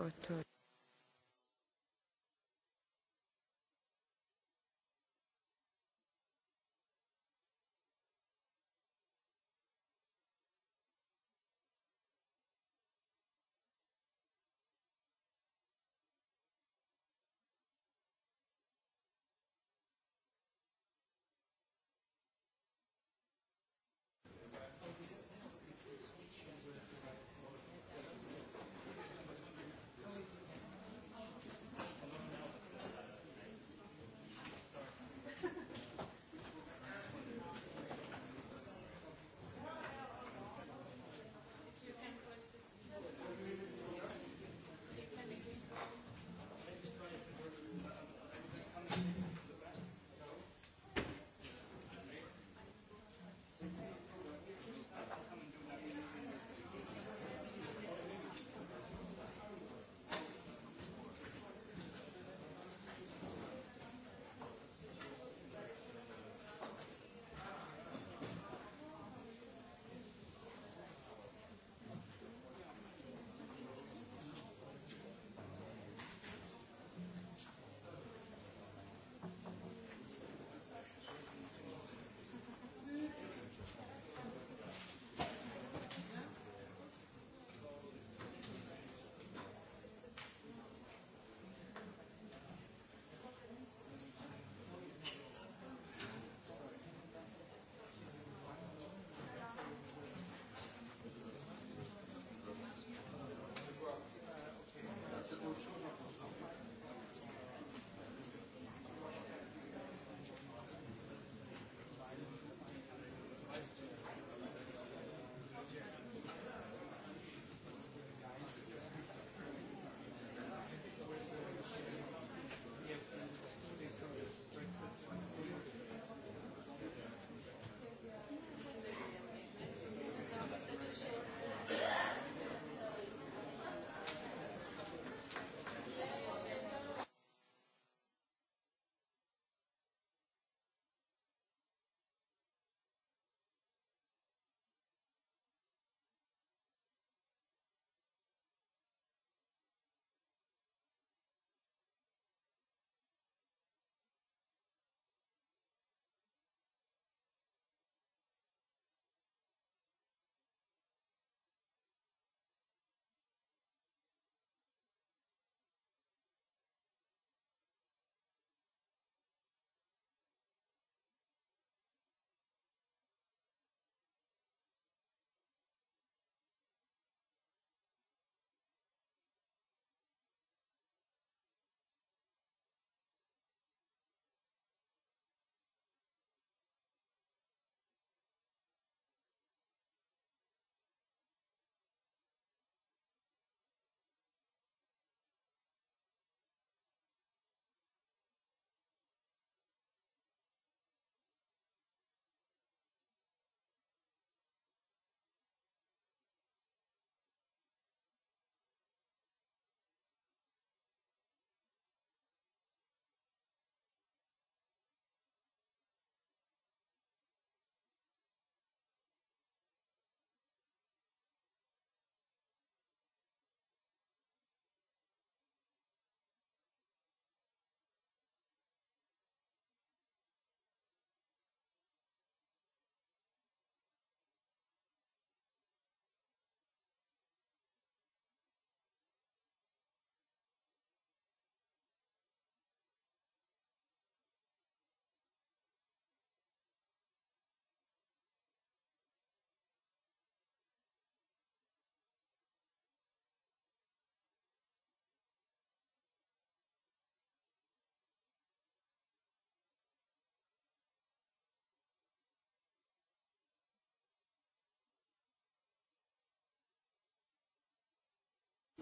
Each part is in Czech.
rapporteur.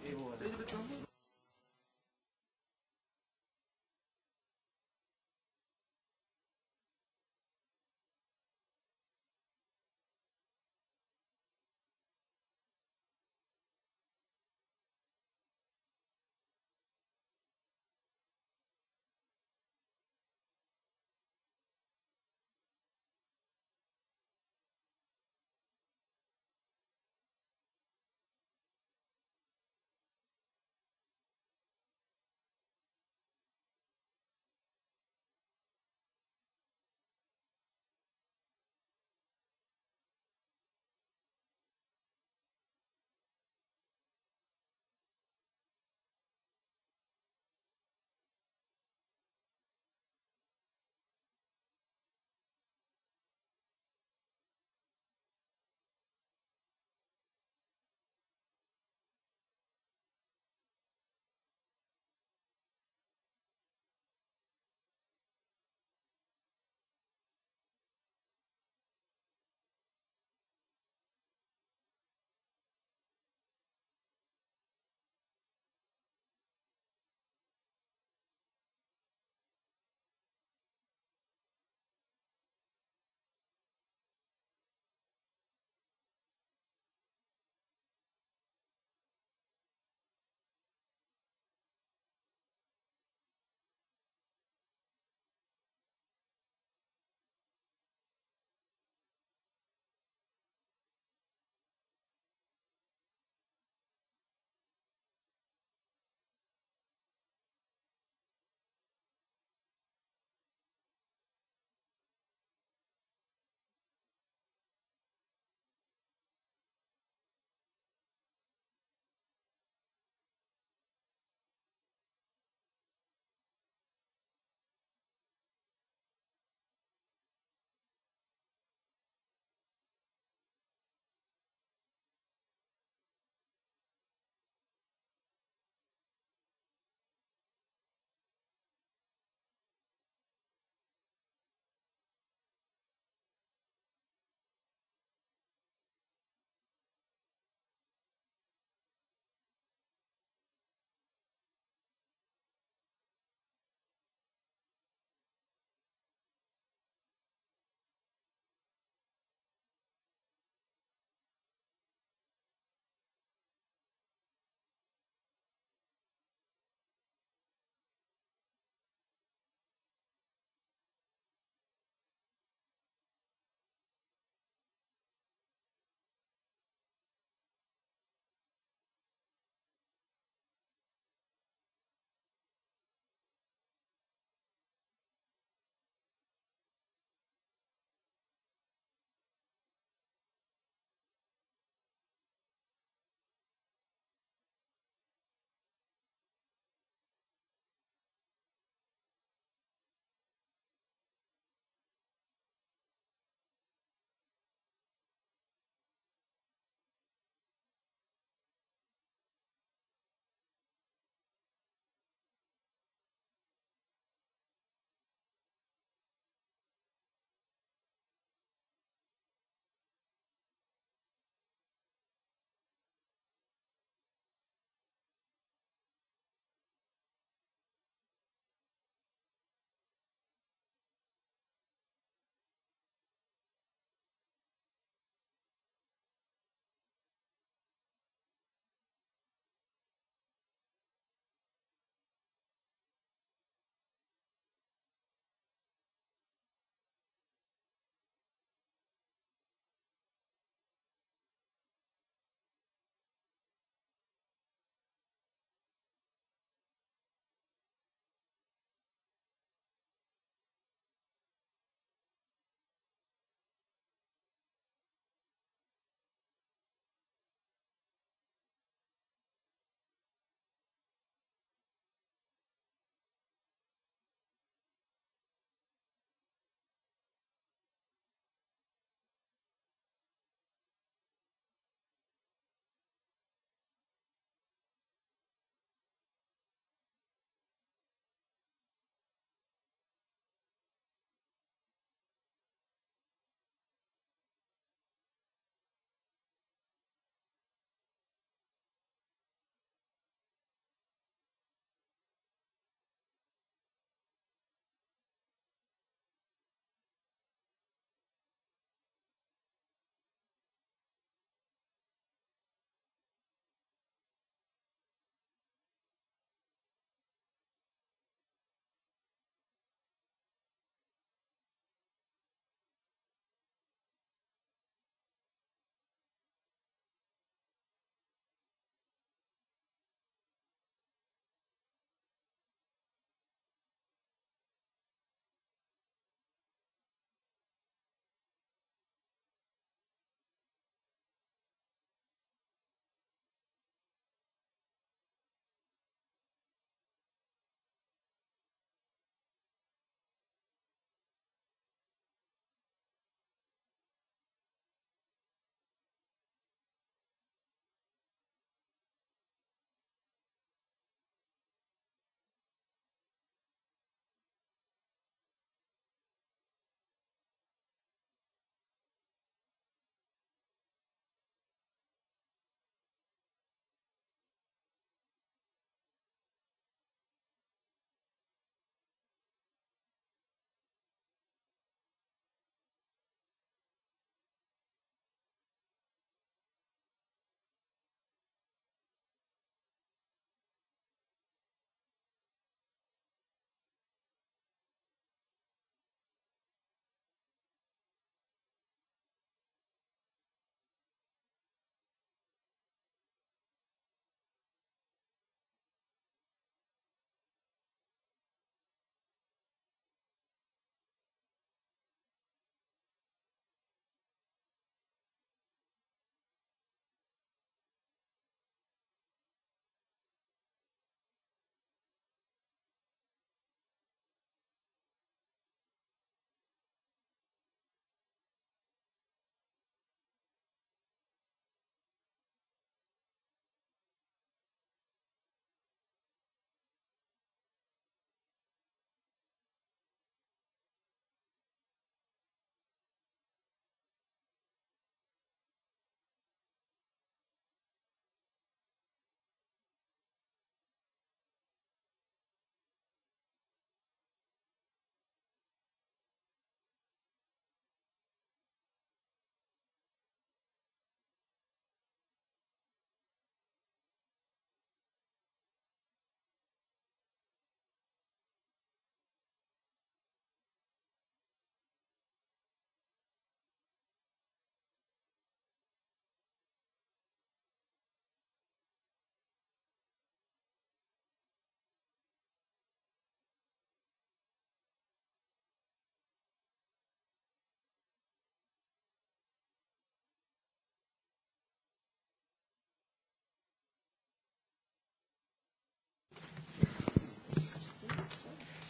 Ты не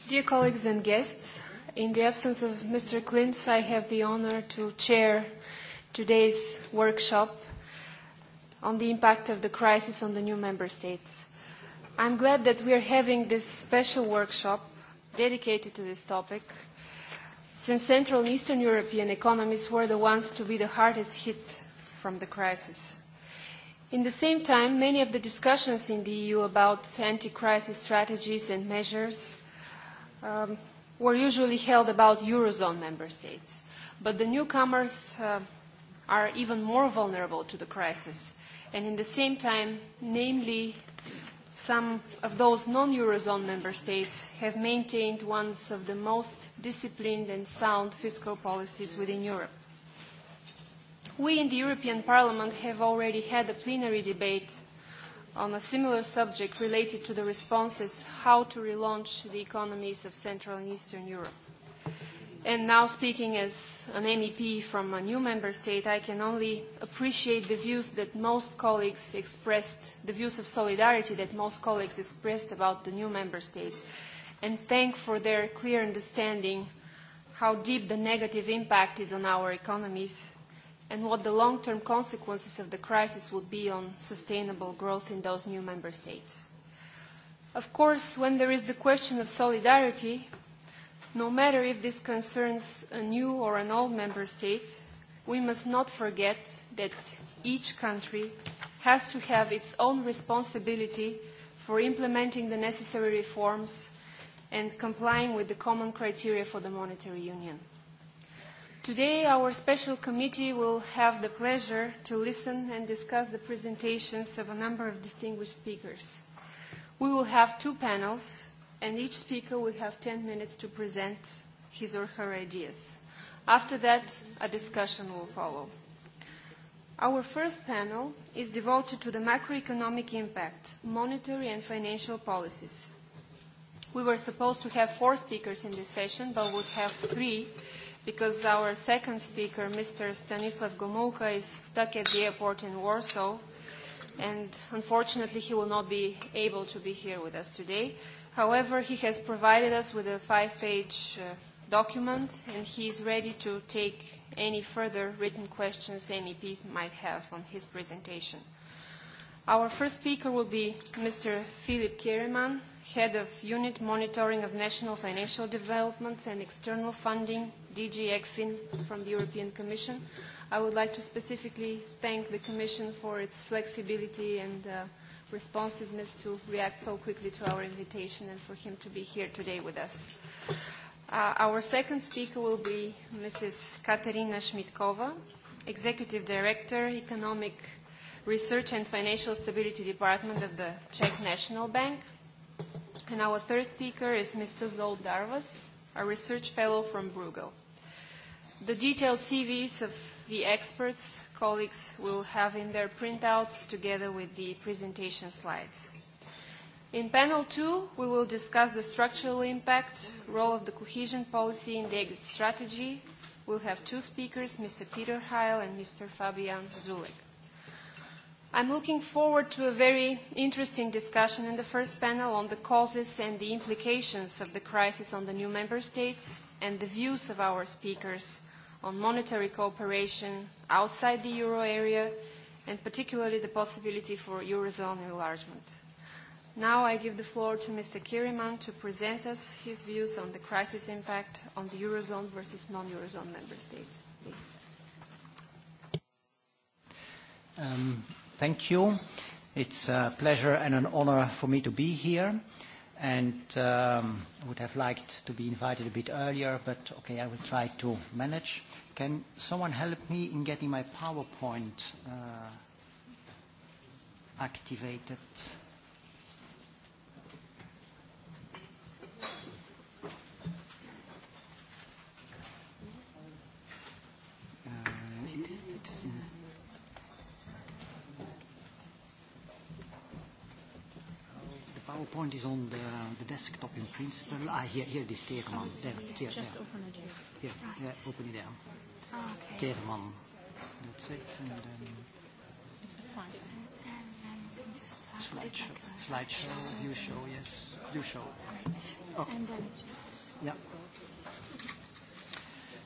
Dear colleagues and guests, in the absence of Mr. Klintz, I have the honor to chair today's workshop on the impact of the crisis on the new member states. I'm glad that we are having this special workshop dedicated to this topic, since Central and Eastern European economies were the ones to be the hardest hit from the crisis. In the same time, many of the discussions in the EU about anti-crisis strategies and measures um, were usually held about Eurozone member states. But the newcomers uh, are even more vulnerable to the crisis. And in the same time, namely, some of those non-Eurozone member states have maintained one of the most disciplined and sound fiscal policies within Europe. We in the European Parliament have already had a plenary debate on a similar subject related to the responses how to relaunch the economies of Central and Eastern Europe. And now speaking as an MEP from a new member state, I can only appreciate the views that most colleagues expressed, the views of solidarity that most colleagues expressed about the new member states, and thank for their clear understanding how deep the negative impact is on our economies and what the long-term consequences of the crisis would be on sustainable growth in those new member states. Of course, when there is the question of solidarity, no matter if this concerns a new or an old member state, we must not forget that each country has to have its own responsibility for implementing the necessary reforms and complying with the common criteria for the monetary union. Today, our special committee will have the pleasure to listen and discuss the presentations of a number of distinguished speakers. We will have two panels, and each speaker will have 10 minutes to present his or her ideas. After that, a discussion will follow. Our first panel is devoted to the macroeconomic impact, monetary and financial policies. We were supposed to have four speakers in this session, but we'll have three because our second speaker, Mr. Stanislav Gomulka, is stuck at the airport in Warsaw, and unfortunately he will not be able to be here with us today. However, he has provided us with a five-page uh, document, and he is ready to take any further written questions MEPs might have on his presentation. Our first speaker will be Mr. Philip Kiriman, Head of Unit Monitoring of National Financial Developments and External Funding DG ECFIN from the European Commission. I would like to specifically thank the Commission for its flexibility and uh, responsiveness to react so quickly to our invitation and for him to be here today with us. Uh, our second speaker will be Mrs. Katerina Shmitkova, Executive Director, Economic Research and Financial Stability Department of the Czech National Bank. And our third speaker is Mr. Zol Darvas, a research fellow from Bruegel. The detailed CVs of the experts colleagues will have in their printouts together with the presentation slides. In panel two, we will discuss the structural impact, role of the cohesion policy in the exit strategy. We'll have two speakers, Mr. Peter Heil and Mr. Fabian Zulek. I'm looking forward to a very interesting discussion in the first panel on the causes and the implications of the crisis on the new member states and the views of our speakers on monetary cooperation outside the euro area, and particularly the possibility for eurozone enlargement. Now I give the floor to Mr. Kiriman to present us his views on the crisis impact on the eurozone versus non-eurozone member states. Please. Um, thank you. It's a pleasure and an honor for me to be here and um, would have liked to be invited a bit earlier, but okay, I will try to manage. Can someone help me in getting my PowerPoint uh, activated? PowerPoint is on the, the desktop in Princeton. ah, here, here it is, Teerman. Oh, there, here, Just there. open it up. Here, right. yeah, open it there. Ah, okay. Teerman. That's it. And then... It's a fine. Slideshow. Slideshow. You show, yes. You show. Okay. And then it's just this. Yeah.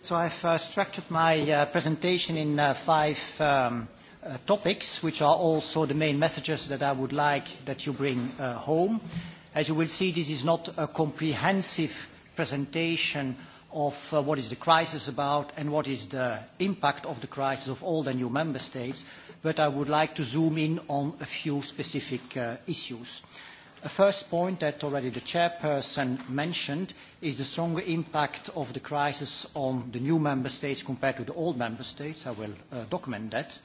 So I've uh, structured my uh, presentation in uh, five um, Uh, topics, which are also the main messages that I would like that you bring uh, home. As you will see, this is not a comprehensive presentation of uh, what is the crisis about and what is the impact of the crisis of all the new member states, but I would like to zoom in on a few specific issues. A first point that already the chairperson mentioned is the stronger impact of the crisis on the new member states compared to the old member states. I will document that.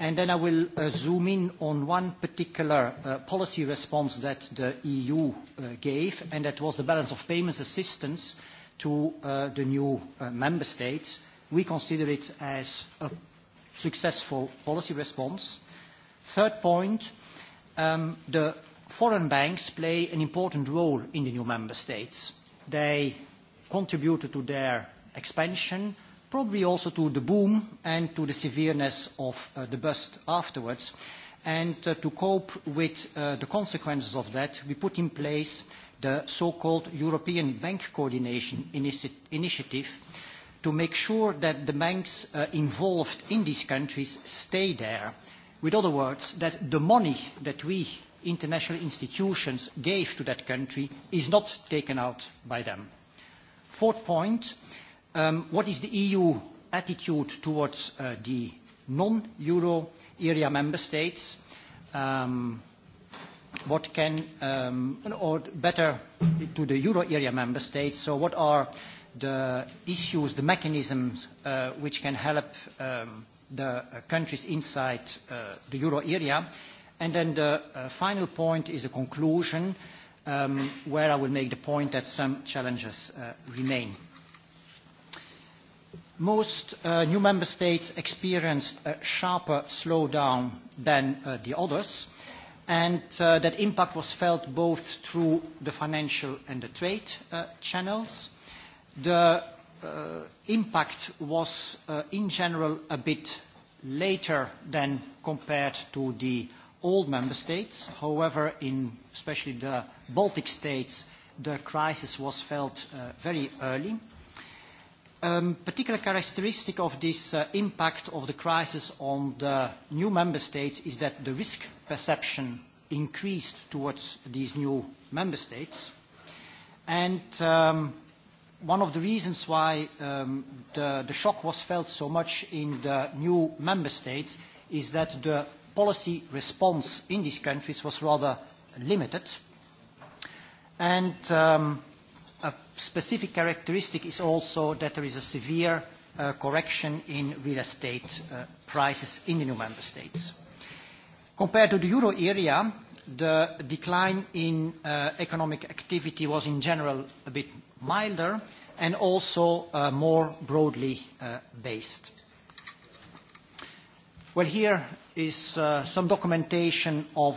And then I will uh, zoom in on one particular uh, policy response that the EU uh, gave, and that was the balance of payments assistance to the new member states. We consider it as a successful policy response. Third point, um, the foreign banks play an important role in the new member states. They contributed to their expansion, probably also to the boom and to the severeness of uh, the bust afterwards. And uh, to cope with uh, the consequences of that, we put in place the so-called European Bank Coordination initi Initiative to make sure that the banks uh, involved in these countries stay there. With other words, that the money that we international institutions gave to that country is not taken out by them. Fourth point, uh, Um, what is the EU attitude towards uh, the non-euro area member states? Um, what can, um, or better, to the euro area member states? So what are the issues, the mechanisms uh, which can help the uh, countries inside the euro area? And then the final point is a conclusion where I will make the point that some challenges remain. Most uh, new member states experienced a sharper slowdown than uh, the others, and uh, that impact was felt both through the financial and the trade uh, channels. The uh, impact was, uh, in general, a bit later than compared to the old member states. However, in especially the Baltic states, the crisis was felt uh, very early. Um, particular characteristic of this uh, impact of the crisis on the new member states is that the risk perception increased towards these new member states. And um, one of the reasons why um, the, the shock was felt so much in the new member states is that the policy response in these countries was rather limited. And um, a specific characteristic is also that there is a severe uh, correction in real estate uh, prices in the new member states. Compared to the euro area, the decline in uh, economic activity was in general a bit milder and also more broadly based. Well, here is some documentation of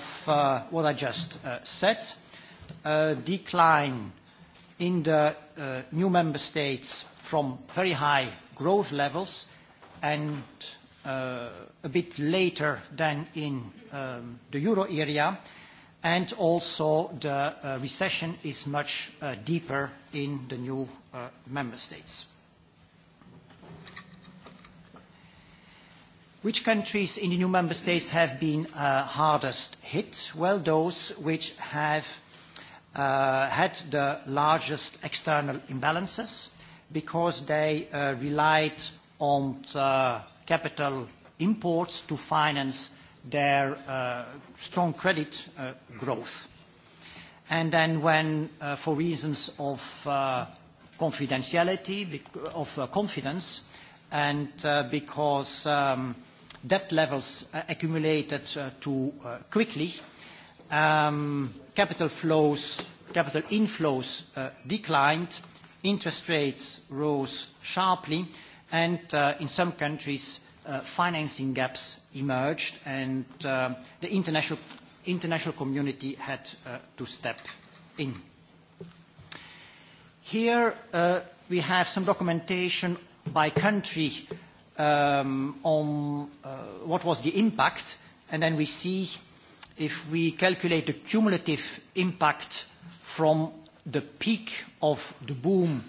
what I just said. decline in the uh, new member states from very high growth levels and uh, a bit later than in um, the euro area, and also the uh, recession is much deeper in the new member states. Which countries in the new member states have been hardest hit? Well, those which have Uh, had the largest external imbalances because they uh, relied on the uh, capital imports to finance their uh, strong credit uh, growth. And then when, uh, for reasons of uh, confidentiality, of confidence, and because um, debt levels accumulated too quickly, um, capital flows, capital inflows uh, declined, interest rates rose sharply, and uh, in some countries, uh, financing gaps emerged, and the international, community had to step in. Here we have some documentation by country um, on what was the impact, and then we see if we calculate the cumulative impact from the peak of the boom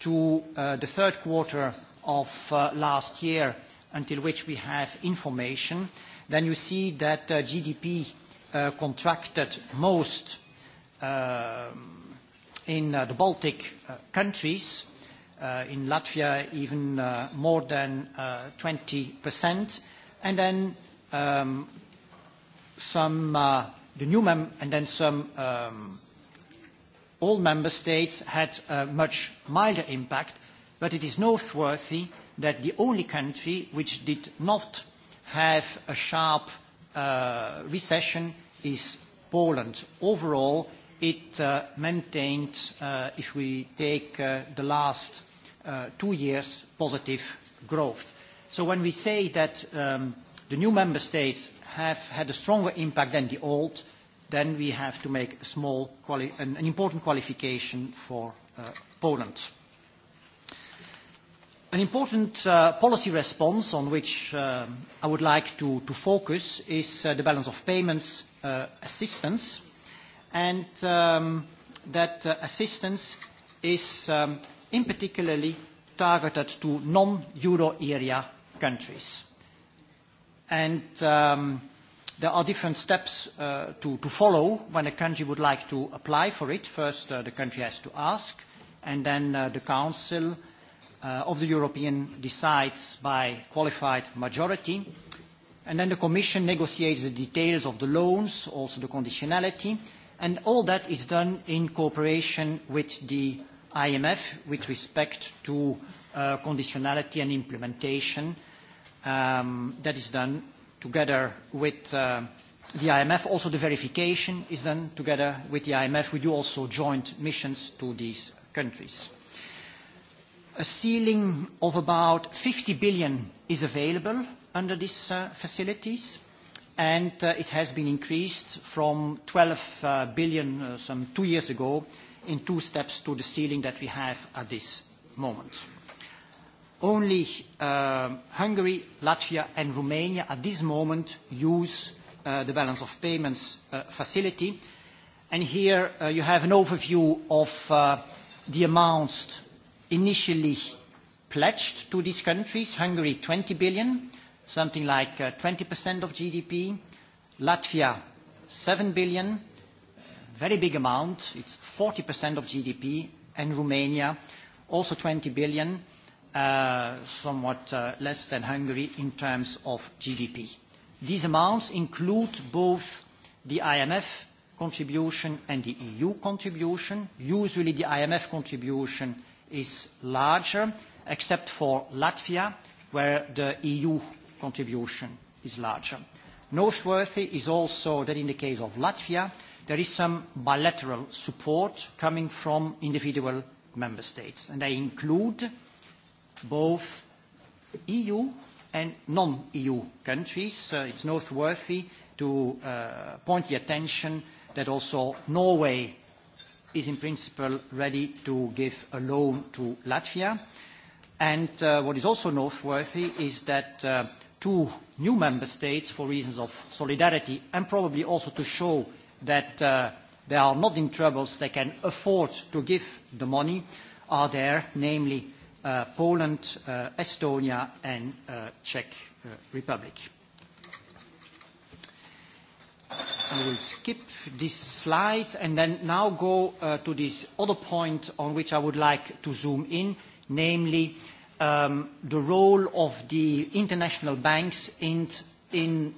to uh, the third quarter of uh, last year, until which we have information, then you see that uh, GDP contracted most um, in the Baltic countries, in Latvia even more than 20%, and then um, some uh, the new mem and then some um, old member states had a much milder impact, but it is noteworthy that the only country which did not have a sharp uh, recession is Poland. Overall, it uh, maintained, uh, if we take uh, the last uh, two years, positive growth. So when we say that um, the new member states have had a stronger impact than the old, then we have to make a small quali an, an important qualification for uh, Poland. An important uh, policy response on which uh, I would like to, to focus is uh, the balance of payments uh, assistance, and um, that uh, assistance is um, in particularly targeted to non-euro area countries. Um, there are different steps uh, to, follow when a country would like to apply for it. First, uh, the country has to ask, and then uh, the Council of the European decides by qualified majority. And then the Commission negotiates the details of the loans, also the conditionality, and all that is done in cooperation with the IMF with respect to conditionality and implementation Um, that is done together with uh, the IMF. Also, the verification is done together with the IMF. We do also joint missions to these countries. A ceiling of about 50 billion is available under these uh, facilities, and uh, it has been increased from 12 billion some two years ago in two steps to the ceiling that we have at this moment only uh, Hungary, Latvia and Romania at this moment use uh, the balance of payments uh, facility. And here uh, you have an overview of uh, the amounts initially pledged to these countries. Hungary 20 billion, something like uh, 20% of GDP. Latvia 7 billion, very big amount. It's 40% of GDP. And Romania also 20 billion Uh, somewhat uh, less than Hungary in terms of GDP. These amounts include both the IMF contribution and the EU contribution. Usually the IMF contribution is larger, except for Latvia, where the EU contribution is larger. Noteworthy is also that in the case of Latvia, there is some bilateral support coming from individual member states, and they include both EU and non-EU countries. Uh, it's noteworthy to uh, point the attention that also Norway is in principle ready to give a loan to Latvia. And uh, what is also noteworthy is that uh, two new member states, for reasons of solidarity and probably also to show that uh, they are not in troubles, they can afford to give the money, are there, namely Uh, Poland, uh, Estonia, and uh, Czech Republic. I will skip this slide and then now go to this other point on which I would like to zoom in, namely um, the role of the international banks in, in,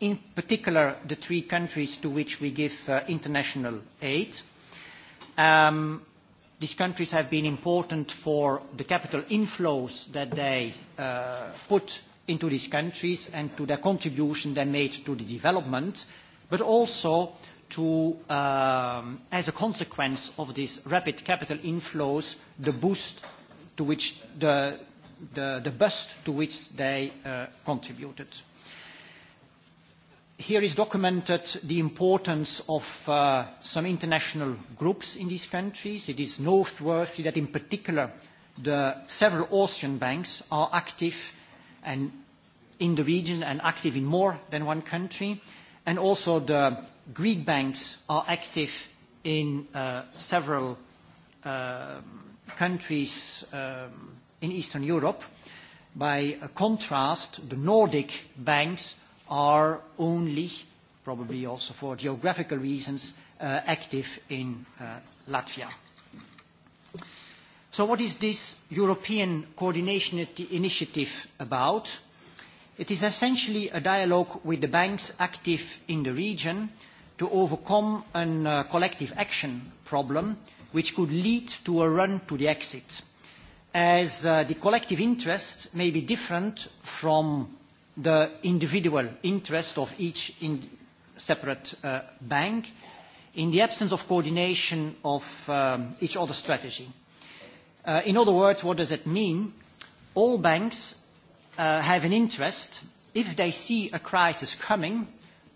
in particular the three countries to which we give international aid. Um, These countries have been important for the capital inflows that they uh, put into these countries and to the contribution they made to the development, but also to, um, as a consequence of these rapid capital inflows, the boost to which the, the, the bust to which they uh, contributed here is documented the importance of uh, some international groups in these countries. It is noteworthy that in particular the several Austrian banks are active and in the region and active in more than one country. And also the Greek banks are active in uh, several uh, countries um, in Eastern Europe. By contrast, the Nordic banks are only, probably also for geographical reasons, uh, active in uh, Latvia. So what is this European coordination initiative about? It is essentially a dialogue with the banks active in the region to overcome a uh, collective action problem which could lead to a run to the exit, as the collective interest may be different from the individual interest of each in separate uh, bank in the absence of coordination of um, each other's strategy. Uh, in other words, what does it mean? All banks uh, have an interest, if they see a crisis coming,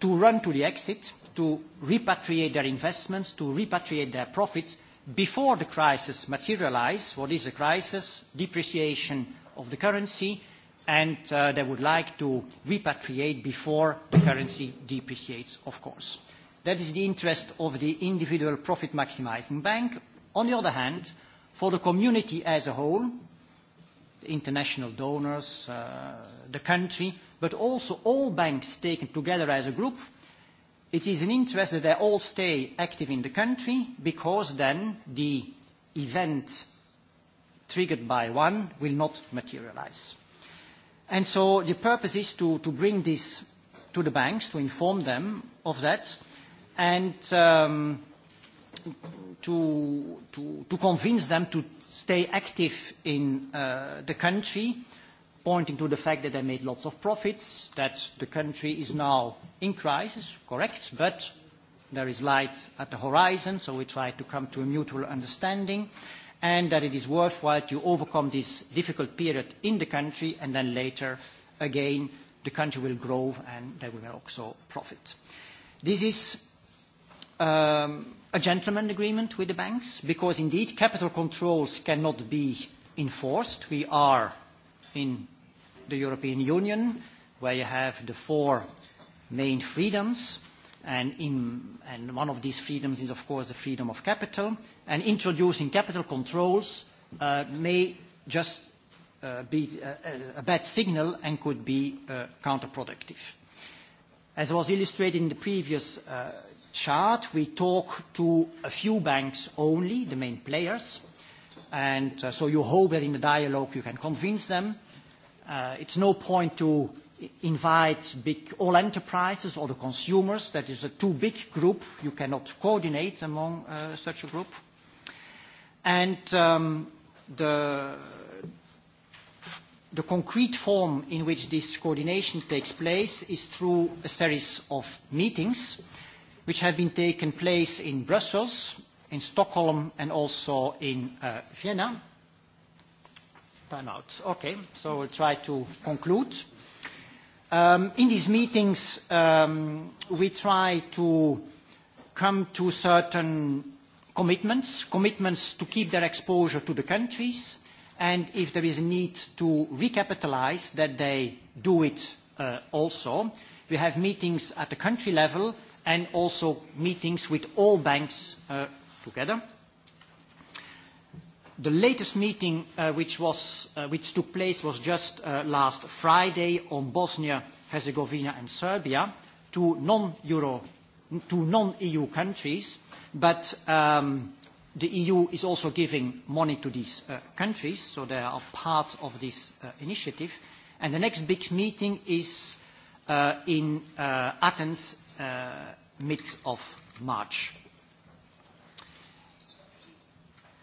to run to the exit, to repatriate their investments, to repatriate their profits before the crisis materializes. What is a crisis? Depreciation of the currency, and uh, they would like to repatriate before the currency depreciates, of course. That is the interest of the individual profit-maximizing bank. On the other hand, for the community as a whole, the international donors, uh, the country, but also all banks taken together as a group, it is an interest that they all stay active in the country because then the event triggered by one will not materialize. And so the purpose is to, to bring this to the banks, to inform them of that, and um, to, to, to convince them to stay active in uh, the country, pointing to the fact that they made lots of profits, that the country is now in crisis, correct, but there is light at the horizon, so we try to come to a mutual understanding. Uh, and that it is worthwhile to overcome this difficult period in the country, and then later, again, the country will grow, and they will also profit. This is um, a gentleman agreement with the banks, because indeed, capital controls cannot be enforced. We are in the European Union, where you have the four main freedoms, And, in, and one of these freedoms is, of course, the freedom of capital. And introducing capital controls uh, may just uh, be a, uh, a bad signal and could be uh, counterproductive. As was illustrated in the previous uh, chart, we talk to a few banks only, the main players. And uh, so you hope that in the dialogue you can convince them. Uh, it's no point to invite big all enterprises or the consumers. That is a too big group. You cannot coordinate among uh, such a group. And um, the, the concrete form in which this coordination takes place is through a series of meetings which have been taken place in Brussels, in Stockholm, and also in uh, Vienna. Time out. Okay, so we'll try to conclude. Um, in these meetings, um, we try to come to certain commitments, commitments to keep their exposure to the countries, and if there is a need to recapitalize, that they do it uh, also. We have meetings at the country level and also meetings with all banks uh, together. The latest meeting uh, which, was, uh, which took place was just uh, last Friday on Bosnia, Herzegovina and Serbia, two non-Euro, two non-EU countries, but um, the EU is also giving money to these uh, countries, so they are part of this uh, initiative. And the next big meeting is uh, in uh, Athens, uh, mid of March.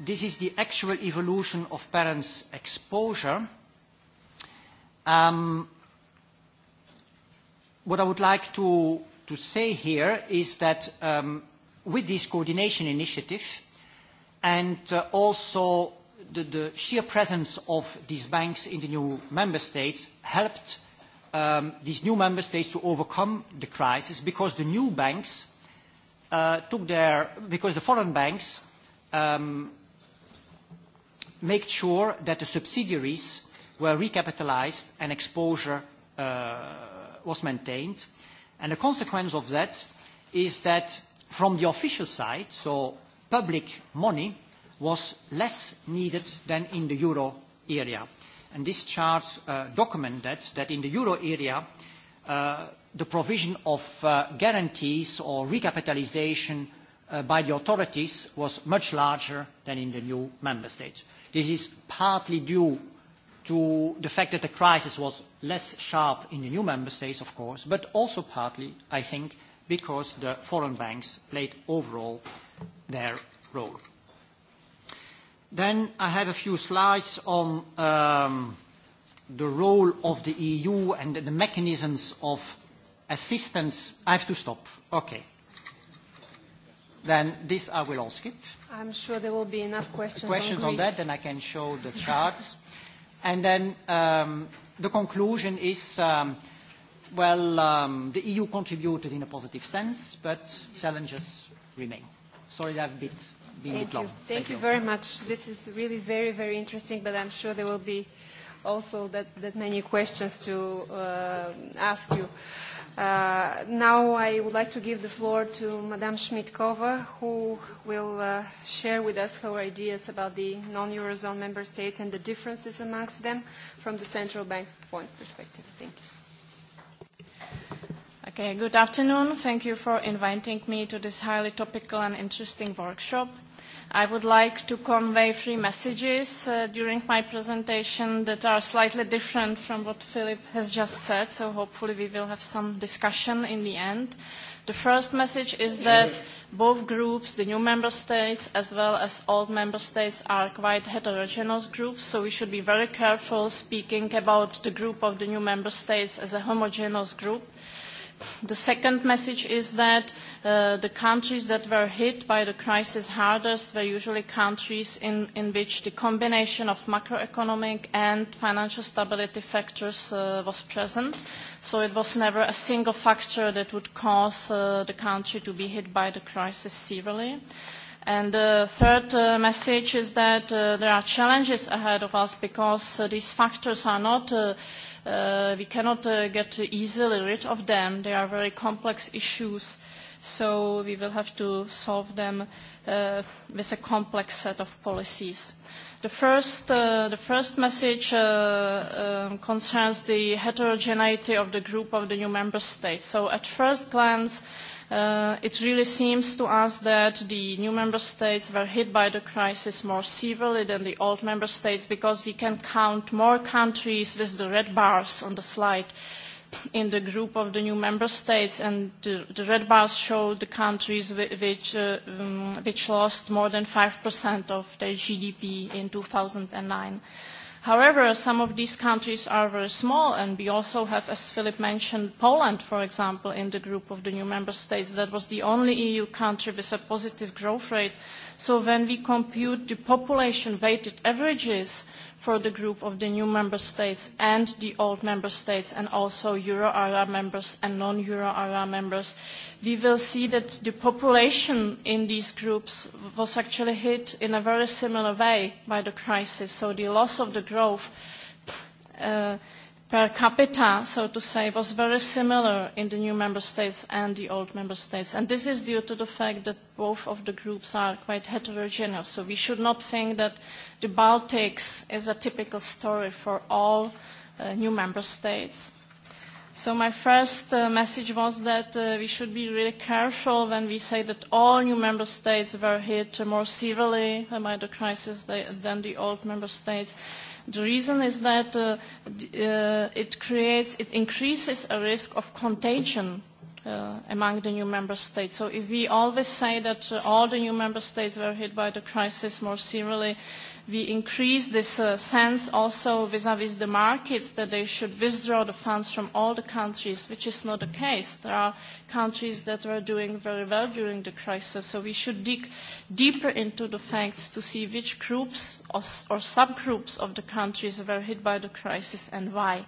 This is the actual evolution of parents' exposure. Um, what I would like to, to say here is that um, with this coordination initiative and uh, also the, the sheer presence of these banks in the new member states helped um, these new member states to overcome the crisis because the new banks uh, took their, because the foreign banks um, make sure that the subsidiaries were recapitalized and exposure uh, was maintained. And the consequence of that is that from the official side, so public money was less needed than in the euro area. And this chart documents uh, document that, that in the euro area, uh, the provision of guarantees or recapitalization by the authorities was much larger than in the new member states. This is partly due to the fact that the crisis was less sharp in the new member states, of course, but also partly, I think, because the foreign banks played overall their role. Then I have a few slides on um, the role of the EU and the mechanisms of assistance. I have to stop. Okay. Then this I will all skip. I'm sure there will be enough questions, questions on, Greece. on that, then I can show the charts. and then um, the conclusion is, um, well, um, the EU contributed in a positive sense, but challenges remain. Sorry that I've been Thank a bit long. You. Thank, Thank you, you very much. This is really very, very interesting, but I'm sure there will be also that, that many questions to uh, ask you. Uh, Uh, now I would like to give the floor to Madame Schmidkova, who will uh, share with us her ideas about the non-Eurozone member states and the differences amongst them from the central bank point perspective. Thank you. Okay, good afternoon. Thank you for inviting me to this highly topical and interesting workshop. I would like to convey three messages uh, during my presentation that are slightly different from what Philip has just said, so hopefully we will have some discussion in the end. The first message is that both groups, the new member states as well as old member states, are quite heterogeneous groups, so we should be very careful speaking about the group of the new member states as a homogeneous group The second message is that uh, the countries that were hit by the crisis hardest were usually countries in, in which the combination of macroeconomic and financial stability factors uh, was present. So it was never a single factor that would cause uh, the country to be hit by the crisis severely. And the third uh, message is that uh, there are challenges ahead of us because uh, these factors are not uh, Uh, we cannot uh, get easily rid of them. They are very complex issues, so we will have to solve them uh, with a complex set of policies. The first, uh, the first message uh, um, concerns the heterogeneity of the group of the new member states. So at first glance, Uh, it really seems to us that the new member states were hit by the crisis more severely than the old member states because we can count more countries with the red bars on the slide in the group of the new member states, and the, the red bars show the countries which, uh, um, which lost more than 5% of their GDP in 2009. However, some of these countries are very small, and we also have, as Philip mentioned, Poland, for example, in the group of the new member states. That was the only EU country with a positive growth rate So when we compute the population-weighted averages for the group of the new member states and the old member states and also euro area members and non-euro area members, we will see that the population in these groups was actually hit in a very similar way by the crisis. So the loss of the growth uh, per capita, so to say, was very similar in the new member states and the old member states. And this is due to the fact that both of the groups are quite heterogeneous. So we should not think that the Baltics is a typical story for all uh, new member states. So my first uh, message was that uh, we should be really careful when we say that all new member states were hit more severely by the crisis than the old member states. Uh, The reason is that uh, uh, it creates, it increases a risk of contagion uh, among the new member states. So if we always say that uh, all the new member states were hit by the crisis more severely, we increase this uh, sense also vis-à-vis -vis the markets that they should withdraw the funds from all the countries, which is not the case. There are countries that are doing very well during the crisis, so we should dig deeper into the facts to see which groups or, or subgroups of the countries were hit by the crisis and why. Uh,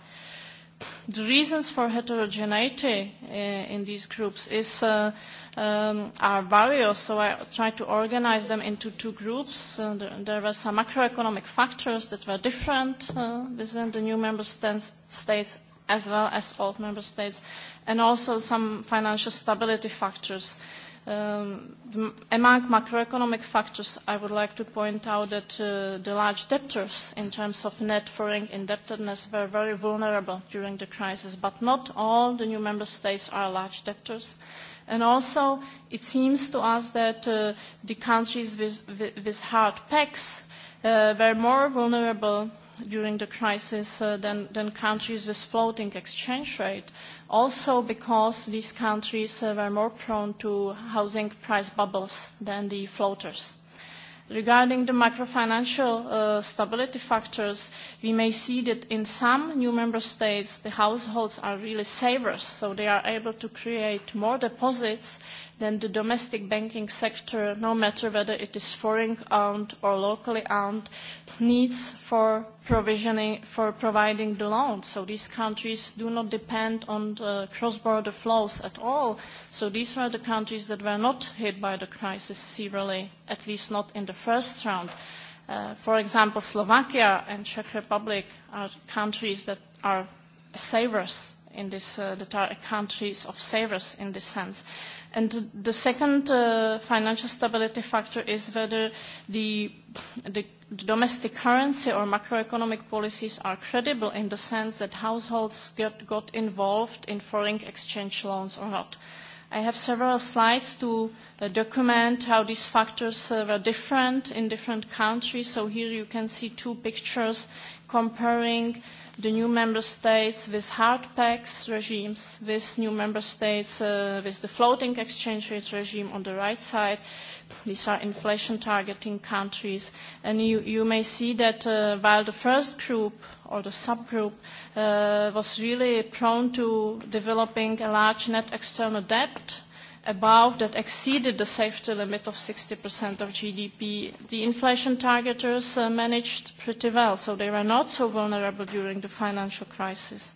the reasons for heterogeneity uh, in these groups is uh, um, are various, so I tried to organize them into two groups. Uh, there, there were some macroeconomic factors that were different uh, within the new member states, as well as old member states, and also some financial stability factors. Uh, Um, the, among macroeconomic factors, I would like to point out that uh, the large debtors in terms of net foreign indebtedness were very vulnerable during the crisis, but not all the new member states are large debtors. And also, it seems to us that uh, the countries with, with, with hard packs uh, were more vulnerable during the crisis uh, than, than countries with floating exchange rate, also because these countries uh, were more prone to housing price bubbles than the floaters. Regarding the macrofinancial uh, stability factors, we may see that in some new member states, the households are really savers, so they are able to create more deposits then the domestic banking sector, no matter whether it is foreign owned or locally owned, needs for provisioning for providing the loans. So these countries do not depend on the cross-border flows at all. So these were the countries that were not hit by the crisis severely, at least not in the first round. Uh, for example, Slovakia and Czech Republic are countries that are savers in this, uh, that are countries of savers in this sense. And the second uh, financial stability factor is whether the, the domestic currency or macroeconomic policies are credible in the sense that households get, got involved in foreign exchange loans or not. I have several slides to uh, document how these factors uh, were different in different countries. So here you can see two pictures comparing uh, the new member states with hard packs regimes, with new member states uh, with the floating exchange rate regime on the right side. These are inflation targeting countries. And you, you may see that uh, while the first group or the subgroup uh, was really prone to developing a large net external debt, above that exceeded the safety limit of 60% of GDP. The inflation targeters uh, managed pretty well, so they were not so vulnerable during the financial crisis.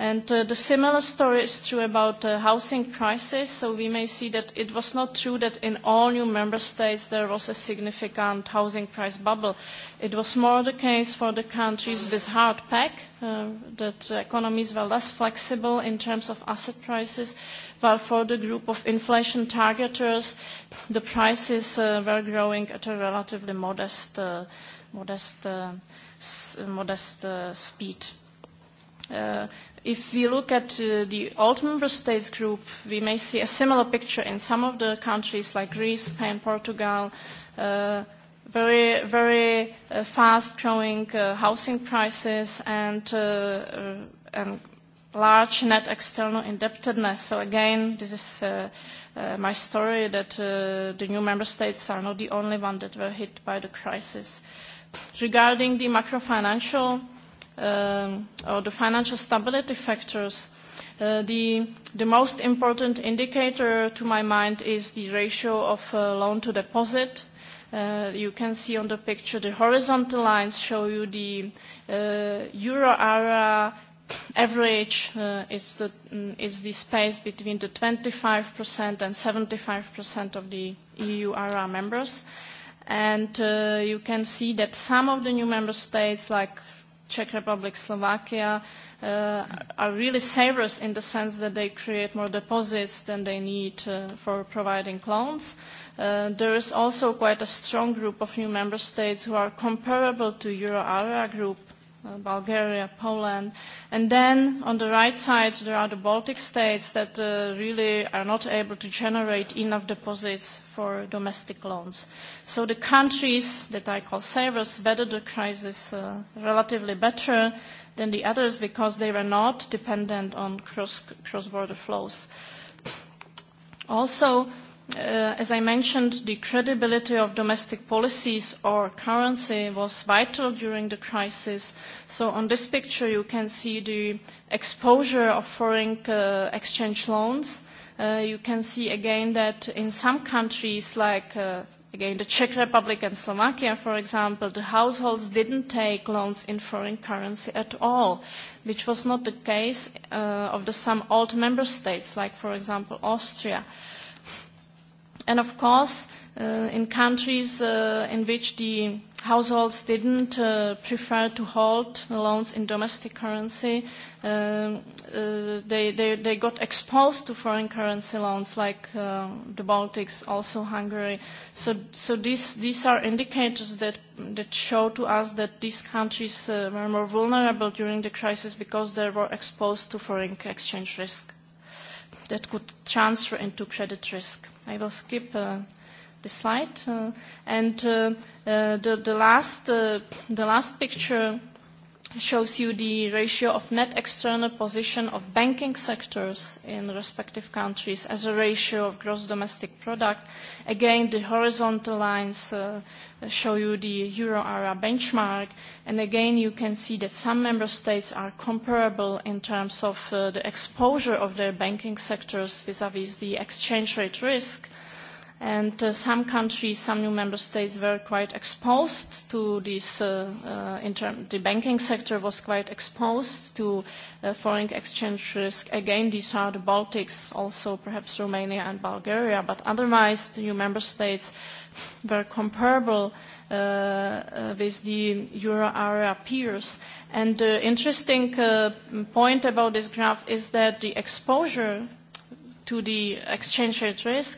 And uh, the similar story is true about the uh, housing crisis, so we may see that it was not true that in all new member states there was a significant housing price bubble. It was more the case for the countries with hard pack, uh, that economies were less flexible in terms of asset prices, while for the group of inflation targeters, the prices uh, were growing at a relatively modest, uh, modest, uh, modest speed. if we look at the old member states group, we may see a similar picture in some of the countries like Greece, Spain, Portugal, very, very fast growing housing prices and, and large net external indebtedness. So again, this is uh, uh, my story that uh, the new member states are not the only one that were hit by the crisis. Regarding the macrofinancial um, or the financial stability factors, uh, the, the most important indicator to my mind is the ratio of uh, loan to deposit. Uh, you can see on the picture the horizontal lines show you the uh, euro area average uh, is, the, um, is the space between the 25% and 75% of the EU ARA members. And uh, you can see that some of the new member states, like Czech Republic, Slovakia, uh, are really savers in the sense that they create more deposits than they need uh, for providing loans. Uh, there is also quite a strong group of new member states who are comparable to Euro-area group Uh, Bulgaria, Poland. And then on the right side, there are the Baltic states that uh, really are not able to generate enough deposits for domestic loans. So the countries that I call savers weathered the crisis uh, relatively better than the others because they were not dependent on cross, border cross flows. Also, Uh, as I mentioned, the credibility of domestic policies or currency was vital during the crisis. So on this picture, you can see the exposure of foreign uh, exchange loans. Uh, you can see again that in some countries like uh, again the Czech Republic and Slovakia, for example, the households didn't take loans in foreign currency at all, which was not the case uh, of the some old member states, like for example Austria. Uh, And of course, uh, in countries uh, in which the households didn't uh, prefer to hold loans in domestic currency, uh, uh, they, they, they got exposed to foreign currency loans like uh, the Baltics, also Hungary. So, so these, these are indicators that, that show to us that these countries uh, were more vulnerable during the crisis because they were exposed to foreign exchange risk that could transfer into credit risk. I will skip uh, the slide. Uh, and uh, uh, the, the, last, uh, the last picture shows you the ratio of net external position of banking sectors in respective countries as a ratio of gross domestic product. Again, the horizontal lines uh, show you the euro-area benchmark, and again, you can see that some member states are comparable in terms of uh, the exposure of their banking sectors vis-à-vis -vis the exchange rate risk, And uh, some countries, some new member states were quite exposed to this, uh, uh, the banking sector was quite exposed to uh, foreign exchange risk. Again, these are the Baltics, also perhaps Romania and Bulgaria, but otherwise the new member states were comparable uh, uh, with the euro area peers. And the uh, interesting uh, point about this graph is that the exposure to the exchange rate risk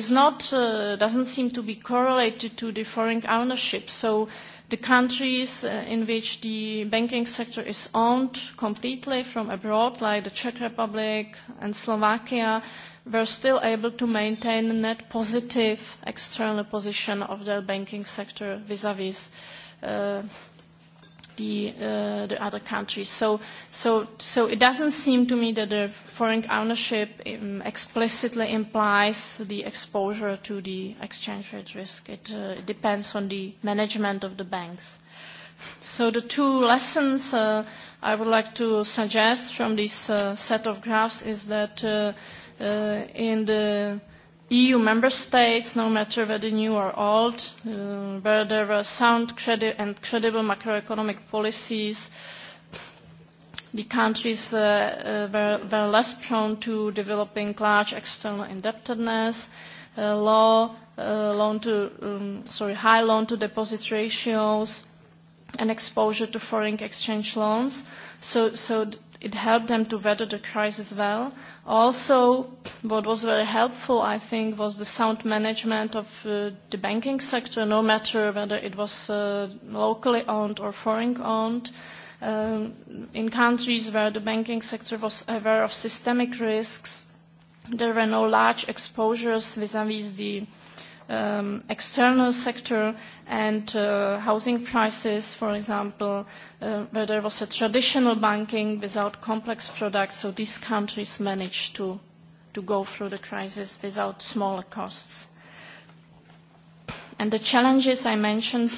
is not, uh, doesn't seem to be correlated to the foreign ownership. So the countries uh, in which the banking sector is owned completely from abroad, like the Czech Republic and Slovakia, were still able to maintain a net positive external position of their banking sector vis-à-vis uh, the, uh, the other countries. So, so, so it doesn't seem to me that the foreign ownership um, explicitly implies the exposure to the exchange rate risk. It uh, depends on the management of the banks. So the two lessons uh, I would like to suggest from this uh, set of graphs is that uh, uh, in the EU member states, no matter whether new or old, uh, where there are sound credi and credible macroeconomic policies, the countries uh, uh, were, were less prone to developing large external indebtedness, uh, low, uh, loan to, um, sorry, high loan-to-deposit ratios, and exposure to foreign exchange loans. So, so it helped them to weather the crisis well. Also, what was very helpful, I think, was the sound management of uh, the banking sector, no matter whether it was uh, locally owned or foreign owned. Um, in countries where the banking sector was aware of systemic risks, there were no large exposures vis-à-vis -vis the um, external sector and uh, housing prices, for example, uh, where there was a traditional banking without complex products, so these countries managed to, to go through the crisis without smaller costs. And the challenges I mentioned,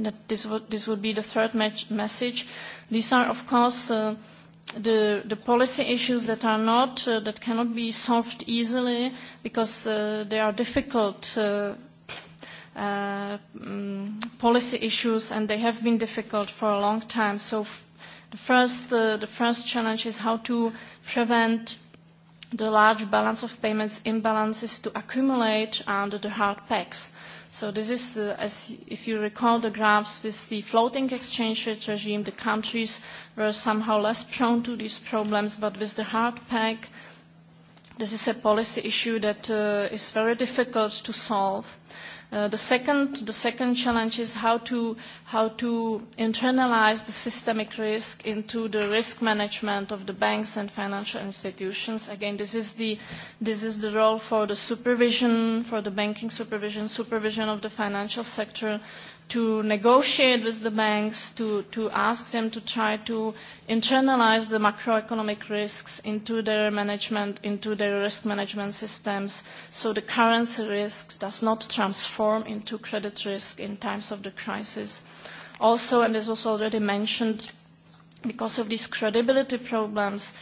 that this, would, this would be the third message, these are, of course, uh, the, the policy issues that are not, uh, that cannot be solved easily because uh, they are difficult uh, uh, um, policy issues and they have been difficult for a long time. So the first, uh, the first challenge is how to prevent the large balance of payments imbalances to accumulate under the hard packs. Uh, So this is, uh, as if you recall the graphs with the floating exchange rate regime, the countries were somehow less prone to these problems, but with the hard pack, this is a policy issue that uh, is very difficult to solve. Uh, the second, the second challenge is how to how to internalize the systemic risk into the risk management of the banks and financial institutions. Again, this is the this is the role for the supervision for the banking supervision, supervision of the financial sector, to negotiate with the banks, to, to ask them to try to internalize the macroeconomic risks into their management, into their risk management systems, so the currency risk does not transform into credit risk in times of the crisis. Also, and this was already mentioned, because of these credibility problems,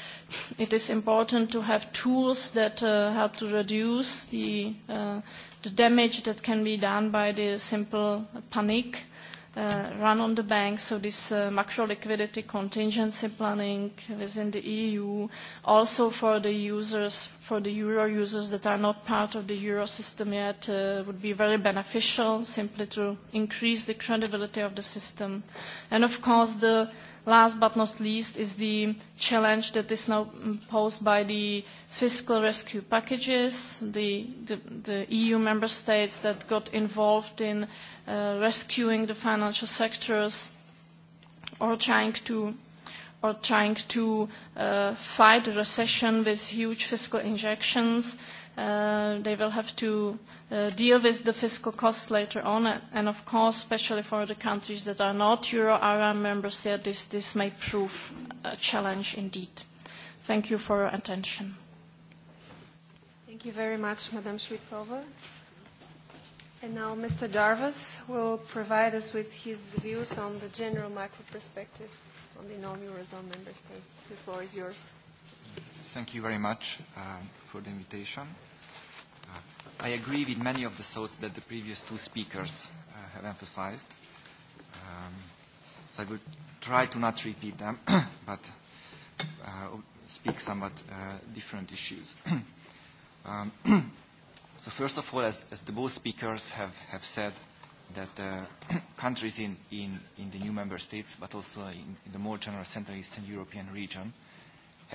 it is important to have tools that uh, help to reduce the, uh, the damage that can be done by the simple panic uh, run on the bank. So this uh, macro liquidity contingency planning within the EU, also for the users, for the euro users that are not part of the euro system yet, uh, would be very beneficial simply to increase the credibility of the system. And of course, the Last but not least is the challenge that is now posed by the fiscal rescue packages, the, the, the EU member states that got involved in uh, rescuing the financial sectors or trying to or trying to uh, fight recession with huge fiscal injections. Uh, they will have to uh, deal with the fiscal costs later on. And of course, especially for the countries that are not euro area members, yeah, this, this may prove a challenge indeed. Thank you for your attention. Thank you very much, Madam Shvikova. And now Mr. Darvas will provide us with his views on the general macro perspective on the non-Eurozone member states. The floor is yours. Thank you very much uh, for the invitation. I agree with many of the thoughts that the previous two speakers uh, have emphasized. Um, so I will try to not repeat them, but uh, speak somewhat uh, different issues. um, so first of all, as, as the both speakers have, have said, that uh, countries in, in, in the new member states, but also in, in the more general Central Eastern European region, uh,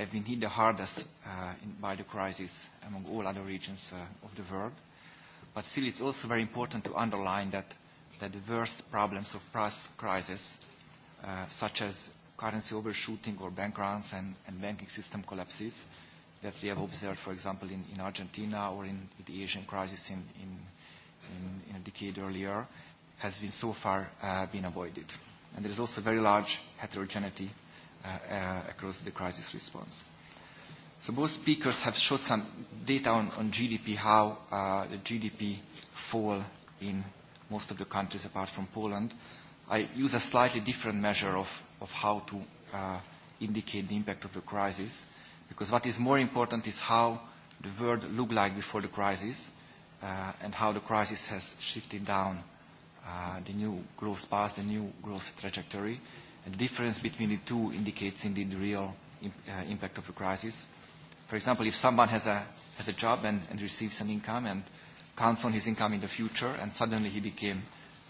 have been hit the hardest uh, in, by the crisis among all other regions uh, of the world. But still, it's also very important to underline that, that the worst problems of past crises, uh, such as currency overshooting or bank runs and, and banking system collapses, that we have observed, for example, in, in Argentina or in the Asian crisis in, in, in a decade earlier, has been so far uh, been avoided. And there is also very large heterogeneity Uh, uh, across the crisis response. So both speakers have showed some data on, on GDP, how uh, the GDP fall in most of the countries apart from Poland. I use a slightly different measure of, of how to uh, indicate the impact of the crisis, because what is more important is how the world looked like before the crisis uh, and how the crisis has shifted down uh, the new growth path, the new growth trajectory, The difference between the two indicates indeed the real uh, impact of a crisis. For example, if someone has a, has a job and, and receives an income and counts on his income in the future and suddenly he became,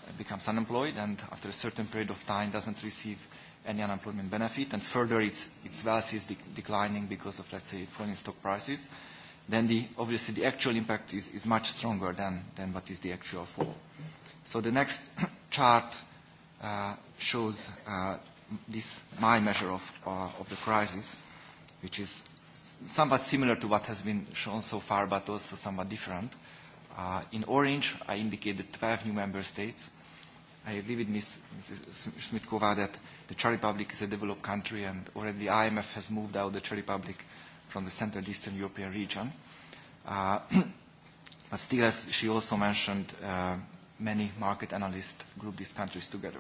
uh, becomes unemployed and after a certain period of time doesn't receive any unemployment benefit and further its, its wealth is de declining because of, let's say, falling stock prices, then the, obviously the actual impact is, is much stronger than, than what is the actual fall. So the next chart Uh, shows uh, this my measure of, uh, of the crisis, which is somewhat similar to what has been shown so far, but also somewhat different. Uh, in orange, I indicate the 12 new member states. I agree with Ms. Mrs. Smitkova that the Czech Republic is a developed country, and already the IMF has moved out the Czech Republic from the Central Eastern European region. Uh, but still, as she also mentioned, uh, many market analysts group these countries together.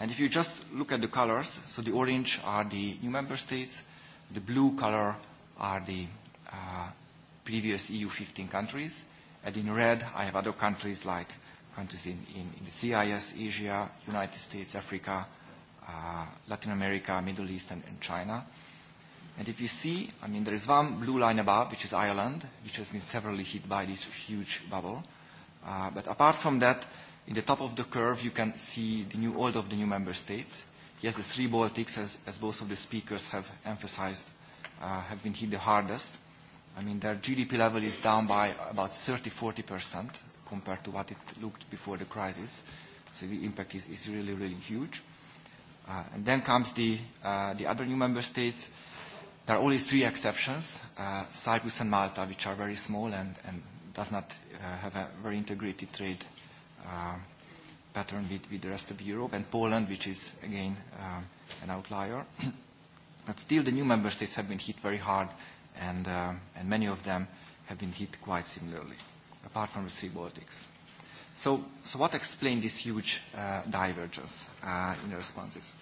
And if you just look at the colors, so the orange are the new member states, the blue color are the uh, previous EU 15 countries, and in red I have other countries like countries in, in, in the CIS, Asia, United States, Africa, uh, Latin America, Middle East, and, and China. And if you see, I mean, there is one blue line above, which is Ireland, which has been severely hit by this huge bubble. Uh, apart from that, in the top of the curve, you can see the new order of the new member states. Yes, the three Baltics, as, both of the speakers have emphasized, uh, have been hit the hardest. I mean, their GDP level is down by about 30-40% compared to what it looked before the crisis. the impact is, really, really huge. Uh, then comes the, other new member states. There are only three exceptions, Cyprus and Malta, which are very small and does not Uh, have a very integrated trade uh, pattern with, with the rest of Europe and Poland, which is again um, an outlier. but still, the new member states have been hit very hard, and, uh, and many of them have been hit quite similarly, apart from the three Baltics. So, so what explained this huge uh, divergence uh, in the responses?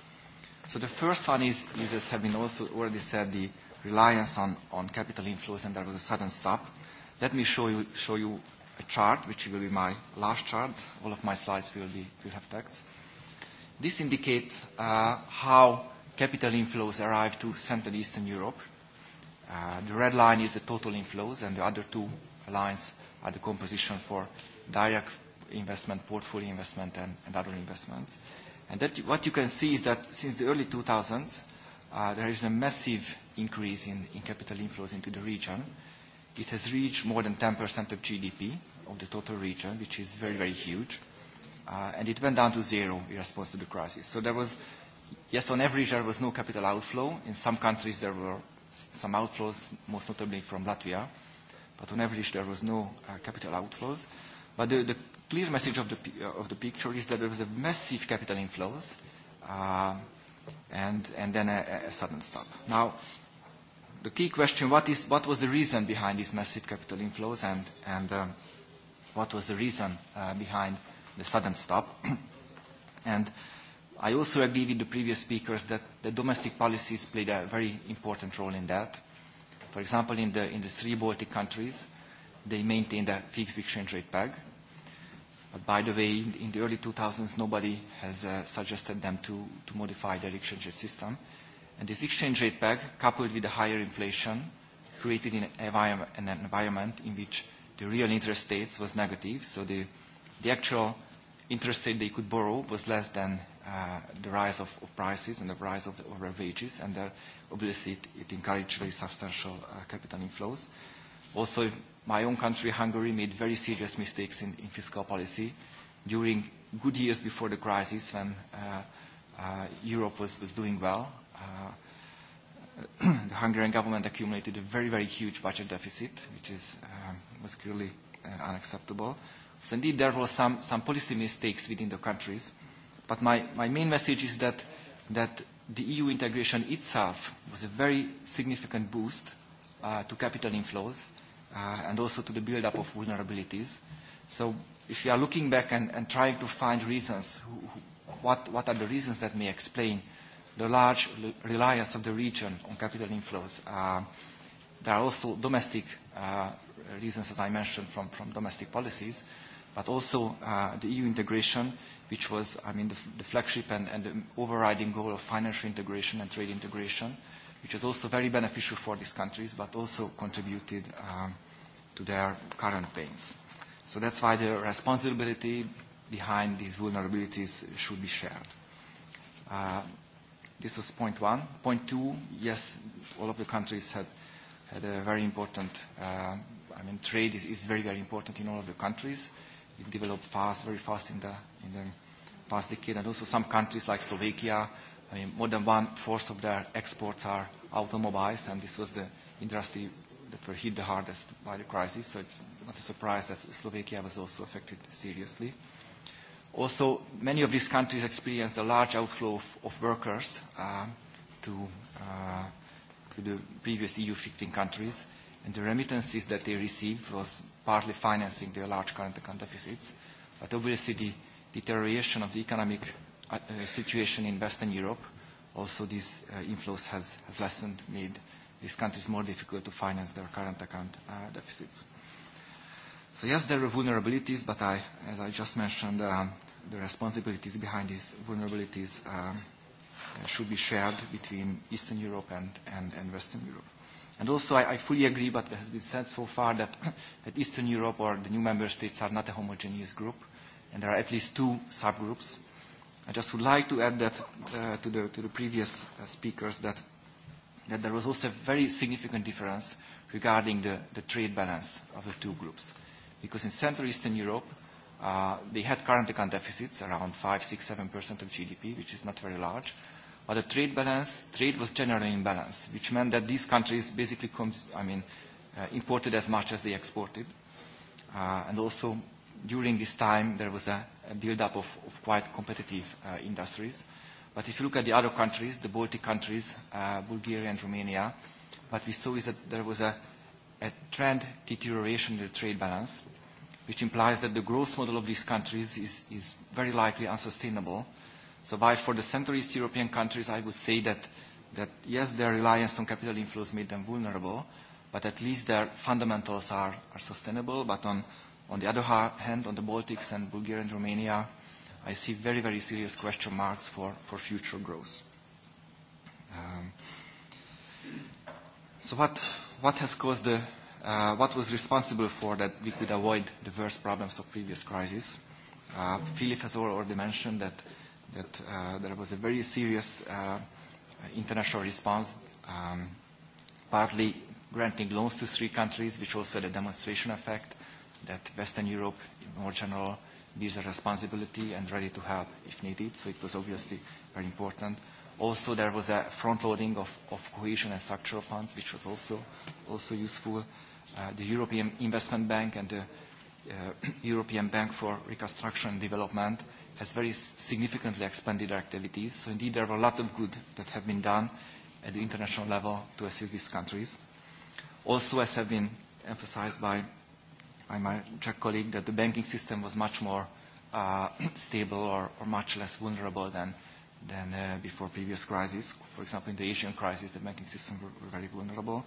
So the first one is, is, as have been also already said, the reliance on, on capital inflows, and there was a sudden stop. Let me show you, show you a chart, which will be my last chart. All of my slides will, be, will have text. This indicates uh, how capital inflows arrive to Central and Eastern Europe. Uh, the red line is the total inflows, and the other two lines are the composition for direct investment, portfolio investment, and, and other investments. And that, what you can see is that since the early 2000s, uh, there is a massive increase in, in capital inflows into the region, It has reached more than 10% of GDP of the total region, which is very, very huge. Uh, and it went down to zero in response to the crisis. So there was, yes, on average, there was no capital outflow. In some countries, there were some outflows, most notably from Latvia. But on average, there was no uh, capital outflows. But the, the clear message of the, uh, of the picture is that there was a massive capital inflows uh, and, and then a, a sudden stop. Now, the key question, what, is, what was the reason behind these massive capital inflows and, and um, what was the reason uh, behind the sudden stop? and I also agree with the previous speakers that the domestic policies played a very important role in that. For example, in the, in the three Baltic countries, they maintained a fixed exchange rate peg. But by the way, in, the early 2000s, nobody has uh, suggested them to, to modify their exchange rate system and this exchange rate peg, coupled with the higher inflation, created an environment in which the real interest rates was negative, so the, the actual interest rate they could borrow was less than uh, the rise of, of prices and the rise of the of their wages, and there, uh, obviously it, it encouraged very substantial uh, capital inflows. Also, my own country, Hungary, made very serious mistakes in, in fiscal policy during good years before the crisis when uh, uh, Europe was, was doing well uh, uh the Hungarian government accumulated a very, very huge budget deficit, which is, uh, was clearly uh, unacceptable. So indeed, there were some, some policy mistakes within the countries. But my, my main message is that, that the EU integration itself was a very significant boost uh, to capital inflows uh, and also to the build-up of vulnerabilities. So if you are looking back and, and trying to find reasons, who, who, what, what are the reasons that may explain the large reliance of the region on capital inflows. Uh, there are also domestic uh, reasons, as I mentioned, from, domestic policies, but also uh, the EU integration, which was, I mean, the, flagship and, the overriding goal of financial integration and trade integration, which was also very beneficial for these countries, but also contributed um, to their current pains. So that's why the responsibility behind these vulnerabilities should be shared. This was point one. Point two, yes, all of the countries had, had a very important, uh, I mean, trade is, is very, very important in all of the countries. It developed fast, very fast in the, in the past decade. And also some countries like Slovakia, I mean, more than one-fourth of their exports are automobiles, and this was the industry that were hit the hardest by the crisis. So it's not a surprise that Slovakia was also affected seriously. Uh, Also, many of these countries experienced a large outflow of, of workers uh, to, uh, to the previous EU 15 countries, and the remittances that they received was partly financing their large current account deficits. But obviously, the deterioration of the economic uh, uh, situation in Western Europe, also these uh, inflows has, has lessened, made these countries more difficult to finance their current account uh, deficits. So yes, there are vulnerabilities, but I, as I just mentioned, um, the responsibilities behind these vulnerabilities uh, uh, should be shared between Eastern Europe and, and, and Western Europe. And also, I, I fully agree what has been said so far that, that Eastern Europe or the new member states are not a homogeneous group, and there are at least two subgroups. I just would like to add that uh, to, the, to the previous uh, speakers that, that there was also a very significant difference regarding the, the trade balance of the two groups. Because in Central Eastern Europe, Uh, they had current account deficits around 5, 6, 7% of GDP, which is not very large. But the trade balance, trade was generally in balance, which meant that these countries basically, comes, I mean, uh, imported as much as they exported. Uh, and also, during this time, there was a, a build-up of, of quite competitive uh, industries. But if you look at the other countries, the Baltic countries, uh, Bulgaria and Romania, what we saw is that there was a, a trend deterioration in the trade balance, which implies that the growth model of these countries is, is very likely unsustainable. So while for the Central East European countries, I would say that, that yes, their reliance on capital inflows made them vulnerable, but at least their fundamentals are, are sustainable. But on, on the other hand, on the Baltics and Bulgaria and Romania, I see very, very serious question marks for, for future growth. Um, so what, what has caused the uh, what was responsible for that we could avoid the worst problems of previous crises. Uh, Philip has already mentioned that, that uh, there was a very serious uh, international response, um, partly granting loans to three countries, which also had a demonstration effect that Western Europe, in more general, bears a responsibility and ready to help if needed. So it was obviously very important. Also, there was a front-loading of, of cohesion and structural funds, which was also, also useful. Uh, the European Investment Bank and the uh, European Bank for Reconstruction and Development has very significantly expanded their activities. So indeed, there are a lot of good that have been done at the international level to assist these countries. Also, as have been emphasized by, by my Czech colleague, that the banking system was much more uh, stable or, or much less vulnerable than, than uh, before previous crises. For example, in the Asian crisis, the banking system were very vulnerable.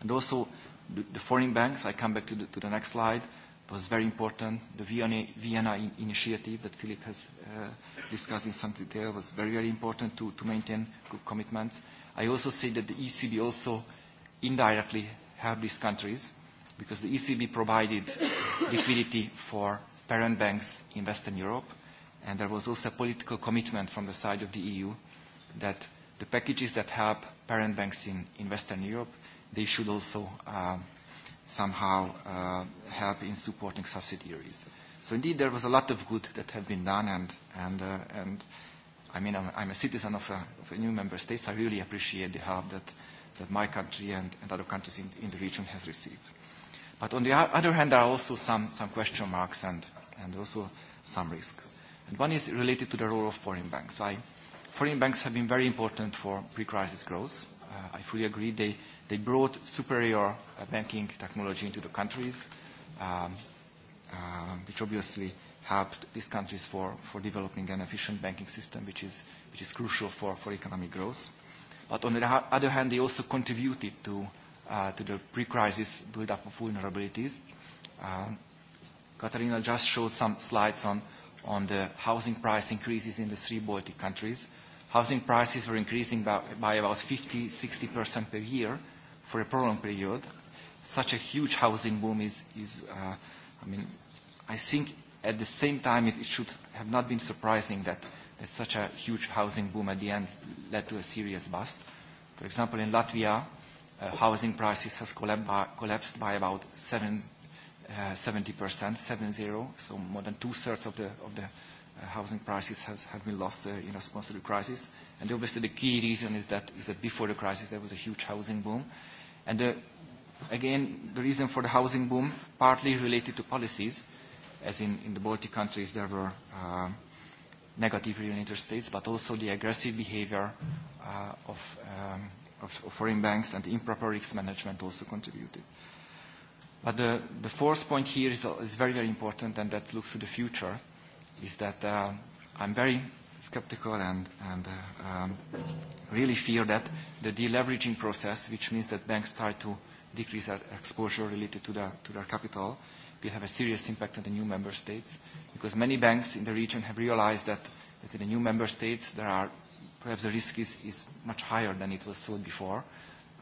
And also, The, foreign banks, I come back to the, next slide, was very important. The Vienna, initiative that Philip has uh, discussed in some detail was very, very important to, maintain good commitments. I also say that the ECB also indirectly helped these countries because the ECB provided liquidity for parent banks in Western Europe, and there was also a political commitment from the side of the EU that the packages that help parent banks in Western Europe they should also uh, somehow uh, help in supporting subsidiaries. So indeed, there was a lot of good that had been done, and, and, uh, and I mean, I'm, I'm a citizen of a, of a new member state. So I really appreciate the help that, that my country and, and other countries in, in the region has received. But on the other hand, there are also some, some question marks and, and also some risks. And one is related to the role of foreign banks. I, foreign banks have been very important for pre-crisis growth. Uh, I fully agree. They, They brought superior uh, banking technology into the countries, um, uh, which obviously helped these countries for, for developing an efficient banking system, which is, which is crucial for, for economic growth. But on the other hand, they also contributed to, uh, to the pre-crisis build-up of vulnerabilities. Um, Katarina just showed some slides on, on the housing price increases in the three Baltic countries. Housing prices were increasing by, by about 50, 60% per year for a prolonged period, such a huge housing boom is, is uh, I mean, I think at the same time it, should have not been surprising that, that such a huge housing boom at the end led to a serious bust. For example, in Latvia, uh, housing prices has collapsed by, uh, collapsed by about 7, uh, 70%, seven zero, so more than two-thirds of the, of the uh, housing prices has, have been lost uh, in response to the crisis. And obviously the key reason is that, is that before the crisis there was a huge housing boom. And uh, again, the reason for the housing boom partly related to policies, as in, in the Baltic countries there were uh, negative real interest rates, but also the aggressive behavior uh, of, um, of, of foreign banks and the improper risk management also contributed. But the, the fourth point here is, is very, very important, and that looks to the future, is that uh, I'm very skeptical and, and uh, really fear that the deleveraging process, which means that banks start to decrease their exposure related to, the, to their capital, will have a serious impact on the new member states because many banks in the region have realized that, that in the new member states there are perhaps the risk is, is much higher than it was thought before.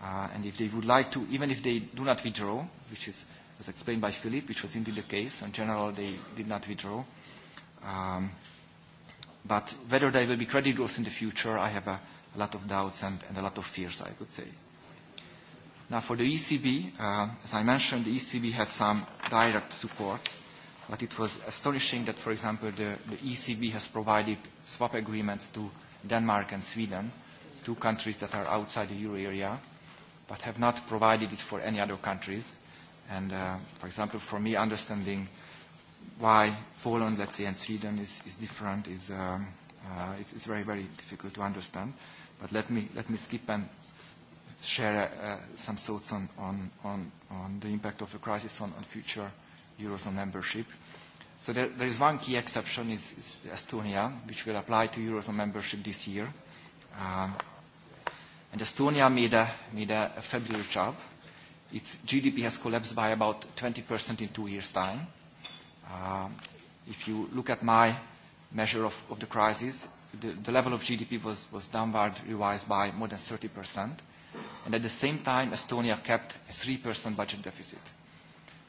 Uh, and if they would like to, even if they do not withdraw, which is, as explained by Philippe, which was indeed the case, in general they did not withdraw, um, But whether they will be credit growth in the future, I have a, lot of doubts and, and a lot of fears, I would say. Now, for the ECB, uh, as I mentioned, the ECB had some direct support, but it was astonishing that, for example, the, the ECB has provided swap agreements to Denmark and Sweden, two countries that are outside the euro area, but have not provided it for any other countries. And, uh, for example, for me, understanding why Poland, let's say, and Sweden is, is different is um, uh, it's, it's very, very difficult to understand. But let me, let me skip and share uh, some thoughts on, on, on, on the impact of the crisis on, on future Eurozone membership. So there, there is one key exception is, is Estonia, which will apply to Eurozone membership this year. Um, and Estonia made a, made a, a fabulous job. Its GDP has collapsed by about 20% in two years' time Uh, if you look at my measure of, of the crisis, the, the level of GDP was, was downward revised by more than 30%. And at the same time, Estonia kept a 3% budget deficit.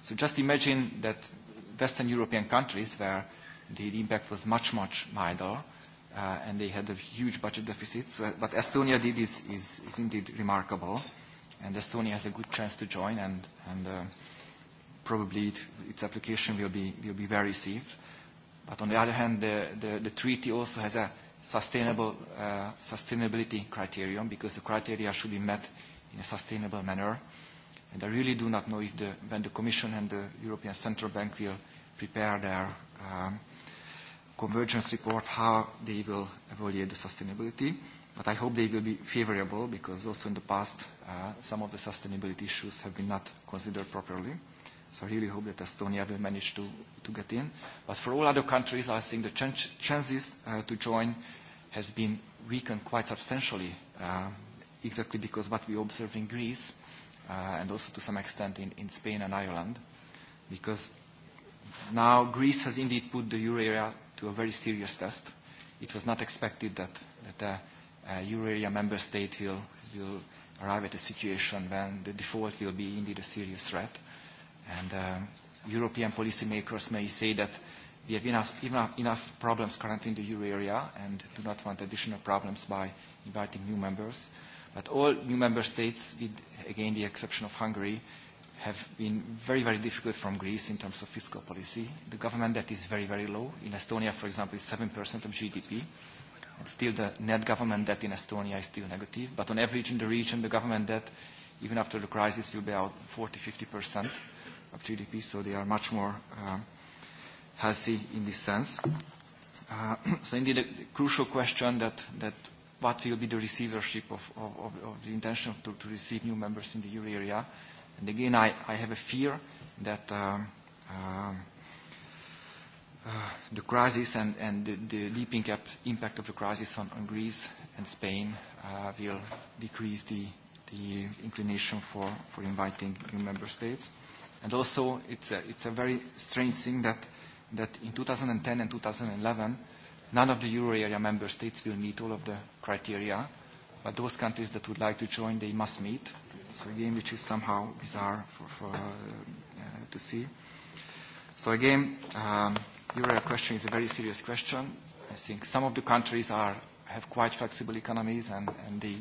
So just imagine that Western European countries where the impact was much, much milder, uh, and they had a huge budget deficit. So what Estonia did is, is, is indeed remarkable, and Estonia has a good chance to join, and, and uh, probably it, its application will be, will be very safe. But on the other hand, the, the, the treaty also has a sustainable uh, sustainability criterion because the criteria should be met in a sustainable manner. And I really do not know if the, when the Commission and the European Central Bank will prepare their um, convergence report, how they will evaluate the sustainability. But I hope they will be favorable because also in the past, uh, some of the sustainability issues have been not considered properly. So I really hope that Estonia will manage to, to get in. But for all other countries, I think the ch chances uh, to join has been weakened quite substantially, uh, exactly because what we observed in Greece uh, and also to some extent in, in Spain and Ireland, because now Greece has indeed put the euro area to a very serious test. It was not expected that, that a, a uh, euro area member state will, will arrive at a situation when the default will be indeed a serious threat. And um, European policymakers may say that we have enough, enough, enough problems currently in the euro area and do not want additional problems by inviting new members. But all new member states, with again the exception of Hungary, have been very, very difficult from Greece in terms of fiscal policy. The government debt is very, very low. In Estonia, for example, it's 7% of GDP. And still the net government debt in Estonia is still negative. But on average in the region, the government debt, even after the crisis, will be out 40, 50% of GDP, so they are much more uh, healthy in this sense. Uh, so indeed, a crucial question that, that what will be the receivership of, of, of the intention to, to receive new members in the euro area. And again, I, I have a fear that um, um uh, the crisis and, and the, the deep impact, impact of the crisis on, on Greece and Spain uh, will decrease the, the inclination for, for inviting new member states. And also, it's a, it's a very strange thing that, that in 2010 and 2011, none of the euro area member states will meet all of the criteria, but those countries that would like to join, they must meet. So again, which is somehow bizarre for, for uh, uh, to see. So again, um, euro area question is a very serious question. I think some of the countries are, have quite flexible economies and, and they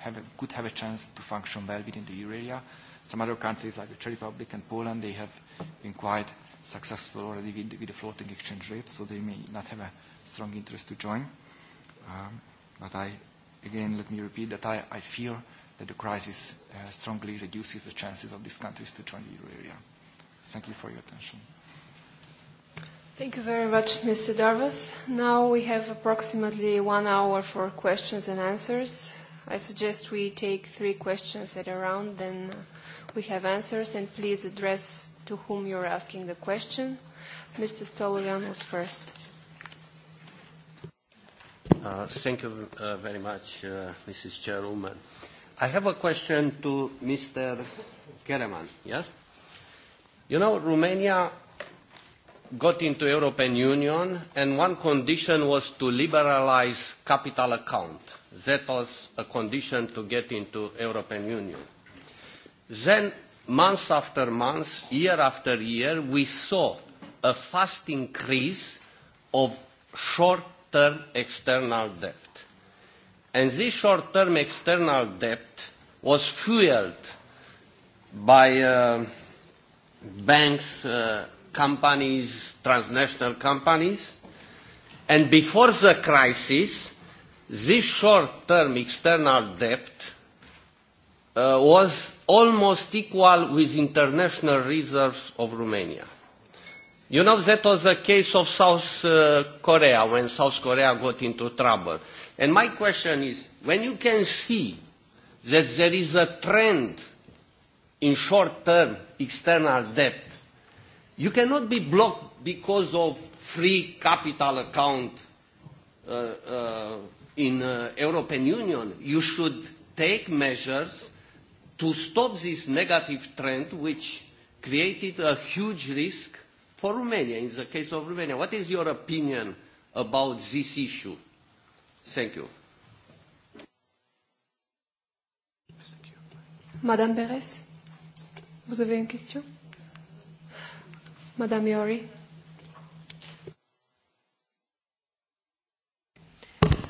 have a, could have a chance to function well within the euro area. Some other countries like the Czech Republic and Poland, they have been quite successful already with, with the floating exchange rate, so they may not have a strong interest to join. Um, but I, again, let me repeat that I, I fear that the crisis uh, strongly reduces the chances of these countries to join the euro area. Thank you for your attention. Thank you very much, Mr. Darvas. Now we have approximately one hour for questions and answers. I suggest we take three questions at a round, then we have answers, and please address to whom you're asking the question. Mr. Stolojan was first. Uh, thank you uh, very much, uh, Mrs. Chairwoman. I have a question to Mr. Kereman, yes? You know, Romania got into European Union and one condition was to liberalize capital account. That was a condition to get into European Union. Then, month after month, year after year, we saw a fast increase of short-term external debt. And this short-term external debt was fueled by uh, banks, uh, companies, transnational companies. And before the crisis, this short-term external debt Uh, was almost equal with international reserves of Romania. You know, that was the case of South uh, Korea when South Korea got into trouble. And my question is, when you can see that there is a trend in short-term external debt, you cannot be blocked because of free capital account uh, uh, in uh, European Union. You should take measures to stop this negative trend which created a huge risk for Romania, in the case of Romania. What is your opinion about this issue? Thank you. Madame Beres, vous avez une question Madame Iori.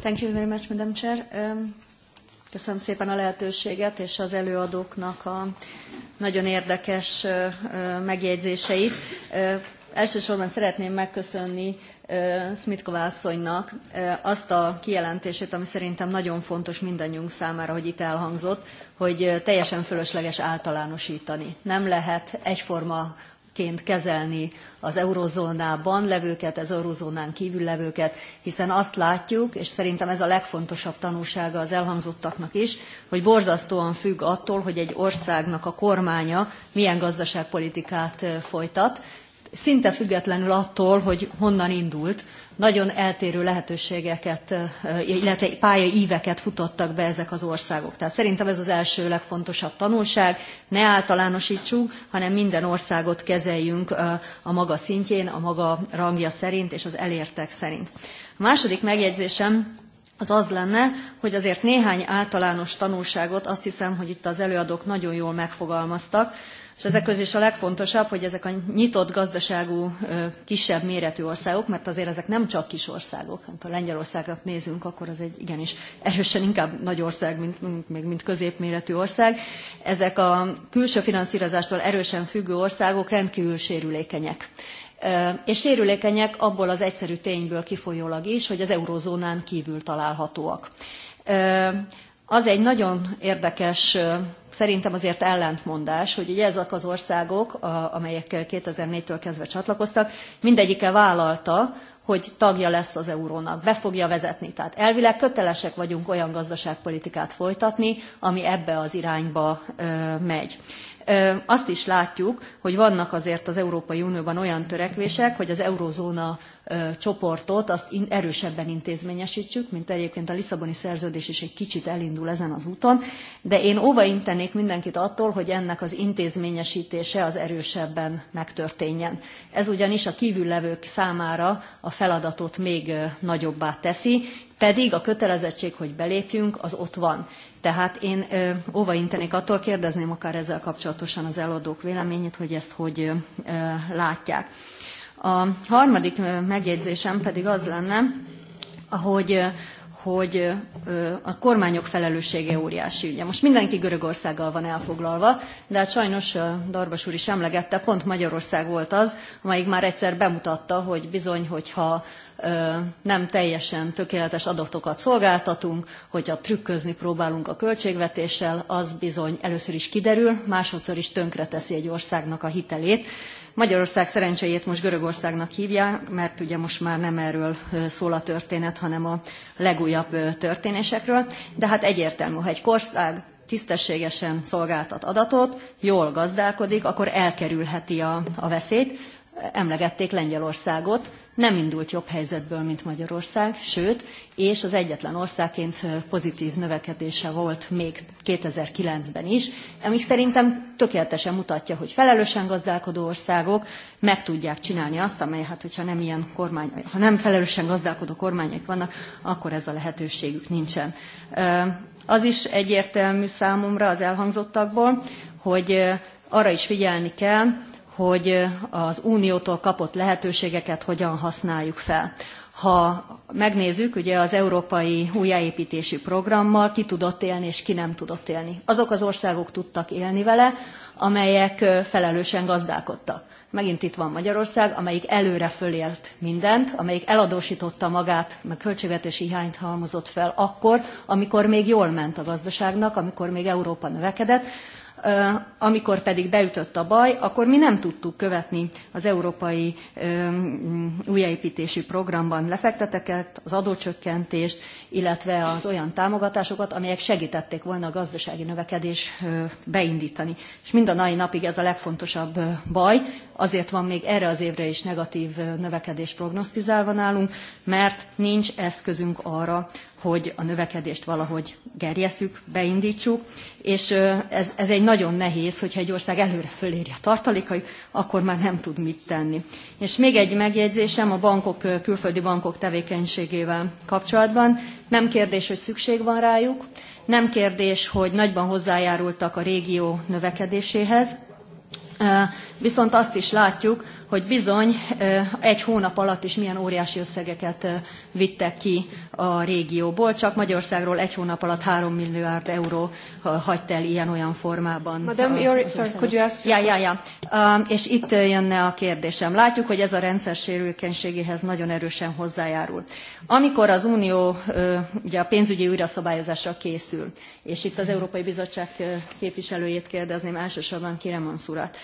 Thank you very much, Madame Chair. Um, Köszönöm szépen a lehetőséget és az előadóknak a nagyon érdekes megjegyzéseit. Elsősorban szeretném megköszönni Smitkova asszonynak azt a kijelentését, ami szerintem nagyon fontos mindannyiunk számára, hogy itt elhangzott, hogy teljesen fölösleges általánosítani. Nem lehet egyforma ként kezelni az eurozónában levőket, az eurozónán kívül levőket, hiszen azt látjuk, és szerintem ez a legfontosabb tanúsága az elhangzottaknak is, hogy borzasztóan függ attól, hogy egy országnak a kormánya milyen gazdaságpolitikát folytat, szinte függetlenül attól, hogy honnan indult, nagyon eltérő lehetőségeket, illetve íveket futottak be ezek az országok. Tehát szerintem ez az első legfontosabb tanulság, ne általánosítsunk, hanem minden országot kezeljünk a maga szintjén, a maga rangja szerint és az elértek szerint. A második megjegyzésem az az lenne, hogy azért néhány általános tanulságot azt hiszem, hogy itt az előadók nagyon jól megfogalmaztak, és ezek közé is a legfontosabb, hogy ezek a nyitott gazdaságú kisebb méretű országok, mert azért ezek nem csak kis országok, hát ha Lengyelországra nézünk, akkor az egy igenis erősen inkább nagy ország, mint, mint, még mint középméretű ország. Ezek a külső finanszírozástól erősen függő országok rendkívül sérülékenyek. És sérülékenyek abból az egyszerű tényből kifolyólag is, hogy az eurozónán kívül találhatóak. Az egy nagyon érdekes, szerintem azért ellentmondás, hogy ugye ezek az országok, amelyek 2004-től kezdve csatlakoztak, mindegyike vállalta, hogy tagja lesz az eurónak, be fogja vezetni. Tehát elvileg kötelesek vagyunk olyan gazdaságpolitikát folytatni, ami ebbe az irányba megy azt is látjuk, hogy vannak azért az Európai Unióban olyan törekvések, hogy az eurozóna csoportot azt erősebben intézményesítsük, mint egyébként a Lisszaboni szerződés is egy kicsit elindul ezen az úton, de én óva intenék mindenkit attól, hogy ennek az intézményesítése az erősebben megtörténjen. Ez ugyanis a kívüllevők számára a feladatot még nagyobbá teszi, pedig a kötelezettség, hogy belépjünk, az ott van. Tehát én óva intenék attól, kérdezném akár ezzel kapcsolatosan az eladók véleményét, hogy ezt hogy látják. A harmadik megjegyzésem pedig az lenne, hogy hogy a kormányok felelőssége óriási. Ugye most mindenki Görögországgal van elfoglalva, de hát sajnos Darbas úr is emlegette, pont Magyarország volt az, amelyik már egyszer bemutatta, hogy bizony, hogyha nem teljesen tökéletes adatokat szolgáltatunk, hogyha trükközni próbálunk a költségvetéssel, az bizony először is kiderül, másodszor is teszi egy országnak a hitelét. Magyarország szerencséjét most Görögországnak hívják, mert ugye most már nem erről szól a történet, hanem a legújabb történésekről, de hát egyértelmű, ha egy ország tisztességesen szolgáltat adatot, jól gazdálkodik, akkor elkerülheti a, a veszélyt. Emlegették Lengyelországot, nem indult jobb helyzetből, mint Magyarország, sőt, és az egyetlen országként pozitív növekedése volt még 2009-ben is, ami szerintem tökéletesen mutatja, hogy felelősen gazdálkodó országok meg tudják csinálni azt, amely, hát hogyha nem ilyen kormány, ha nem felelősen gazdálkodó kormányok vannak, akkor ez a lehetőségük nincsen. Az is egyértelmű számomra az elhangzottakból, hogy arra is figyelni kell, hogy eh, az uniótól kapott lehetőségeket hogyan használjuk fel. Ha megnézzük, ugye az európai újjáépítési programmal ki tudott élni és ki nem tudott élni. Azok az országok tudtak élni vele, amelyek eh, felelősen gazdálkodtak. Megint itt van Magyarország, amelyik előre fölélt mindent, amelyik eladósította magát, meg költségvetési hiányt halmozott fel akkor, amikor még jól ment a gazdaságnak, amikor még Európa növekedett, amikor pedig beütött a baj, akkor mi nem tudtuk követni az európai újjáépítési programban lefekteteket, az adócsökkentést, illetve az olyan támogatásokat, amelyek segítették volna a gazdasági növekedés beindítani. És mind a mai napig ez a legfontosabb baj, azért van még erre az évre is negatív növekedés prognosztizálva nálunk, mert nincs eszközünk arra, hogy a növekedést valahogy gerjeszük, beindítsuk, és ez, ez egy nagyon nehéz, hogyha egy ország előre fölérje a tartalékai, akkor már nem tud mit tenni. És még egy megjegyzésem a bankok, külföldi bankok tevékenységével kapcsolatban. Nem kérdés, hogy szükség van rájuk, nem kérdés, hogy nagyban hozzájárultak a régió növekedéséhez, viszont azt is látjuk, hogy bizony egy hónap alatt is milyen óriási összegeket vittek ki a régióból, csak Magyarországról egy hónap alatt 3 milliárd euró hagyt el ilyen-olyan formában. Madam, your, sorry, could you ask? Ja, ja, ja. És itt jönne a kérdésem. Látjuk, hogy ez a rendszer sérülkenységéhez nagyon erősen hozzájárul. Amikor az Unió ugye a pénzügyi újraszabályozásra készül, és itt az Európai Bizottság képviselőjét kérdezném, elsősorban Kire Mansurat,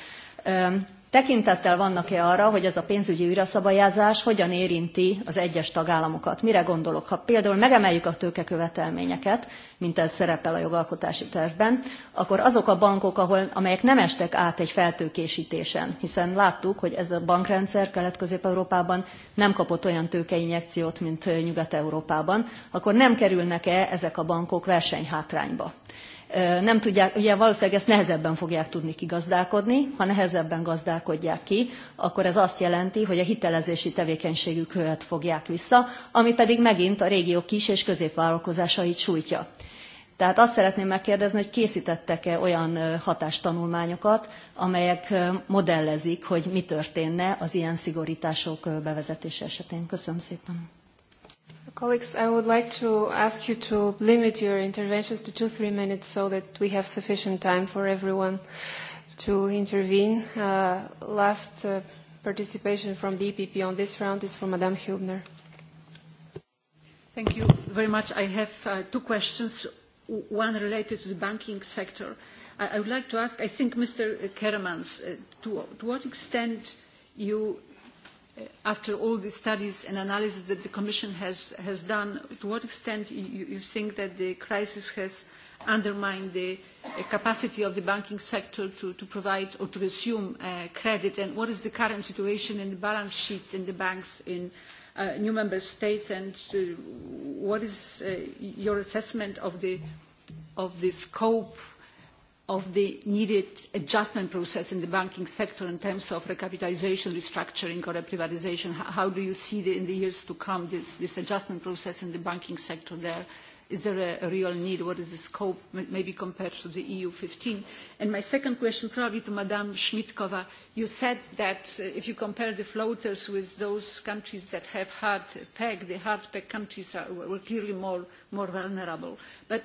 Tekintettel vannak-e arra, hogy ez a pénzügyi üraszabályázás hogyan érinti az egyes tagállamokat? Mire gondolok? Ha például megemeljük a tőkekövetelményeket, mint ez szerepel a jogalkotási tervben, akkor azok a bankok, ahol, amelyek nem estek át egy feltőkésítésen, hiszen láttuk, hogy ez a bankrendszer Kelet-Közép-Európában nem kapott olyan tőkeinjekciót, mint Nyugat-Európában, akkor nem kerülnek-e ezek a bankok versenyhátrányba? nem tudják, ugye valószínűleg ezt nehezebben fogják tudni kigazdálkodni, ha nehezebben gazdálkodják ki, akkor ez azt jelenti, hogy a hitelezési tevékenységük követ fogják vissza, ami pedig megint a régió kis és középvállalkozásait sújtja. Tehát azt szeretném megkérdezni, hogy készítettek-e olyan hatástanulmányokat, amelyek modellezik, hogy mi történne az ilyen szigorítások bevezetése esetén. Köszönöm szépen. Colleagues, I would like to ask you to limit your interventions to two, three minutes so that we have sufficient time for everyone to intervene. Uh, last uh, participation from the EPP on this round is from Madame Hübner. Thank you very much. I have uh, two questions, one related to the banking sector. I, I would like to ask, I think Mr. Keremans, uh, to, to what extent you Uh, after all the studies and analysis that the Commission has, has done, to what extent you, you think that the crisis has undermined the capacity of the banking sector to, to provide or to resume uh, credit, and what is the current situation in the balance sheets in the banks in uh, new member states, and uh, what is uh, your assessment of the, of the scope of the needed adjustment process in the banking sector in terms of recapitalisation, restructuring or privatisation? How do you see the, in the years to come this, this adjustment process in the banking sector there? Is there a, a real need? What is the scope maybe compared to the EU 15? And my second question probably to Madame Schmidkova. You said that uh, if you compare the floaters with those countries that have hard peg, the hard peg countries are, were clearly more, more vulnerable. But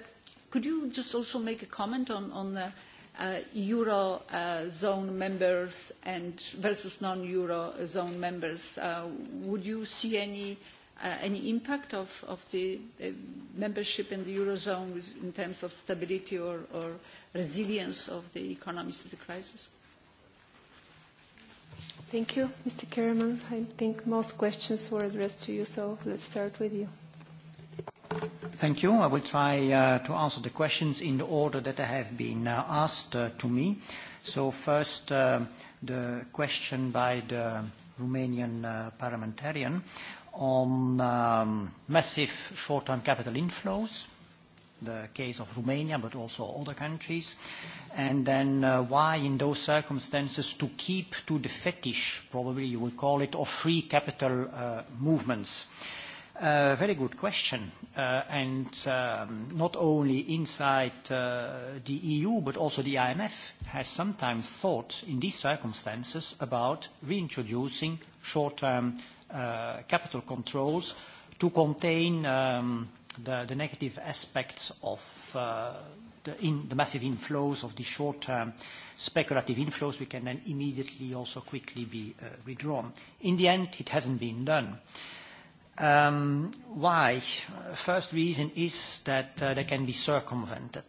Could you just also make a comment on, on the uh, Eurozone uh, members and versus non-Eurozone members? Uh, would you see any, uh, any impact of, of the uh, membership in the Eurozone in terms of stability or, or resilience of the economies to the crisis? Thank you, Mr. Kerriman. I think most questions were addressed to you, so let's start with you. Thank you. I will try uh, to answer the questions in the order that they have been uh, asked uh, to me. So first, the question by the Romanian parliamentarian on um, massive short-term capital inflows, the case of Romania, but also other countries. And then why in those circumstances to keep to the fetish, probably you would call it, of free capital movements. Uh, very good question. Uh, and um, not only inside uh, the EU, but also the IMF has sometimes thought in these circumstances about reintroducing short-term uh, capital controls to contain um, the, negative aspects of the, the massive inflows of the short-term speculative inflows, we can then immediately also quickly be withdrawn. In the end, it hasn't been done. Um, why? First reason is that uh, they can be circumvented,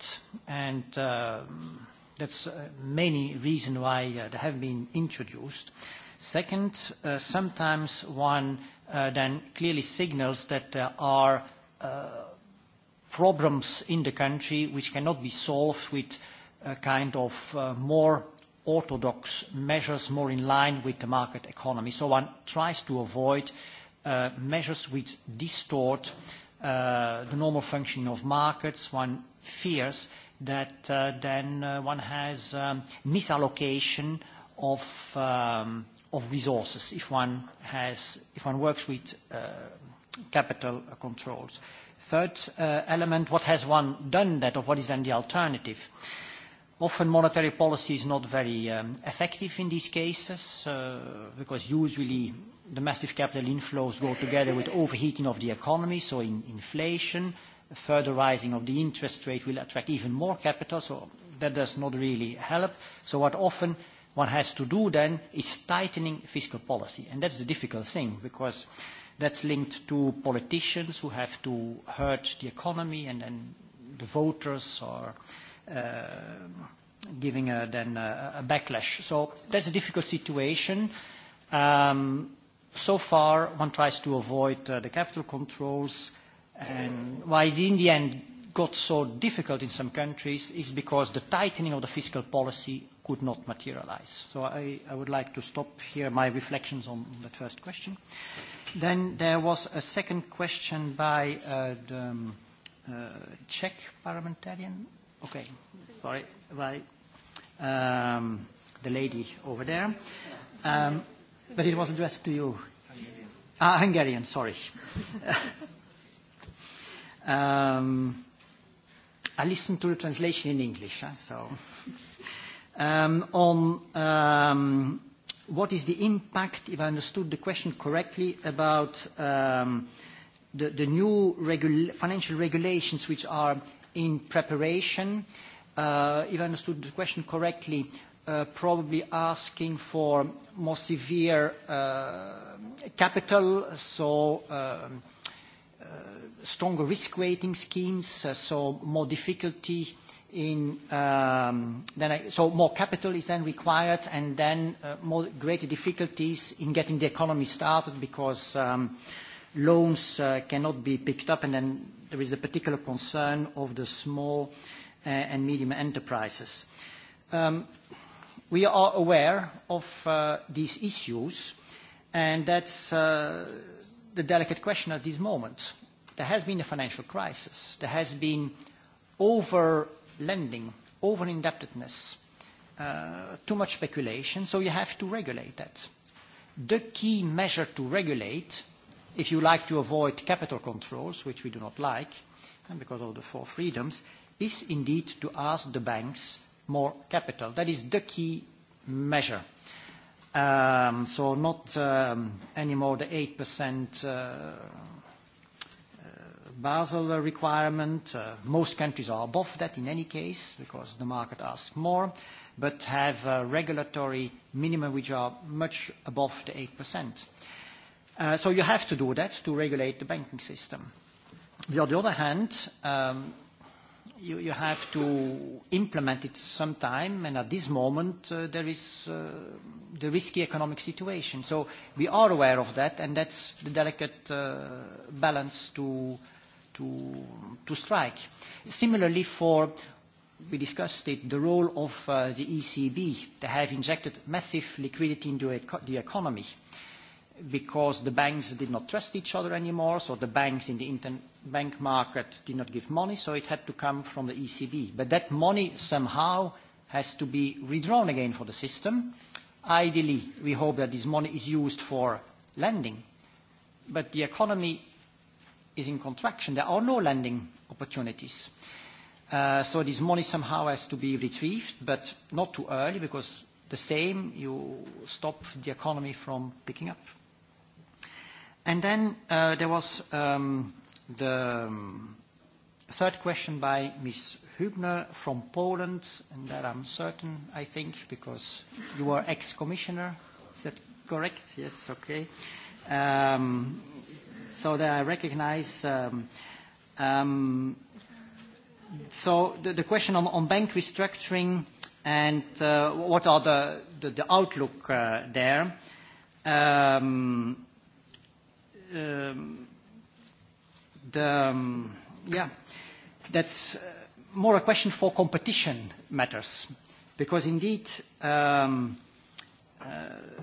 and uh, that's uh, many reason why uh, they have been introduced. Second, uh, sometimes one uh, then clearly signals that there are problems in the country which cannot be solved with a kind of more orthodox measures, more in line with the market economy. So one tries to avoid Uh, measures which distort uh, the normal functioning of markets. One fears that uh, then one has um, misallocation of, um, of resources if one, has, if one works with capital controls. Third element, what has one done that or what is then the alternative? Often monetary policy is not very um, effective in these cases because usually the massive capital inflows go together with overheating of the economy, so in inflation, further rising of the interest rate will attract even more capital, so that does not really help. So what often one has to do then is tightening fiscal policy, and that's the difficult thing because that's linked to politicians who have to hurt the economy and then the voters are uh, giving then a, backlash. So that's a difficult situation. Um, so far one tries to avoid uh, the capital controls and why it in the end got so difficult in some countries is because the tightening of the fiscal policy could not materialize. So I, would like to stop here my reflections on the first question. Then there was a second question by uh, the um, uh, Czech parliamentarian. Okay, sorry, by um, the lady over there. Um, But it was addressed to you. Hungarian. Ah, Hungarian, sorry. um, I listened to the translation in English, huh, so. Um, on um, what is the impact, if I understood the question correctly, about um, the, the new regula financial regulations which are in preparation. Uh, if I understood the question correctly, Uh, probably asking for more severe uh, capital, so um, uh, stronger risk weighting schemes, so more difficulty in um, then I, so more capital is then required, and then more greater difficulties in getting the economy started because um, loans cannot be picked up, and then there is a particular concern of the small and medium enterprises. We are aware of uh, these issues, and that's uh, the delicate question at this moment. There has been a financial crisis. There has been over-lending, over-indebtedness, uh, too much speculation, so you have to regulate that. The key measure to regulate, if you like to avoid capital controls, which we do not like, and because of the four freedoms, is indeed to ask the banks more capital. That is the key measure. Um, so not um, anymore the 8% uh, uh, Basel requirement. Uh, most countries are above that in any case because the market asks more, but have a regulatory minimum which are much above the 8%. so you have to do that to regulate the banking system. On the other hand, um, you, you have to implement it sometime, and at this moment uh, there is uh, the risky economic situation. So we are aware of that, and that's the delicate uh, balance to, to, to strike. Similarly for, we discussed it, the role of uh, the ECB. They have injected massive liquidity into the economy. Uh, because the banks did not trust each other anymore, so the banks in the interbank market did not give money, so it had to come from the ECB. But that money somehow has to be redrawn again for the system. Ideally, we hope that this money is used for lending, but the economy is in contraction. There are no lending opportunities. Uh, so this money somehow has to be retrieved, but not too early, because the same, you stop the economy from picking up. And then uh, there was um, the um, third question by Ms. Hübner from Poland, and that I'm certain, I think, because you were ex-commissioner. Is that correct? Yes, okay. Um, so that I recognize. Um, um, so the, the question on, on bank restructuring and uh, what are the, the, the outlook uh, there. Um, Um, the, um, yeah, that's uh, more a question for competition matters, because indeed um, uh,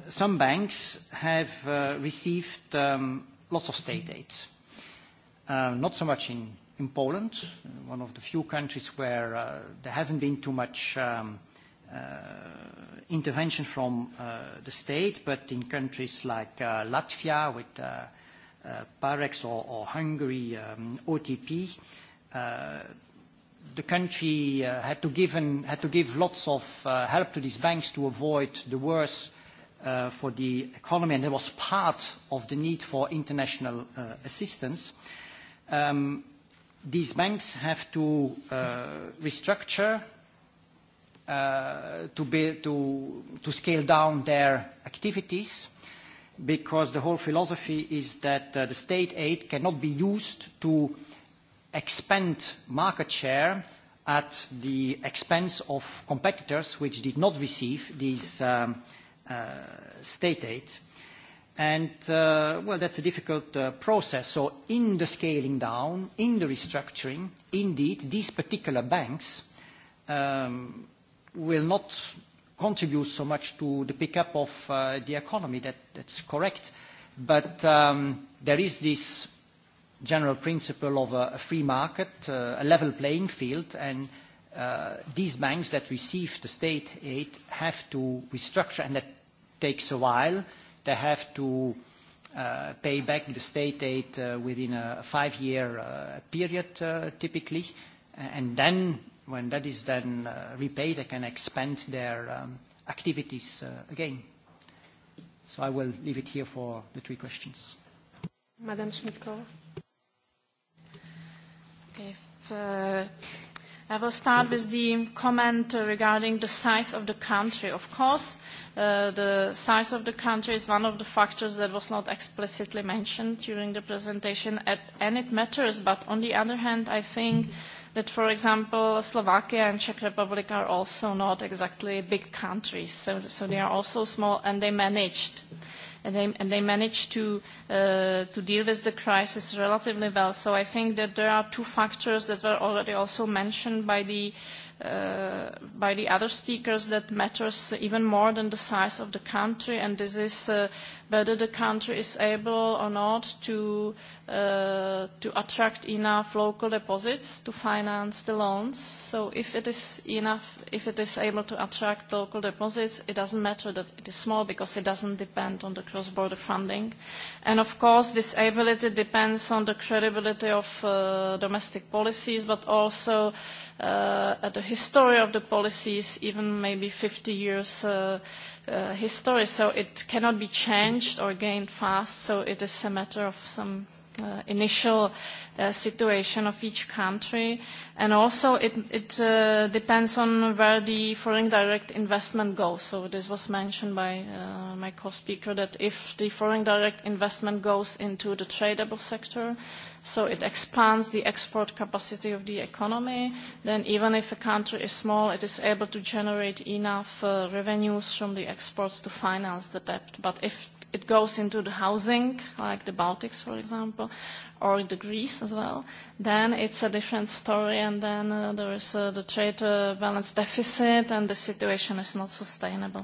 some banks have uh, received um, lots of state aid. Uh, not so much in, in Poland, one of the few countries where uh, there hasn't been too much um, uh, intervention from uh, the state, but in countries like uh, Latvia with uh, uh, Parex or, Hungary um, OTP, uh, the country uh, had, to give had to give lots of uh, help to these banks to avoid the worst for the economy, and that was part of the need for international assistance. Um, these banks have to restructure, to scale down their activities, because the whole philosophy is that uh, the state aid cannot be used to expand market share at the expense of competitors which did not receive these um, uh, state aid. And, uh, well, that's a difficult uh, process. So in the scaling down, in the restructuring, indeed, these particular banks um, will not contributes so much to the pickup of uh, the economy. that's correct. But um, there is this general principle of a, free market, uh, a level playing field, and uh, these banks that receive the state aid have to restructure, and that takes a while. They have to pay back the state aid within a five-year period, typically, and then when that is then uh, repaid, they can expand their um, activities uh, again. I will leave it here for the three questions. Madame Schmidkova. If, uh, I will start with the comment regarding the size of the country. Of course, uh, the size of the country is one of the factors that was not explicitly mentioned during the presentation, and it matters. on the other hand, I think that, for example, Slovakia and Czech Republic are also not exactly big countries, so, so they are also small and they managed. And they, and they managed to, uh, to deal with the crisis relatively well. So I think that there are two factors that were already also mentioned by the, uh, by the other speakers that matters even more than the size of the country, and this is uh, whether the country is able or not to, uh, to attract enough local deposits to finance the loans. So if it is enough, if it is able to attract local deposits, it doesn't matter that it is small because it doesn't depend on the cross-border funding. And of course, this ability depends on the credibility of uh, domestic policies, but also uh, at the history of the policies, even maybe 50 years uh, Uh, history, so it cannot be changed or gained fast, so it is a matter of some uh, initial uh, situation of each country. And also it, it uh, depends on where the foreign direct investment goes. So this was mentioned by uh, my co-speaker that if the foreign direct investment goes into the tradable sector, so it expands the export capacity of the economy. Then even if a country is small, it is able to generate enough uh, revenues from the exports to finance the debt. But if it goes into the housing, like the Baltics, for example, or degrees as well, then it's a different story, and then uh, there is uh, the trade uh, balance deficit, and the situation is not sustainable.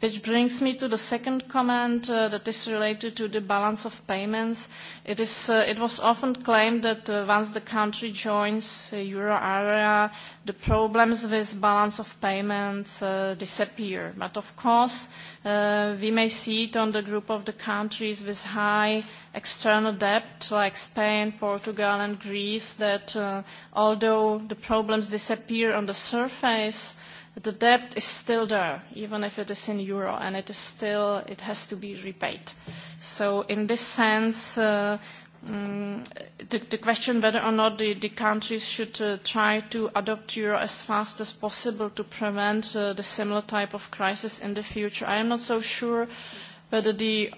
Which brings me to the second comment uh, that is related to the balance of payments. It, is, uh, it was often claimed that uh, once the country joins the euro area, the problems with balance of payments uh, disappear. But of course, uh, we may see it on the group of the countries with high external debt, like Spain Spain, Portugal and Greece that uh, although the problems disappear on the surface, the debt is still there, even if it is in euro, and it is still, it has to be repaid. So in this sense, uh, um, the, the question whether or not the, the countries should uh, try to adopt euro as fast as possible to prevent uh, the similar type of crisis in the future, I am not so sure whether the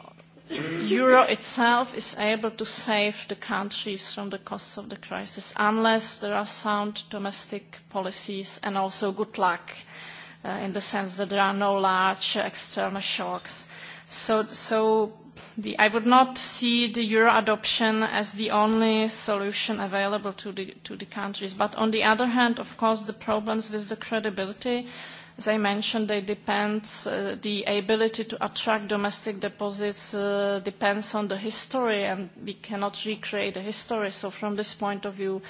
euro itself is able to save the countries from the costs of the crisis, unless there are sound domestic policies and also good luck, uh, in the sense that there are no large external shocks. So, so the, I would not see the euro adoption as the only solution available to the, to the countries. But on the other hand, of course, the problems with the credibility As I mentioned, they depend, uh, the ability to attract domestic deposits uh, depends on the history, and we cannot recreate the history. So from this point of view,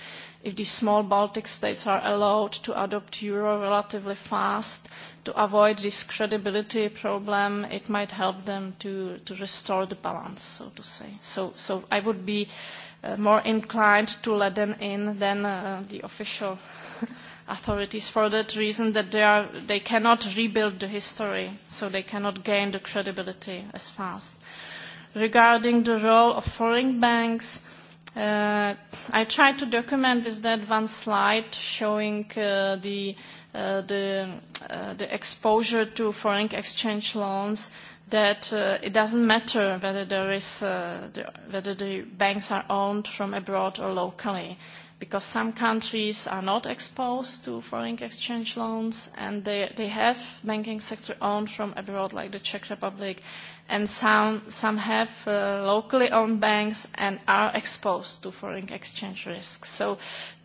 if the small Baltic states are allowed to adopt euro relatively fast to avoid this credibility problem, it might help them to, to restore the balance, so to say. So, so I would be uh, more inclined to let them in than uh, the official authorities for that reason that they, are, they cannot rebuild the history, so they cannot gain the credibility as fast. Regarding the role of foreign banks, uh, I tried to document with that one slide showing uh, the, uh, the, uh, the exposure to foreign exchange loans that uh, it doesn't matter whether there is uh, the, whether the banks are owned from abroad or locally because some countries are not exposed to foreign exchange loans and they, they have banking sector owned from abroad like the Czech Republic and some, some have uh, locally owned banks and are exposed to foreign exchange risks. So,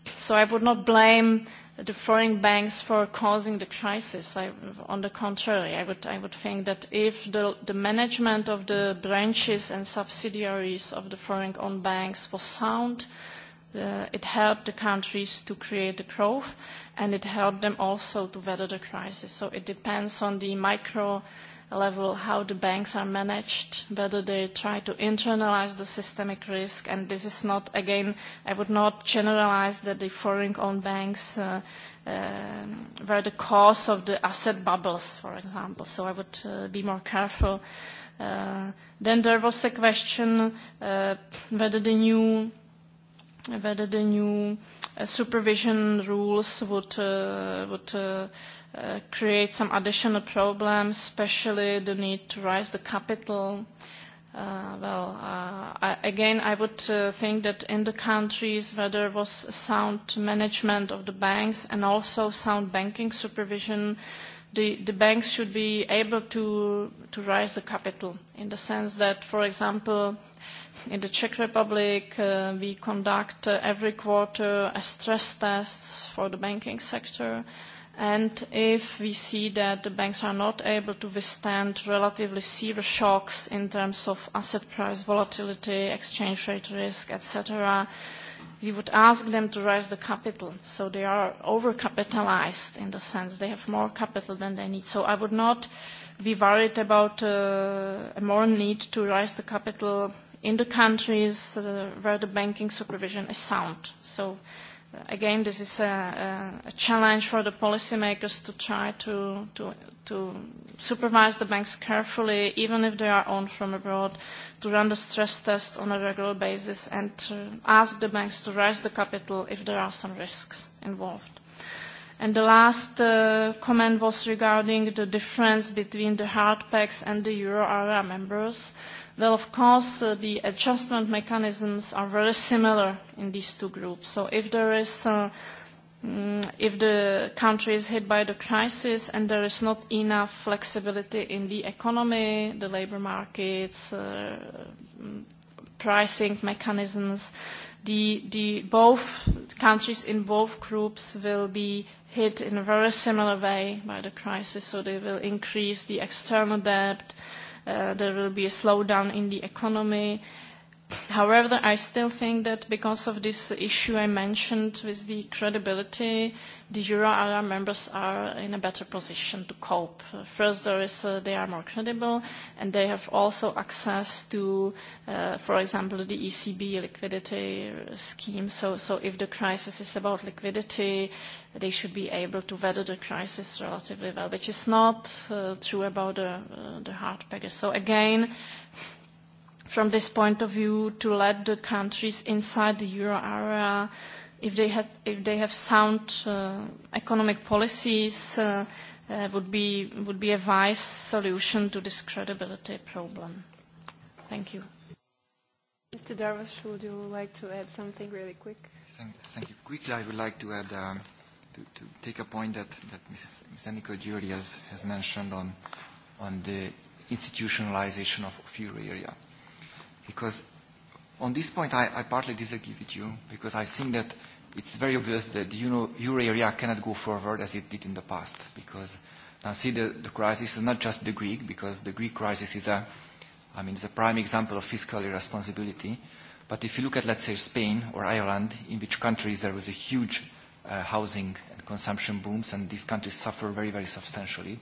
so I would not blame the foreign banks for causing the crisis. I, on the contrary, I would, I would think that if the, the management of the branches and subsidiaries of the foreign-owned banks was sound, uh, Uh, it helped the countries to create the growth, and it helped them also to weather the crisis. So it depends on the micro level how the banks are managed, whether they try to internalize the systemic risk. And this is not, again, I would not generalize that the foreign-owned banks uh, uh were the cause of the asset bubbles, for example. So I would uh, be more careful. Uh, then there was a question uh, whether the new whether the new supervision rules would uh, would uh, uh, create some additional problems, especially the need to raise the capital. Uh, well, uh, I, again, I would uh, think that in the countries where there was sound management of the banks and also sound banking supervision, the, the banks should be able to, to raise the capital in the sense that, for example, in the Czech Republic, uh, we conduct uh, every quarter a uh, stress tests for the banking sector. And if we see that the banks are not able to withstand relatively severe shocks in terms of asset price volatility, exchange rate risk, etc., we would ask them to raise the capital. So they are overcapitalized in the sense they have more capital than they need. So I would not be worried about uh, more need to raise the capital in the countries uh, where the banking supervision is sound. So uh, again, this is a, a challenge for the policymakers to try to, to, to supervise the banks carefully, even if they are owned from abroad, to run the stress tests on a regular basis and to ask the banks to raise the capital if there are some risks involved. And the last uh, comment was regarding the difference between the hard packs and the euro area members. Well, of course, uh, the adjustment mechanisms are very similar in these two groups. So if there is, uh, mm, if the country is hit by the crisis and there is not enough flexibility in the economy, the labor markets, uh, mm, pricing mechanisms, the, the both countries in both groups will be hit in a very similar way by the crisis. So they will increase the external debt, Uh, there will be a slowdown in the economy, However, I still think that because of this issue I mentioned with the credibility, the euro area members are in a better position to cope. First, there is, uh, they are more credible, and they have also access to, uh, for example, the ECB liquidity scheme. So, so if the crisis is about liquidity, they should be able to weather the crisis relatively well, which is not uh, true about the, uh, the hard package. So again, from this point of view to let the countries inside the euro area, if they have, if they have sound uh, economic policies, uh, uh, would, be, would be a wise solution to this credibility problem. Thank you. Mr. Darvish, would you like to add something really quick? Thank, thank you. Quickly, I would like to add, um, to, to take a point that, that Ms. Aniko Jury has, has mentioned on, on the institutionalization of, of euro area because on this point I, I partly disagree with you because I think that it's very obvious that the euro, euro area cannot go forward as it did in the past because now see the, the crisis is not just the Greek because the Greek crisis is a I mean it's a prime example of fiscal irresponsibility but if you look at let's say Spain or Ireland in which countries there was a huge uh, housing and consumption booms and these countries suffer very very substantially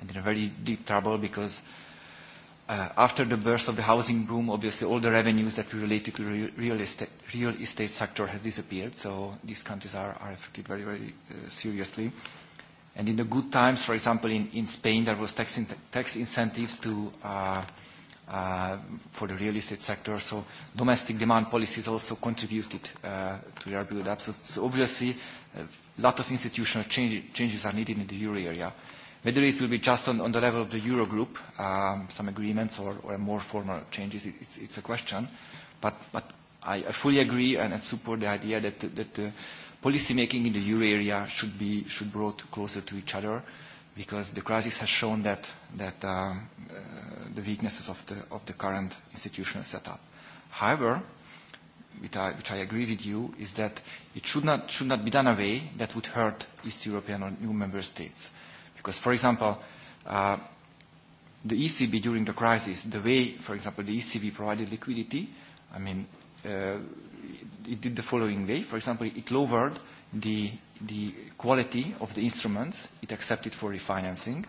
and in a very deep trouble because Uh, after the birth of the housing boom, obviously all the revenues that were related to the real estate, real estate sector has disappeared, so these countries are, are affected very, very uh, seriously. And in the good times, for example, in, in Spain, there was tax, in, tax incentives to, uh, uh, for the real estate sector, so domestic demand policies also contributed uh, to their build-up. So, so obviously, a lot of institutional change, changes are needed in the euro area. Uh, Middle East will be just on, on the level of the Eurogroup, um, some agreements or, or more formal changes, it, it's, it's a question. But, but I, I fully agree and, and support the idea that, that the policy making in the euro area should be should brought closer to each other because the crisis has shown that, that um, uh, the weaknesses of the, of the current institutional setup. However, which I, which I agree with you, is that it should not, should not be done away that would hurt East European or new member states. Because, for example, uh, the ECB during the crisis, the way, for example, the ECB provided liquidity, I mean, uh, it did the following way. For example, it lowered the, the quality of the instruments it accepted for refinancing,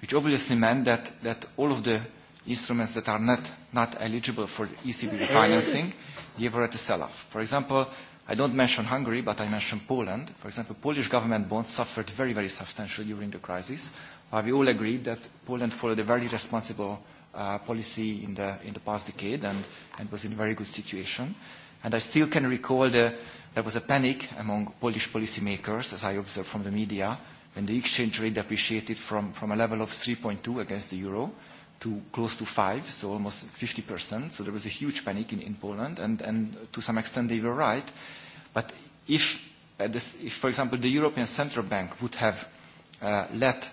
which obviously meant that, that all of the instruments that are not, not eligible for ECB refinancing, they were at a sell-off. For example, i don't mention Hungary, but I mention Poland. For example, Polish government bonds suffered very, very substantially during the crisis. Uh, we all agreed that Poland followed a very responsible uh, policy in the, in the past decade and, and was in a very good situation. And I still can recall the, there was a panic among Polish policymakers, as I observed from the media, when the exchange rate depreciated from, from a level of 3.2 against the euro to close to five, so almost 50%. So there was a huge panic in, in Poland, and, and to some extent they were right. But if, uh, this, if, for example, the European Central Bank would have uh, let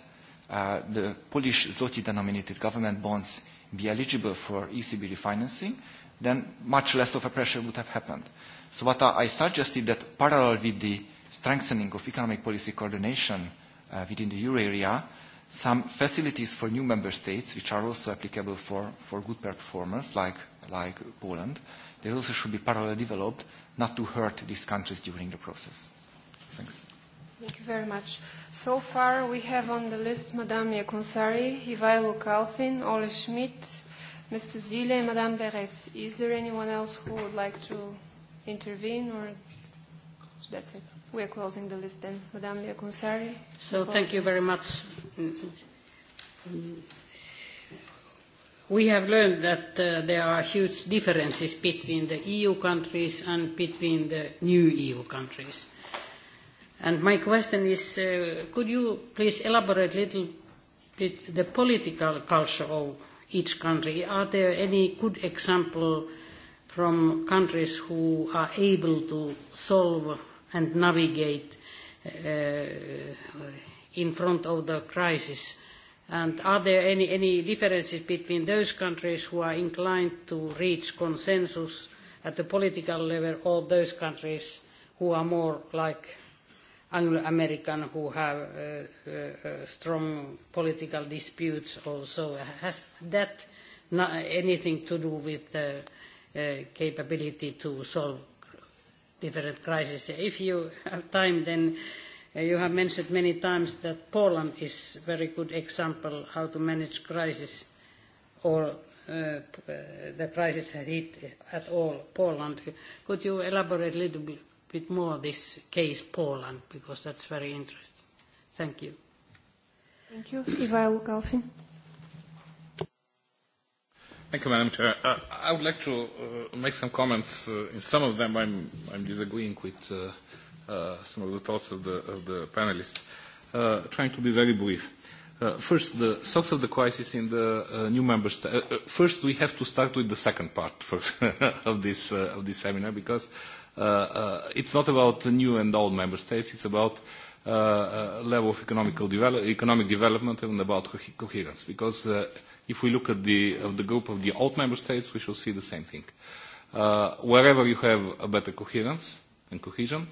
uh, the Polish zloty-denominated government bonds be eligible for ECB refinancing, then much less of a pressure would have happened. So what I suggested that parallel with the strengthening of economic policy coordination uh, within the euro area, some facilities for new member states, which are also applicable for, for good performers like, like Poland, they also should be parallel developed not to hurt these countries during the process. Thanks. Thank you very much. So far we have on the list Madame Yakonsari, Ivailo Kalfin, Ole Schmidt, Mr. Zile, and Madame Beres. Is there anyone else who would like to intervene or that's it? We are closing the list then. Madame Biaconcari. So thank you very much. We have learned that uh, there are huge differences between the EU countries and between the new EU countries. And my question is, uh, could you please elaborate a little bit the political culture of each country? Are there any good examples from countries who are able to solve and navigate uh, in front of the crisis? And are there any, any differences between those countries who are inclined to reach consensus at the political level or those countries who are more like Anglo-American who have uh, uh, uh, strong political disputes also. Has that anything to do with the uh, capability to solve different crises. If you have time, then uh, you have mentioned many times that Poland is a very good example how to manage crisis or Uh, uh the crisis had hit at all Poland. Could you elaborate a little bit, more this case Poland, because that's very interesting. Thank you. Thank you. Eva Lukaufi. Thank you, Madam Chair. Uh, I would like to uh, make some comments. Uh, in some of them, I'm, I'm disagreeing with uh, uh, some of the thoughts of the, of the panelists. Uh, trying to be very brief. Uh, first, the source of the crisis in the uh, new member states. Uh, uh, first, we have to start with the second part first of, this, uh, of this seminar because uh, uh, it's not about the new and old member states. It's about uh, uh, level of economic development and about co coherence because uh, If we look at the, of the group of the old member states, we shall see the same thing. Uh, wherever you have a better coherence and cohesion,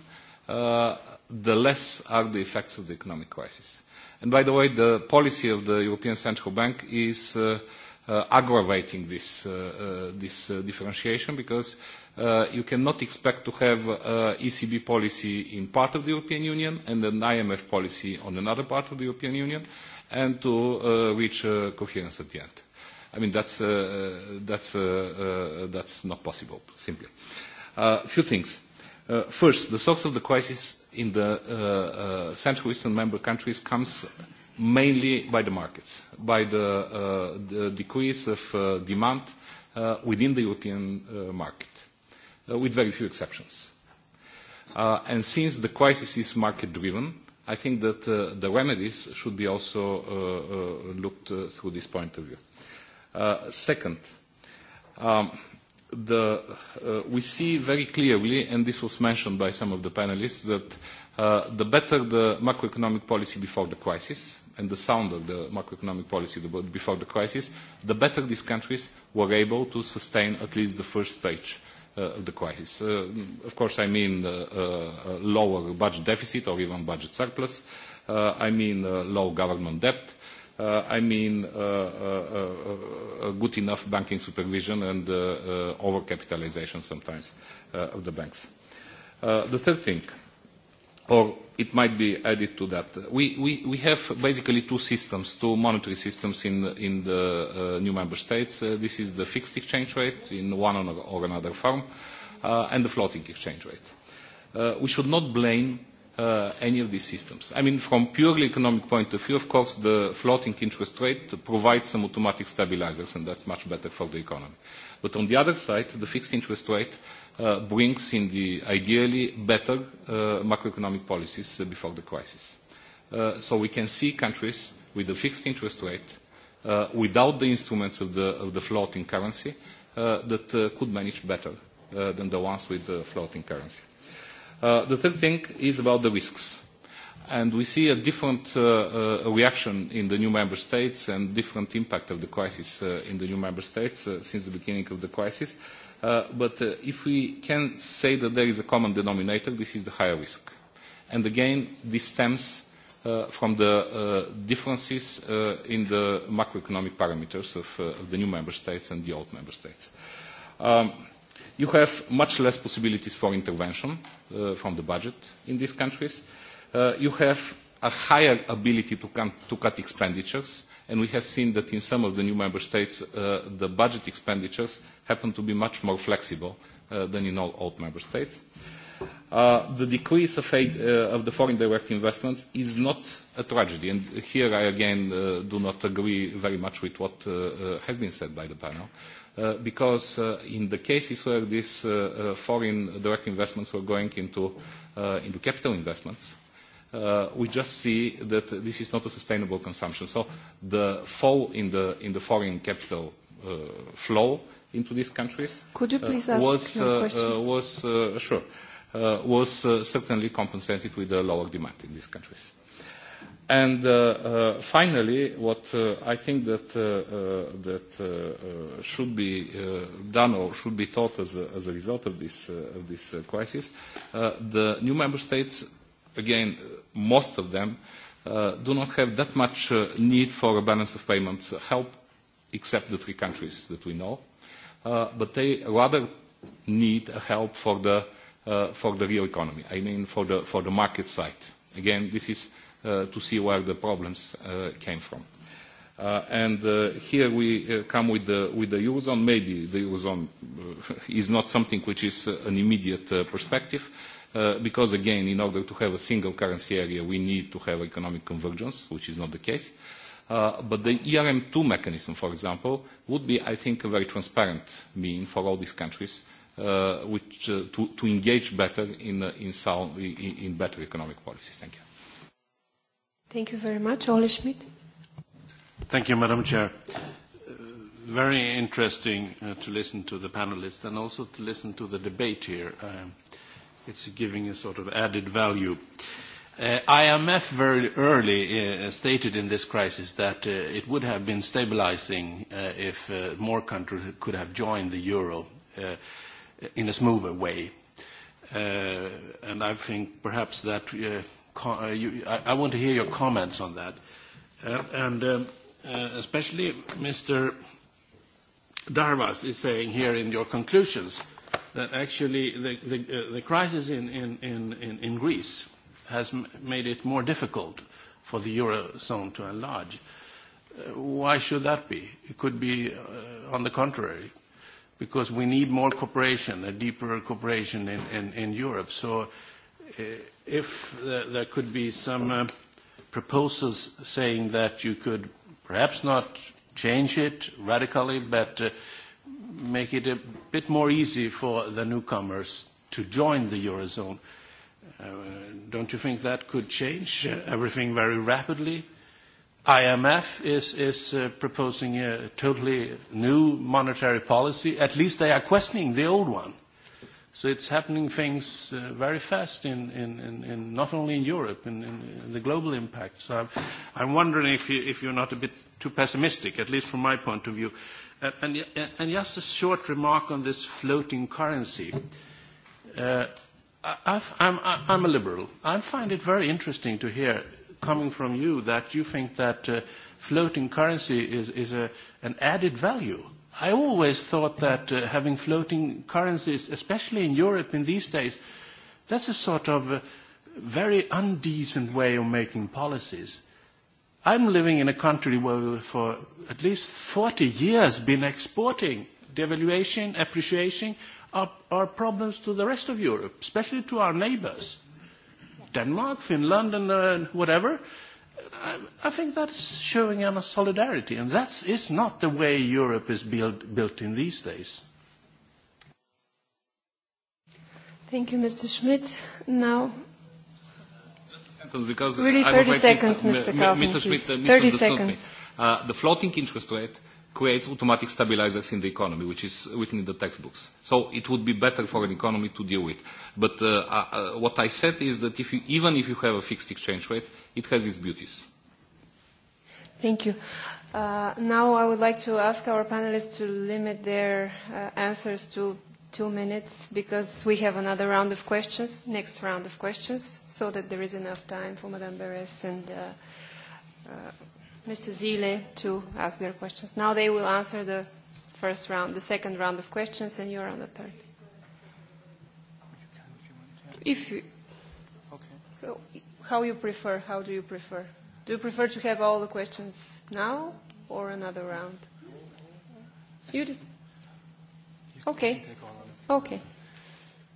uh, the less are the effects of the economic crisis. And by the way, the policy of the European Central Bank is uh, uh, aggravating this, uh, uh, this uh, differentiation because uh, you cannot expect to have uh, ECB policy in part of the European Union and an IMF policy on another part of the European Union and to uh, reach uh, coherence at the end. I mean, that's, uh, uh that's, uh, uh, that's not possible, simply. A uh, few things. Uh, first, the source of the crisis in the uh, uh, Central Eastern member countries comes mainly by the markets, by the, uh, the decrease of uh, demand uh, within the European uh, market, uh, with very few exceptions. Uh, and since the crisis is market-driven, i think that uh, the remedies should be also uh, uh, looked uh, through this point of view. Uh, second, um, the, uh, we see very clearly, and this was mentioned by some of the panelists, that uh, the better the macroeconomic policy before the crisis and the sound of the macroeconomic policy before the crisis, the better these countries were able to sustain at least the first stage of uh, the crisis. Uh, of course, I mean uh, lower budget deficit or even budget surplus. I mean low government debt. I mean good enough banking supervision and overcapitalization sometimes of the banks. The third thing, or it might be added to that. We, we, we have basically two systems, two monetary systems in, in the uh, new member states. Uh, this is the fixed exchange rate in one or another form, uh, and the floating exchange rate. Uh, we should not blame uh, any of these systems. I mean, from purely economic point of view, of course, the floating interest rate provides some automatic stabilizers, and that's much better for the economy. But on the other side, the fixed interest rate Uh, brings in the ideally better uh, macroeconomic policies uh, before the crisis. Uh, so we can see countries with a fixed interest rate uh, without the instruments of the, of the floating currency uh, that uh, could manage better uh, than the ones with the floating currency. Uh, the third thing is about the risks. And we see a different uh, uh, reaction in the new member states and different impact of the crisis uh, in the new member states uh, since the beginning of the crisis. Uh, Uh, but uh, if we can say that there is a common denominator, this is the higher risk. And again, this stems uh, from the uh, differences uh, in the macroeconomic parameters of, uh, of the new member states and the old member states. Um, you have much less possibilities for intervention uh, from the budget in these countries. Uh, you have a higher ability to, to cut expenditures and we have seen that in some of the new member states, uh, the budget expenditures happen to be much more flexible uh, than in all old member states. Uh, the decrease of, aid, uh, of the foreign direct investments is not a tragedy, and here I again uh, do not agree very much with what uh, uh, has been said by the panel. Uh, because uh, in the cases where these uh, uh, foreign direct investments were going into, uh, into capital investments, Uh, we just see that this is not a sustainable consumption. So the fall in the, in the foreign capital uh, flow into these countries Could you uh, please uh, ask was, uh, uh, was uh, sure, uh, was uh, certainly compensated with a lower demand in these countries. And uh, uh, finally, what uh, I think that, uh, uh, that uh, should be uh, done or should be taught as a, as a result of this, uh, of this uh, crisis, uh, the new member states again, most of them uh, do not have that much uh, need for a balance of payments help, except the three countries that we know. Uh, but they rather need help for the, uh, for the real economy, I mean for the, for the market side. Again, this is uh, to see where the problems uh, came from. Uh, and uh, here we uh, come with the, with the Eurozone. Maybe the Eurozone uh, is not something which is uh, an immediate uh, perspective, uh, Uh, because again, in order to have a single currency area, we need to have economic convergence, which is not the case. Uh, but the ERM2 mechanism, for example, would be, I think, a very transparent mean for all these countries uh, which, uh, to, to engage better in, uh, in, sound, in, in better economic policies. Thank you. Thank you very much. Ole Schmidt. Thank you, Madam Chair. Uh, very interesting uh, to listen to the panelists and also to listen to the debate here. uh, it's giving a sort of added value. Uh, IMF very early uh, stated in this crisis that uh, it would have been stabilizing uh, if uh, more countries could have joined the euro uh, in a smoother way. And I think perhaps that you, I, I want to hear your comments on that. And um, especially Mr. Darvas is saying here in your conclusions that actually the, the, uh, the crisis in, in, in, in Greece has made it more difficult for the Eurozone to enlarge. Uh, why should that be? It could be uh, on the contrary, because we need more cooperation, a deeper cooperation in, in, in Europe. So uh, if there could be some uh, proposals saying that you could perhaps not change it radically, but uh, make it a bit more easy for the newcomers to join the Eurozone. Uh, don't you think that could change everything very rapidly? IMF is, is uh, proposing a totally new monetary policy. At least they are questioning the old one. So it's happening things uh, very fast in, in, in, in not only in Europe, in, in, in the global impact. So I'm, I'm wondering if, you, if you're not a bit too pessimistic, at least from my point of view. Uh, uh, and, just a short remark on this floating currency. Uh, I'm, a liberal. I find it very interesting to hear coming from you that you think that floating currency is, an added value. I always thought that having floating currencies, especially in Europe in these days, that's a sort of very undecent way of making policies. I'm living in a country where we for at least 40 years been exporting devaluation, appreciation, our, our problems to the rest of Europe, especially to our neighbors. Denmark, Finland, and uh, whatever. I, I think that's showing a solidarity, and that is not the way Europe is build, built in these days. Thank you, Mr. Schmidt. Now, sentence because really, 30 afraid seconds, Mr. Kaufman, Mr. Schmidt 30 seconds. me. Uh, the floating interest rate creates automatic stabilizers in the economy, which is written in the textbooks. So it would be better for an economy to deal with. But uh, uh, uh, what I said is that if you, even if you have a fixed exchange rate, it has its beauties. Thank you. Uh, now I would like to ask our panelists to limit their uh, answers to two minutes because we have another round of questions, next round of questions, so that there is enough time for Madame Beres and uh, uh, Mr. Zile to ask their questions. Now they will answer the first round, the second round of questions, and you're on the third. If you, okay. how you prefer, how do you prefer? Do you prefer to have all the questions now or another round? You just, okay. Ok.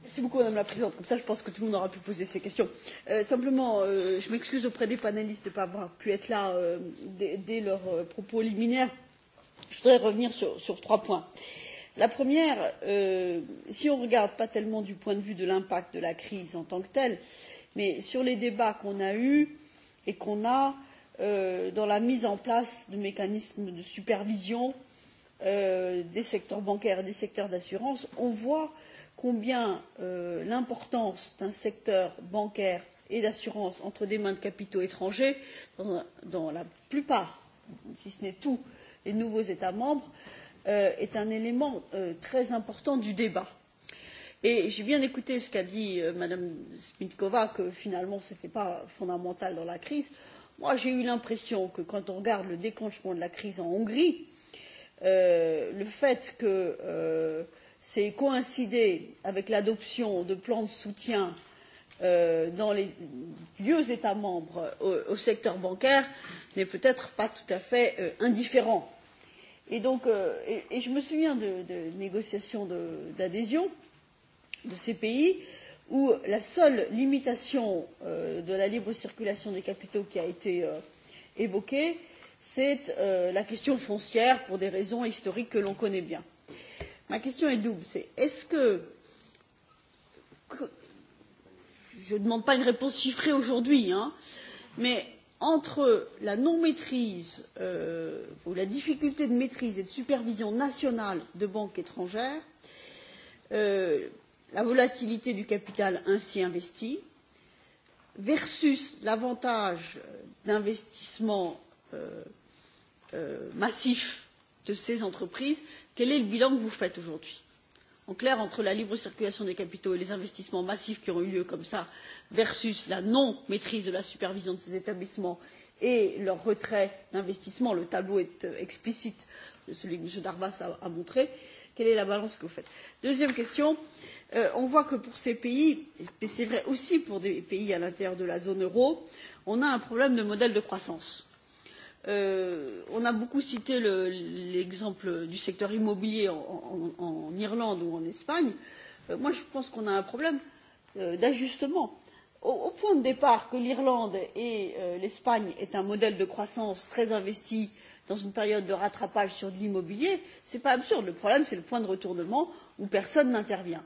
Merci beaucoup, Madame la Présidente. Comme ça, je pense que tout le monde aura pu poser ces questions. Euh, simplement, euh, je m'excuse auprès des panélistes de ne pas avoir pu être là euh, dès, dès leurs euh, propos liminaires. Je voudrais revenir sur, sur trois points. La première, euh, si on ne regarde pas tellement du point de vue de l'impact de la crise en tant que telle, mais sur les débats qu'on a eus et qu'on a euh, dans la mise en place de mécanismes de supervision euh, Euh, des secteurs bancaires et des secteurs d'assurance, on voit combien euh, l'importance d'un secteur bancaire et d'assurance entre des mains de capitaux étrangers dans, dans la plupart, si ce n'est tous, les nouveaux États membres euh, est un élément euh, très important du débat. Et j'ai bien écouté ce qu'a dit euh, Mme Smitkova, que finalement ce n'était pas fondamental dans la crise. Moi, j'ai eu l'impression que quand on regarde le déclenchement de la crise en Hongrie, Euh, le fait que euh, c'est coïncidé avec l'adoption de plans de soutien euh, dans les vieux États membres au, au secteur bancaire n'est peut-être pas tout à fait euh, indifférent. Et donc, euh, et, et je me souviens de, de négociations d'adhésion de, de ces pays où la seule limitation euh, de la libre circulation des capitaux qui a été euh, évoquée euh, c'est euh, la question foncière pour des raisons historiques que l'on connaît bien. ma question est double c'est est ce que, que je ne demande pas une réponse chiffrée aujourd'hui hein, mais entre la non maîtrise euh, ou la difficulté de maîtrise et de supervision nationale de banques étrangères euh, la volatilité du capital ainsi investi versus l'avantage d'investissement Euh, euh, massif de ces entreprises quel est le bilan que vous faites aujourd'hui? en clair entre la libre circulation des capitaux et les investissements massifs qui ont eu lieu comme cela versus la non maîtrise de la supervision de ces établissements et leur retrait d'investissement le tableau est euh, explicite celui que m. darvas a montré quelle est la balance que vous faites? deuxième question on voit que pour ces pays et c'est vrai aussi pour des pays à l'intérieur de la zone euro on a un problème de modèle de croissance Euh, on a beaucoup cité l'exemple le, du secteur immobilier en, en, en Irlande ou en Espagne. Euh, moi, je pense qu'on a un problème euh, d'ajustement. Au, au point de départ que l'Irlande et euh, l'Espagne est un modèle de croissance très investi dans une période de rattrapage sur de l'immobilier, ce n'est pas absurde. Le problème, c'est le point de retournement où personne n'intervient.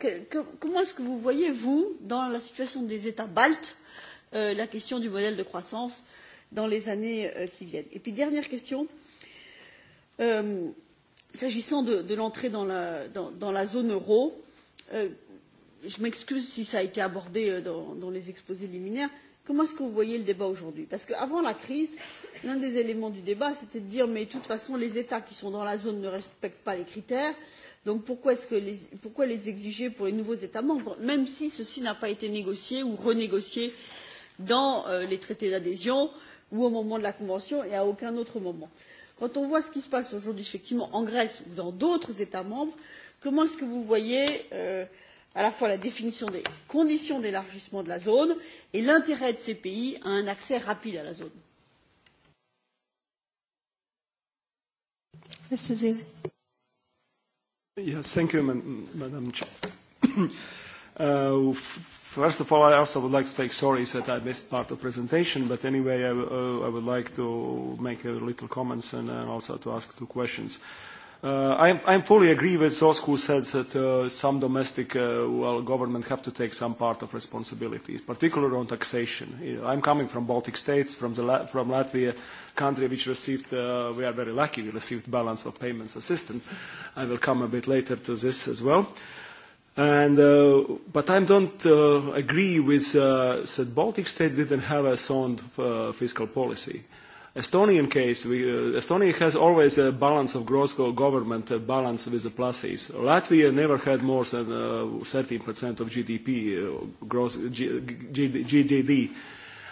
Que, que, comment est-ce que vous voyez, vous, dans la situation des États baltes, euh, la question du modèle de croissance dans les années euh, qui viennent. et puis dernière question euh, s'agissant de, de l'entrée dans la, dans, dans la zone euro euh, je m'excuse si cela a été abordé dans, dans les exposés liminaires comment est ce que vous voyez le débat aujourd'hui? parce qu'avant la crise l'un des éléments du débat c'était de dire mais de toute façon les états qui sont dans la zone ne respectent pas les critères donc pourquoi, que les, pourquoi les exiger pour les nouveaux états membres même si ceci n'a pas été négocié ou renégocié dans euh, les traités d'adhésion? Euh, ou au moment de la convention et à aucun autre moment. quand on voit ce qui se passe aujourd'hui effectivement en grèce ou dans d'autres états membres comment est ce que vous voyez euh, à la fois la définition des conditions d'élargissement de la zone et l'intérêt de ces pays à un accès rapide à la zone? Mr. Zille. Yes, thank you, Madam Chair. uh, First of all, I also would like to take sorry that I missed part of presentation, but anyway, I, uh, I would like to make a little comments and, also to ask two questions. Uh, I, I fully agree with those who said that uh, some domestic uh, well, government have to take some part of responsibility, particularly on taxation. You know, I'm coming from Baltic states, from, the from Latvia, country which received, uh, we are very lucky, we received balance of payments assistance. I will come a bit later to this as well. Uh, And, uh, but I don't uh, agree with uh, that Baltic states didn't have a sound uh, fiscal policy. Estonian case, we, uh, Estonia has always a balance of gross government, a balance with the pluses. Latvia never had more than uh, 13% of GDP, uh, gross GDP. GDD.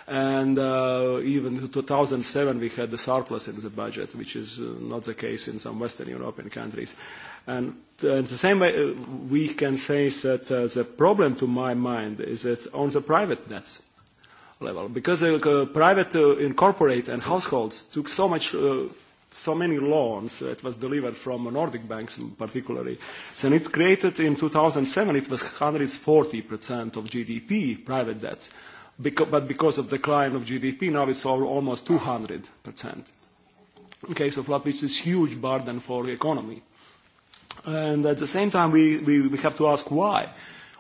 And uh, even in 2007, we had the surplus in the budget, which is uh, not the case in some Western European countries. And uh, in the same way, uh, we can say that uh, the problem, to my mind, is that on the private nets level, because the uh, uh, private uh, incorporate and households took so much, uh, so many loans. It was delivered from Nordic banks, particularly. Then it created in 2007, it was 140% of GDP private debts, because, but because of decline of GDP, now it's almost 200%. In case of Latvia, it's is huge burden for the economy And at the same time, we, we, we have to ask why.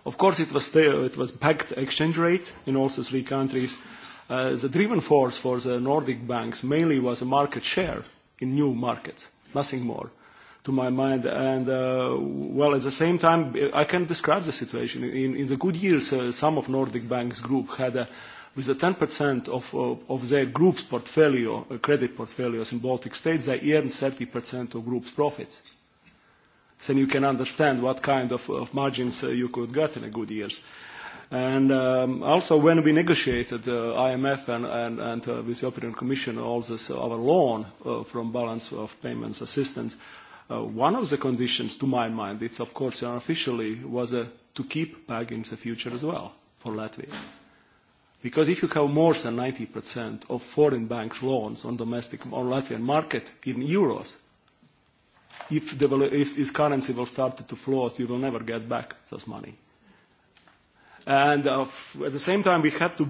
Of course, it was, it was packed exchange rate in all the three countries. Uh, the driven force for the Nordic banks mainly was a market share in new markets, nothing more, to my mind. And uh, well, at the same time, I can describe the situation. In, in the good years, uh, some of Nordic banks group had uh, a, with the 10% of, of, of their group's portfolio, uh, credit portfolios in Baltic states, they earned 30% of group's profits then you can understand what kind of, of margins uh, you could get in a good years. And um, also when we negotiated the uh, IMF and, and, and uh, with the European Commission all this, uh, our loan uh, from balance of payments assistance, uh, one of the conditions, to my mind, it's of course unofficially, was uh, to keep PAG in the future as well for Latvia. Because if you have more than 90% of foreign banks' loans on domestic on Latvian market in euros, if, the, if this currency will start to float, you will never get back this money. And uh, at the same time, we had to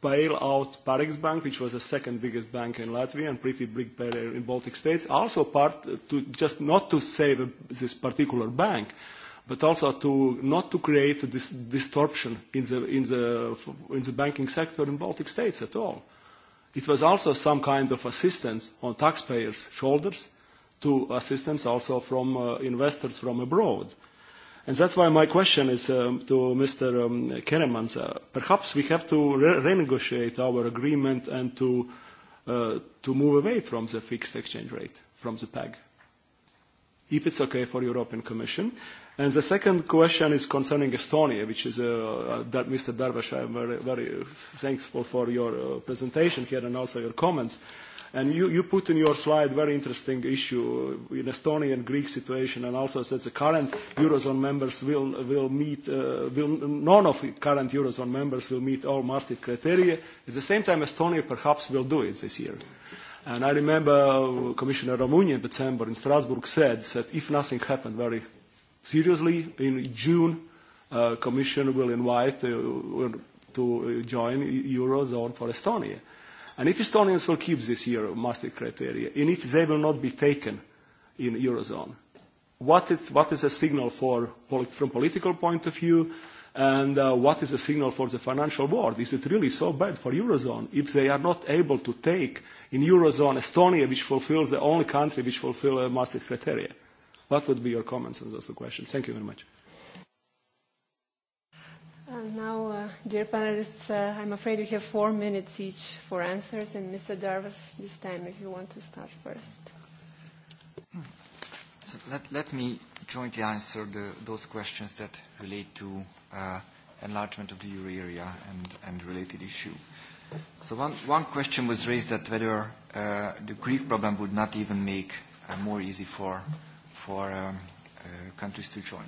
bail out Parix Bank, which was the second biggest bank in Latvia and pretty big player in Baltic states, also part uh, to just not to save this particular bank, but also to not to create this distortion in the, in the, in the banking sector in Baltic states at all. It was also some kind of assistance on taxpayers' shoulders to assistance also from uh, investors from abroad. And that's why my question is um, to Mr. Um, Keremans. Uh, perhaps we have to re renegotiate our agreement and to, uh, to move away from the fixed exchange rate, from the PEG, if it's okay for European Commission. And the second question is concerning Estonia, which is, uh, uh, Mr. Darvash, I'm very, very thankful for your uh, presentation here and also your comments. Uh, And you, you put in your slide very interesting issue uh, in estonian and Greek situation, and also said the current eurozone members will will meet uh, will none of the current eurozone members will meet all Maastricht criteria. At the same time, Estonia perhaps will do it this year. And I remember uh, Commissioner Ramunia in December in Strasbourg said that if nothing happened very seriously in June, uh, Commission will invite uh, to uh, join Eurozone for Estonia. And if Estonians will keep this year Maastricht criteria, and if they will not be taken in Eurozone, what is, what is a signal for, from political point of view, and uh, what is a signal for the financial world? Is it really so bad for Eurozone if they are not able to take in Eurozone Estonia, which fulfills the only country which fulfills the uh, Maastricht criteria? What would be your comments on those two questions? Thank you very much. Uh, now, uh, dear panelists, uh, I'm afraid we have four minutes each for answers. And Mr. Darvas, this time, if you want to start first. So let, let me jointly answer the, those questions that relate to uh, enlargement of the euro area and, and related issue. So one, one question was raised that whether uh, the Greek problem would not even make uh, more easy for, for um, uh, countries to join.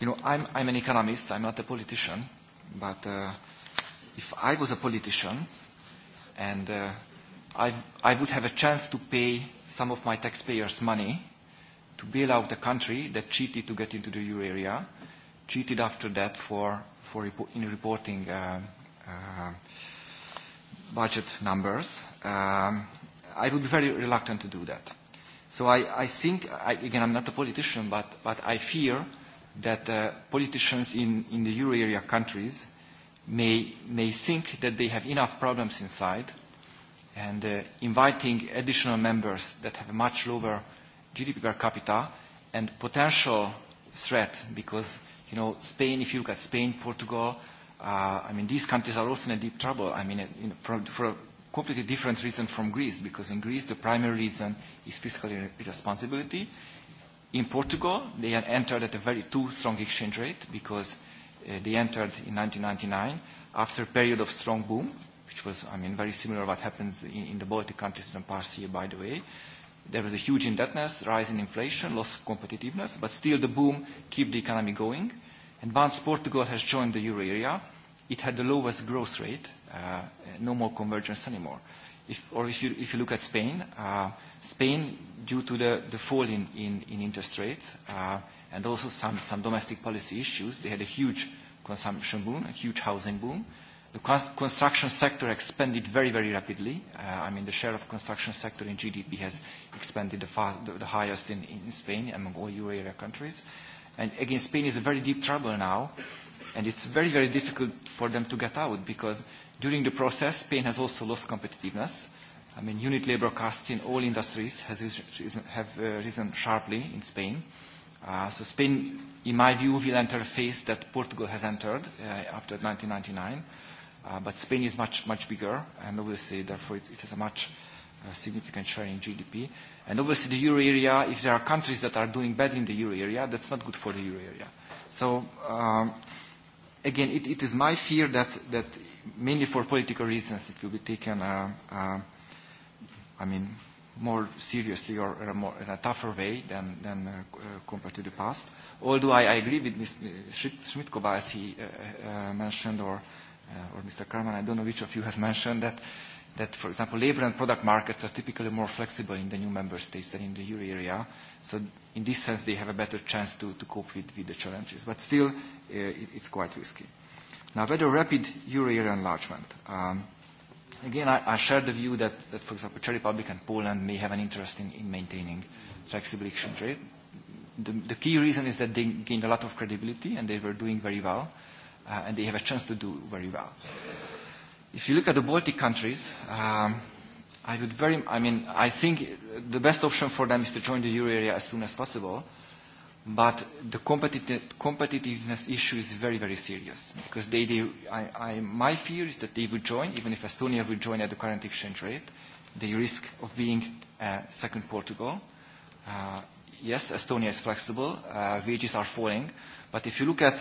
You know, I'm, I'm an economist, I'm not a politician, but uh, if I was a politician and uh, I, I would have a chance to pay some of my taxpayers' money to bail out a country that cheated to get into the euro area, cheated after that for, for repo- in reporting uh, uh, budget numbers, um, I would be very reluctant to do that. So I, I think, I, again, I'm not a politician, but, but I fear that uh, politicians in, in the euro area countries may, may think that they have enough problems inside and uh, inviting additional members that have a much lower GDP per capita and potential threat because, you know, Spain, if you look at Spain, Portugal, uh, I mean, these countries are also in a deep trouble. I mean, in, for, for a completely different reason from Greece because in Greece the primary reason is fiscal irresponsibility In Portugal, they had entered at a very too strong exchange rate because uh, they entered in 1999 after a period of strong boom, which was, I mean, very similar to what happens in, in the Baltic countries and past year, by the way. There was a huge indebtedness, rise in inflation, loss of competitiveness, but still the boom kept the economy going. And once Portugal has joined the euro area, it had the lowest growth rate, uh, no more convergence anymore if, or if you, if you look at Spain, uh, Spain, due to the, the fall in, in, in interest rates uh, and also some, some domestic policy issues, they had a huge consumption boom, a huge housing boom. The construction sector expanded very, very rapidly. Uh, I mean, the share of construction sector in GDP has expanded the, far, the, the highest in, in Spain among all euro area countries. And again, Spain is in very deep trouble now, and it's very, very difficult for them to get out because During the process, Spain has also lost competitiveness. I mean, unit labor costs in all industries has risen, have uh, risen sharply in Spain. Uh, so Spain, in my view, will enter a phase that Portugal has entered uh, after 1999. Uh, but Spain is much, much bigger, and obviously, therefore, it, it has a much uh, significant share in GDP. And obviously, the euro area, if there are countries that are doing badly in the euro area, that's not good for the euro area. So, um, again, it, it is my fear that, that mainly for political reasons, it will be taken, uh, uh, I mean, more seriously or in a, more, in a tougher way than, than uh, uh, compared to the past. Although I, I agree with Ms. Uh, Schmidtkova, as he uh, uh, mentioned, or, uh, or Mr. Kerman, I don't know which of you has mentioned that, that, for example, labor and product markets are typically more flexible in the new member states than in the euro area. So in this sense, they have a better chance to, to cope with, with the challenges. But still, uh, it, it's quite risky. Now, very rapid euro area enlargement. Um, again, I, I share the view that, that, for example, Czech Republic and Poland may have an interest in, in maintaining flexible exchange rate. The, the key reason is that they gained a lot of credibility and they were doing very well, uh, and they have a chance to do very well. If you look at the Baltic countries, um, I would very, I mean, I think the best option for them is to join the euro area as soon as possible. Uh, but the competitive, competitiveness issue is very, very serious because they, they, I, I, my fear is that they would join, even if Estonia would join at the current exchange rate, the risk of being uh, second Portugal. Uh, yes, Estonia is flexible, uh, wages are falling, but if you look at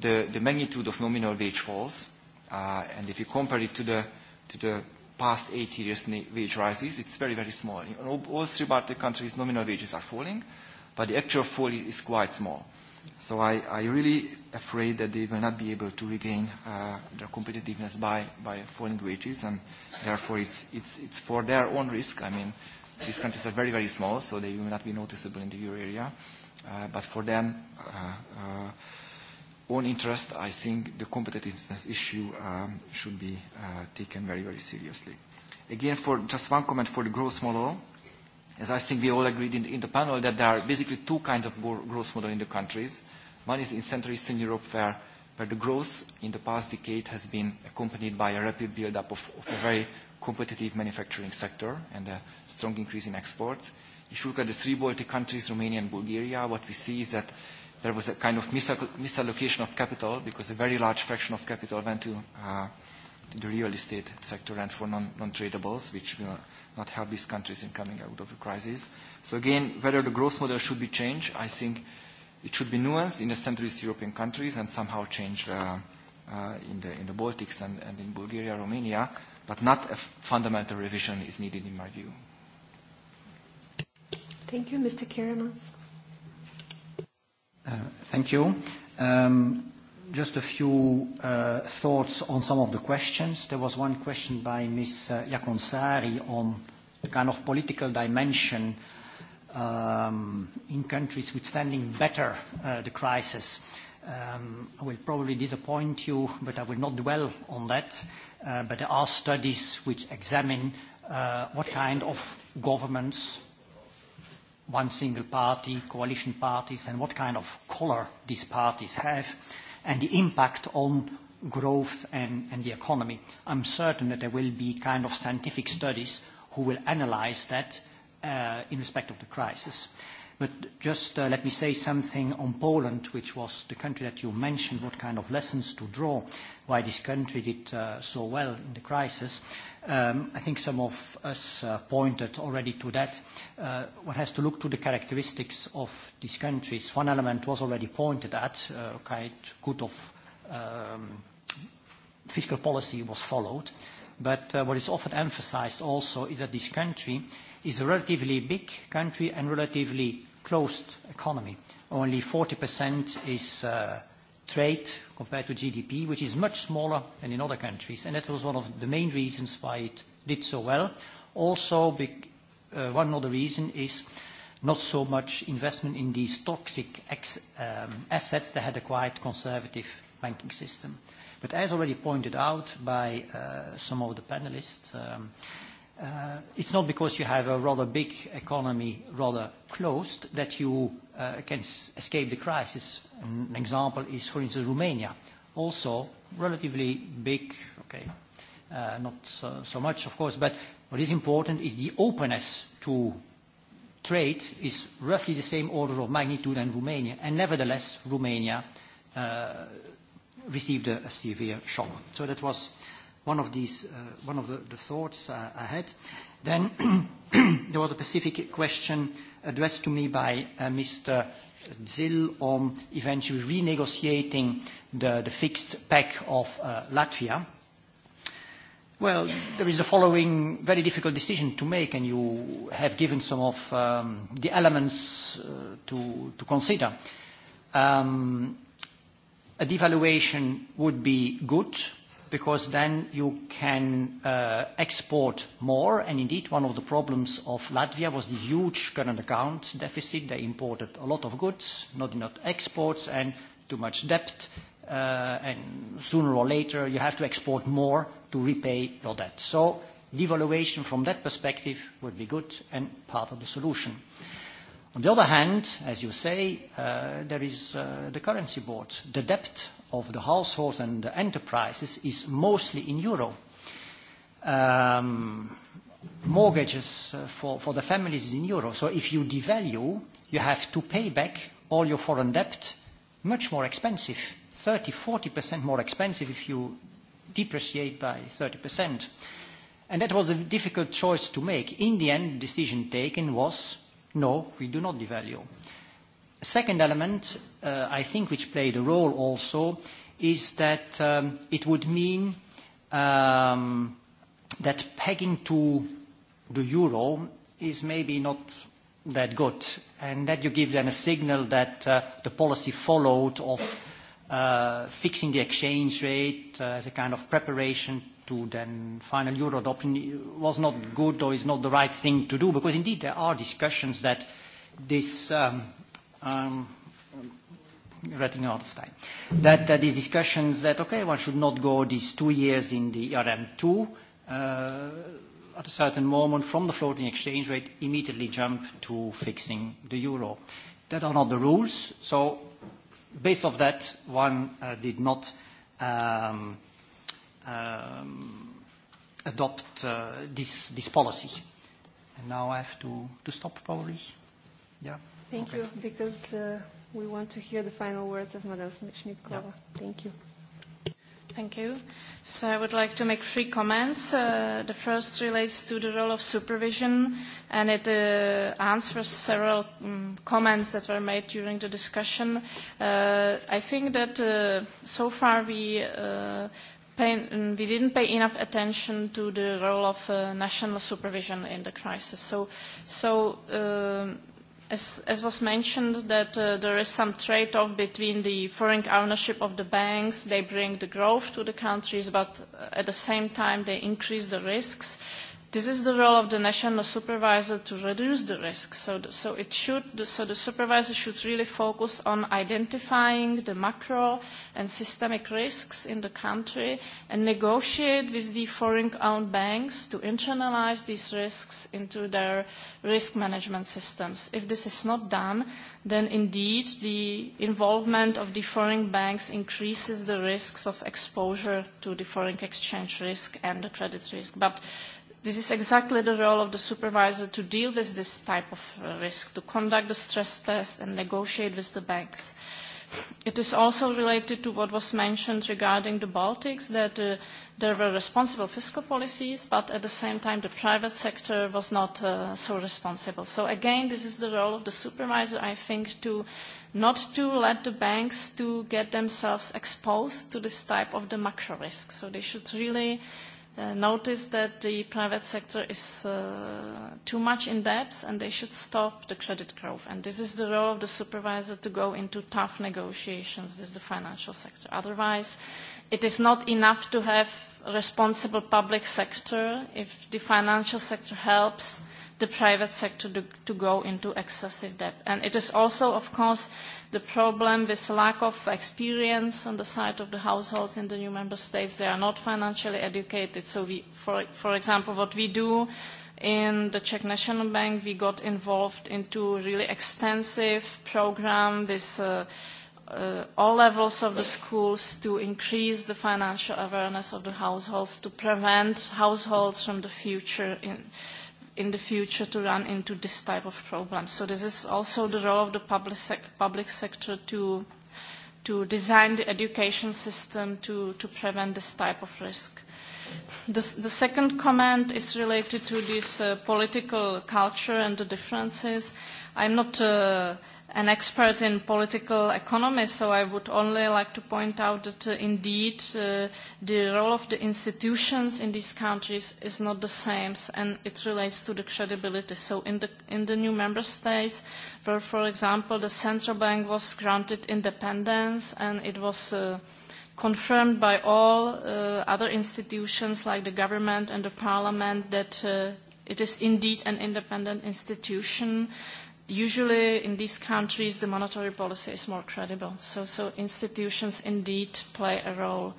the, the magnitude of nominal wage falls, uh, and if you compare it to the, to the past eight years wage rises, it's very, very small. In all, all three Baltic countries, nominal wages are falling, but the actual fall is quite small. So I, I really afraid that they will not be able to regain uh, their competitiveness by, by falling wages, and therefore it's, it's, it's for their own risk. I mean, these countries are very, very small, so they will not be noticeable in the euro area. Uh, but for them, uh, uh, own interest, I think the competitiveness issue um, should be uh, taken very, very seriously. Again, for just one comment for the growth model as I think we all agreed in, in the panel, that there are basically two kinds of growth model in the countries. One is in Central Eastern Europe, where, where the growth in the past decade has been accompanied by a rapid build-up of, of a very competitive manufacturing sector and a strong increase in exports. If you look at the three Baltic countries, Romania and Bulgaria, what we see is that there was a kind of misallocation of capital because a very large fraction of capital went to, uh, to the real estate sector and for non-tradables, non which will not help these countries in coming out of the crisis. So again, whether the growth model should be changed, I think it should be nuanced in the Central East European countries and somehow change uh, uh, in, the, in the Baltics and, and in Bulgaria, Romania, but not a fundamental revision is needed in my view. Thank you, Mr. Kiramas. Uh, thank you. Um, just a few uh, thoughts on some of the questions. There was one question by Ms. Uh, Jaconsari on the kind of political dimension um, in countries withstanding better uh, the crisis. Um, I will probably disappoint you, but I will not dwell on that. Uh, but there are studies which examine uh, what kind of governments, one single party, coalition parties, and what kind of color these parties have and the impact on growth and, and the economy. I'm certain that there will be kind of scientific studies who will analyze that uh, in respect of the crisis. But just uh, let me say something on Poland, which was the country that you mentioned, what kind of lessons to draw, why this country did uh, so well in the crisis. Um, I think some of us uh, pointed already to that. Uh, one has to look to the characteristics of these countries. One element was already pointed at, uh, quite good of um, fiscal policy was followed. But what is often emphasized also is that this country is a relatively big country and relatively closed economy. Only 40% is trade compared to GDP, which is much smaller than in other countries, and that was one of the main reasons why it did so well. Also, uh, one other reason is not so much investment in these toxic ex, um, assets that had a quite conservative banking system. But as already pointed out by uh, some of the panelists, um, uh, it's not because you have a rather big economy, rather closed, that you uh, can escape the crisis. An example is, for instance, Romania, also relatively big, okay, uh, not so, so much, of course, but what is important is the openness to trade is roughly the same order of magnitude in Romania, and nevertheless, Romania uh, received a, a severe shock. So that was one of these, uh, one of the, the thoughts uh, I had. Then there was a specific question addressed to me by uh, Mr. Zill on eventually renegotiating the, the fixed pack of uh, Latvia. Well, there is a following very difficult decision to make, and you have given some of um, the elements uh, to, to consider. Um, a devaluation would be good because then you can uh, export more. And indeed, one of the problems of Latvia was the huge current account deficit. They imported a lot of goods, not enough exports, and too much debt. Uh, and sooner or later, you have to export more to repay your debt. So devaluation from that perspective would be good and part of the solution. On the other hand, as you say, uh, there is uh, the currency board. The debt of the households and the enterprises is mostly in euro. Um, mortgages uh, for, for the families is in euro. So if you devalue, you have to pay back all your foreign debt much more expensive, 30, 40% more expensive if you depreciate by 30%. And that was the difficult choice to make. In the end, the decision taken was, no, we do not devalue. Second element, uh, I think, which played a role also, is that um, it would mean um, that pegging to the euro is maybe not that good, and that you give them a signal that uh, the policy followed of uh, fixing the exchange rate uh, as a kind of preparation to then final euro adoption was not hmm. good or is not the right thing to do, because indeed there are discussions that this um, um, running out of time, that uh, these discussions that, okay, one should not go these two years in the ERM2, uh, at a certain moment from the floating exchange rate, immediately jump to fixing the euro. That are not the rules, so based off that, one uh, did not um, um, adopt uh, this, this policy. And now I have to, to stop probably. Yeah. Thank okay. you, because uh, we want to hear the final words of Madame schmidt klova Yeah. Thank you. Thank you. So I would like to make three comments. Uh, the first relates to the role of supervision, and it uh, answers several um, comments that were made during the discussion. Uh, I think that uh, so far we uh, Pay, mm, we didn't pay enough attention to the role of uh, national supervision in the crisis. So, so um, As, was mentioned, that uh, there is some trade-off between the foreign ownership of the banks. They bring the growth to the countries, but uh, at the same time, they increase the risks. This is the role of the national supervisor to reduce the risk. So, the, so it should, so the supervisor should really focus on identifying the macro and systemic risks in the country and negotiate with the foreign-owned banks to internalize these risks into their risk management systems. If this is not done, then indeed the involvement of the foreign banks increases the risks of exposure to the foreign exchange risk and the credit risk. But This is exactly the role of the supervisor to deal with this type of uh, risk, to conduct the stress test and negotiate with the banks. It is also related to what was mentioned regarding the Baltics, that uh, there were responsible fiscal policies, but at the same time the private sector was not uh, so responsible. So again, this is the role of the supervisor, I think, to not to let the banks to get themselves exposed to this type of the macro risk. So they should really uh, notice uh, noticed that the private sector is uh, too much in debt and they should stop the credit growth. And this is the role of the supervisor to go into tough negotiations with the financial sector. Otherwise, it is not enough to have a responsible public sector if the financial sector helps the private sector to, to go into excessive debt. And it is also, of course, the problem with lack of experience on the side of the households in the new member states. They are not financially educated. So, we, for, for example, what we do in the Czech National Bank, we got involved into really extensive program with uh, uh, all levels of the schools to increase the financial awareness of the households, to prevent households from the future in, in the future to run into this type of problem. So this is also the role of the public, sec public sector to, to design the education system to, to prevent this type of risk. The, the second comment is related to this uh, political culture and the differences. I'm not uh, an expert in political economy, so I would only like to point out that uh, indeed uh, the role of the institutions in these countries is not the same, and it relates to the credibility. So in the, in the new member states, where, for example, the central bank was granted independence and it was uh, confirmed by all uh, other institutions like the government and the parliament that uh, it is indeed an independent institution, uh, usually in these countries the monetary policy is more credible. So, so institutions indeed play a role.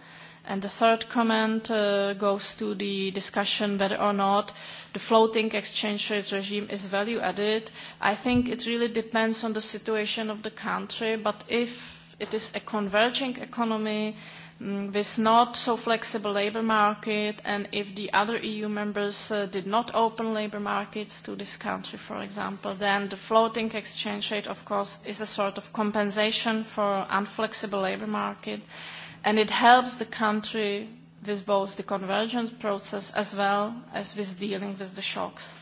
And the third comment uh, goes to the discussion whether or not the floating exchange rate regime is value added. I think it really depends on the situation of the country, but if it is a converging economy, Mm, with not so flexible labor market and if the other EU members uh, did not open labor markets to this country, for example, then the floating exchange rate, of course, is a sort of compensation for unflexible labor market and it helps the country with both the convergence process as well as with dealing with the shocks.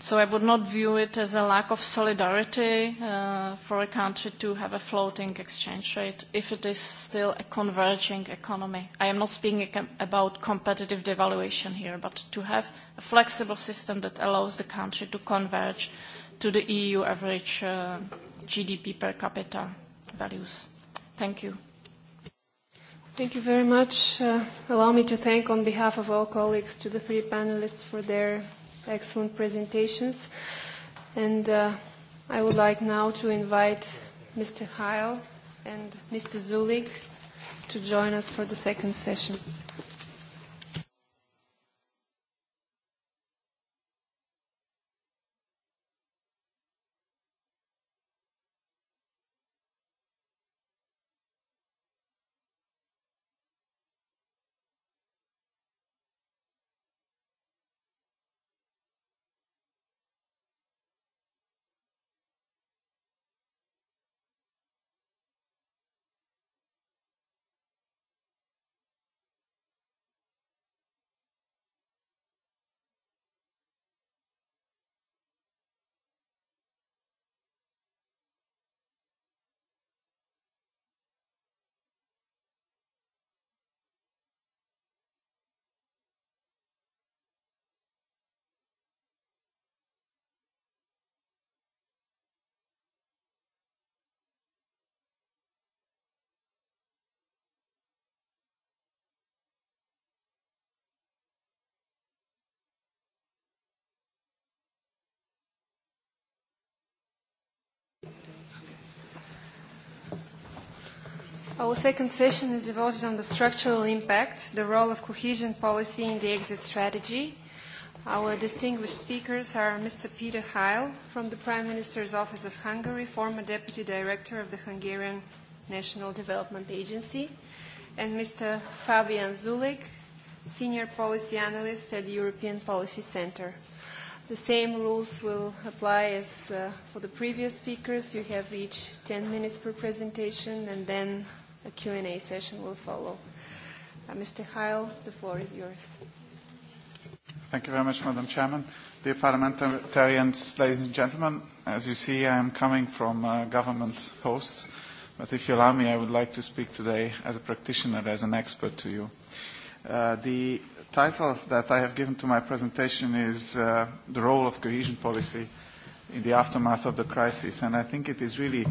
So I would not view it as a lack of solidarity uh, for a country to have a floating exchange rate if it is still a converging economy. I am not speaking about competitive devaluation here, but to have a flexible system that allows the country to converge to the EU average uh, GDP per capita values. Thank you. Thank you very much. Uh, allow me to thank on behalf of all colleagues to the three panelists for their excellent presentations. And uh, I would like now to invite Mr. Heil and Mr. Zulik to join us for the second session. Our second session is devoted on the structural impact, the role of cohesion policy in the exit strategy. Our distinguished speakers are Mr. Peter Heil from the Prime Minister's Office of Hungary, former Deputy Director of the Hungarian National Development Agency, and Mr. Fabian Zulik, Senior Policy Analyst at the European Policy Center. The same rules will apply as uh, for the previous speakers. You have each 10 minutes per presentation, and then a Q&A session will follow. Uh, Mr. Heil, the floor is yours. Thank you very much, Madam Chairman. Dear parliamentarians, ladies and gentlemen, as you see, I am coming from a uh, government post, but if you allow me, I would like to speak today as a practitioner, as an expert to you. Uh, the title that I have given to my presentation is uh, The Role of Cohesion Policy – in the aftermath of the crisis. And I think it is really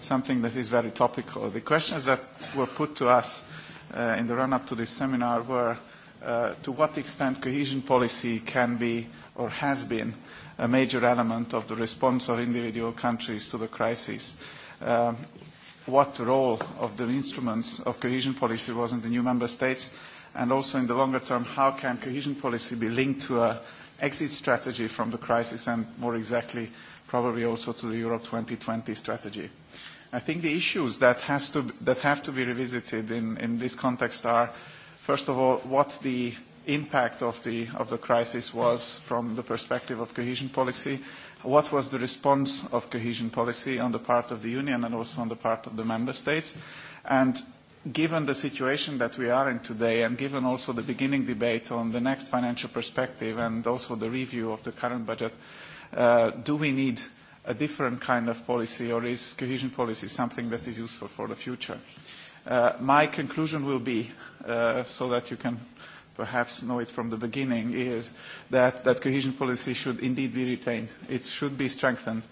something that is very topical. The questions that were put to us uh, in the run-up to this seminar were uh, to what extent cohesion policy can be or has been a major element of the response of individual countries to the crisis. Um, what role of the instruments of cohesion policy was in the new member states, and also in the longer term, how can cohesion policy be linked to a exit strategy from the crisis and more exactly probably also to the Europe 2020 strategy. I think the issues that, has to, that have to be revisited in, in this context are, first of all, what the impact of the, of the crisis was from the perspective of cohesion policy, what was the response of cohesion policy on the part of the Union and also on the part of the member states, and given the situation that we are in today, and given also the beginning debate on the next financial perspective and also the review of the current budget, uh, do we need a different kind of policy, or is cohesion policy something that is useful for the future? Uh, my conclusion will be, uh, so that you can perhaps know it from the beginning, is that, that cohesion policy should indeed be retained. It should be strengthened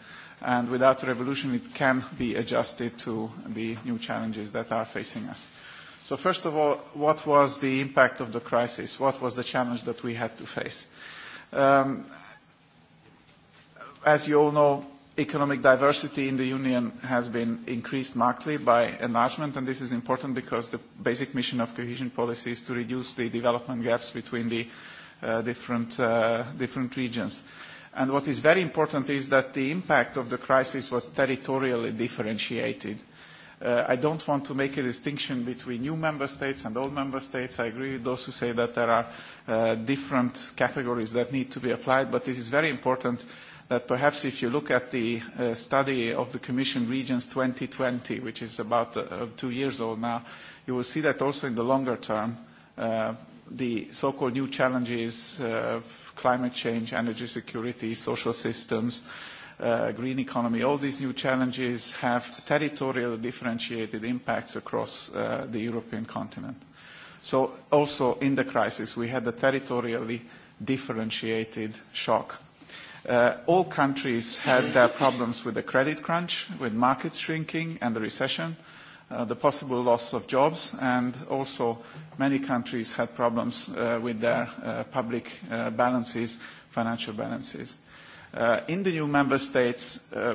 and without a revolution it can be adjusted to the new challenges that are facing us. So first of all, what was the impact of the crisis? What was the challenge that we had to face? Um, as you all know, economic diversity in the Union has been increased markedly by enlargement, and this is important because the basic mission of cohesion policy is to reduce the development gaps between the uh, different, uh, different regions. Uh, And what is very important is that the impact of the crisis was territorially differentiated. Uh, I don't want to make a distinction between new member states and old member states. I agree with those who say that there are uh, different categories that need to be applied, but it is very important that perhaps if you look at the uh, study of the Commission Regions 2020, which is about uh, two years old now, you will see that also in the longer term, uh, the so-called new challenges uh, climate change, energy security, social systems, uh, green economy, all these new challenges have territorial differentiated impacts across uh, the European continent. So also in the crisis, we had a territorially differentiated shock. Uh, all countries had their problems with the credit crunch, with market shrinking and the recession, Uh, the possible loss of jobs, and also many countries had problems uh, with their uh, public uh, balances, financial balances. Uh, in the new member states, uh,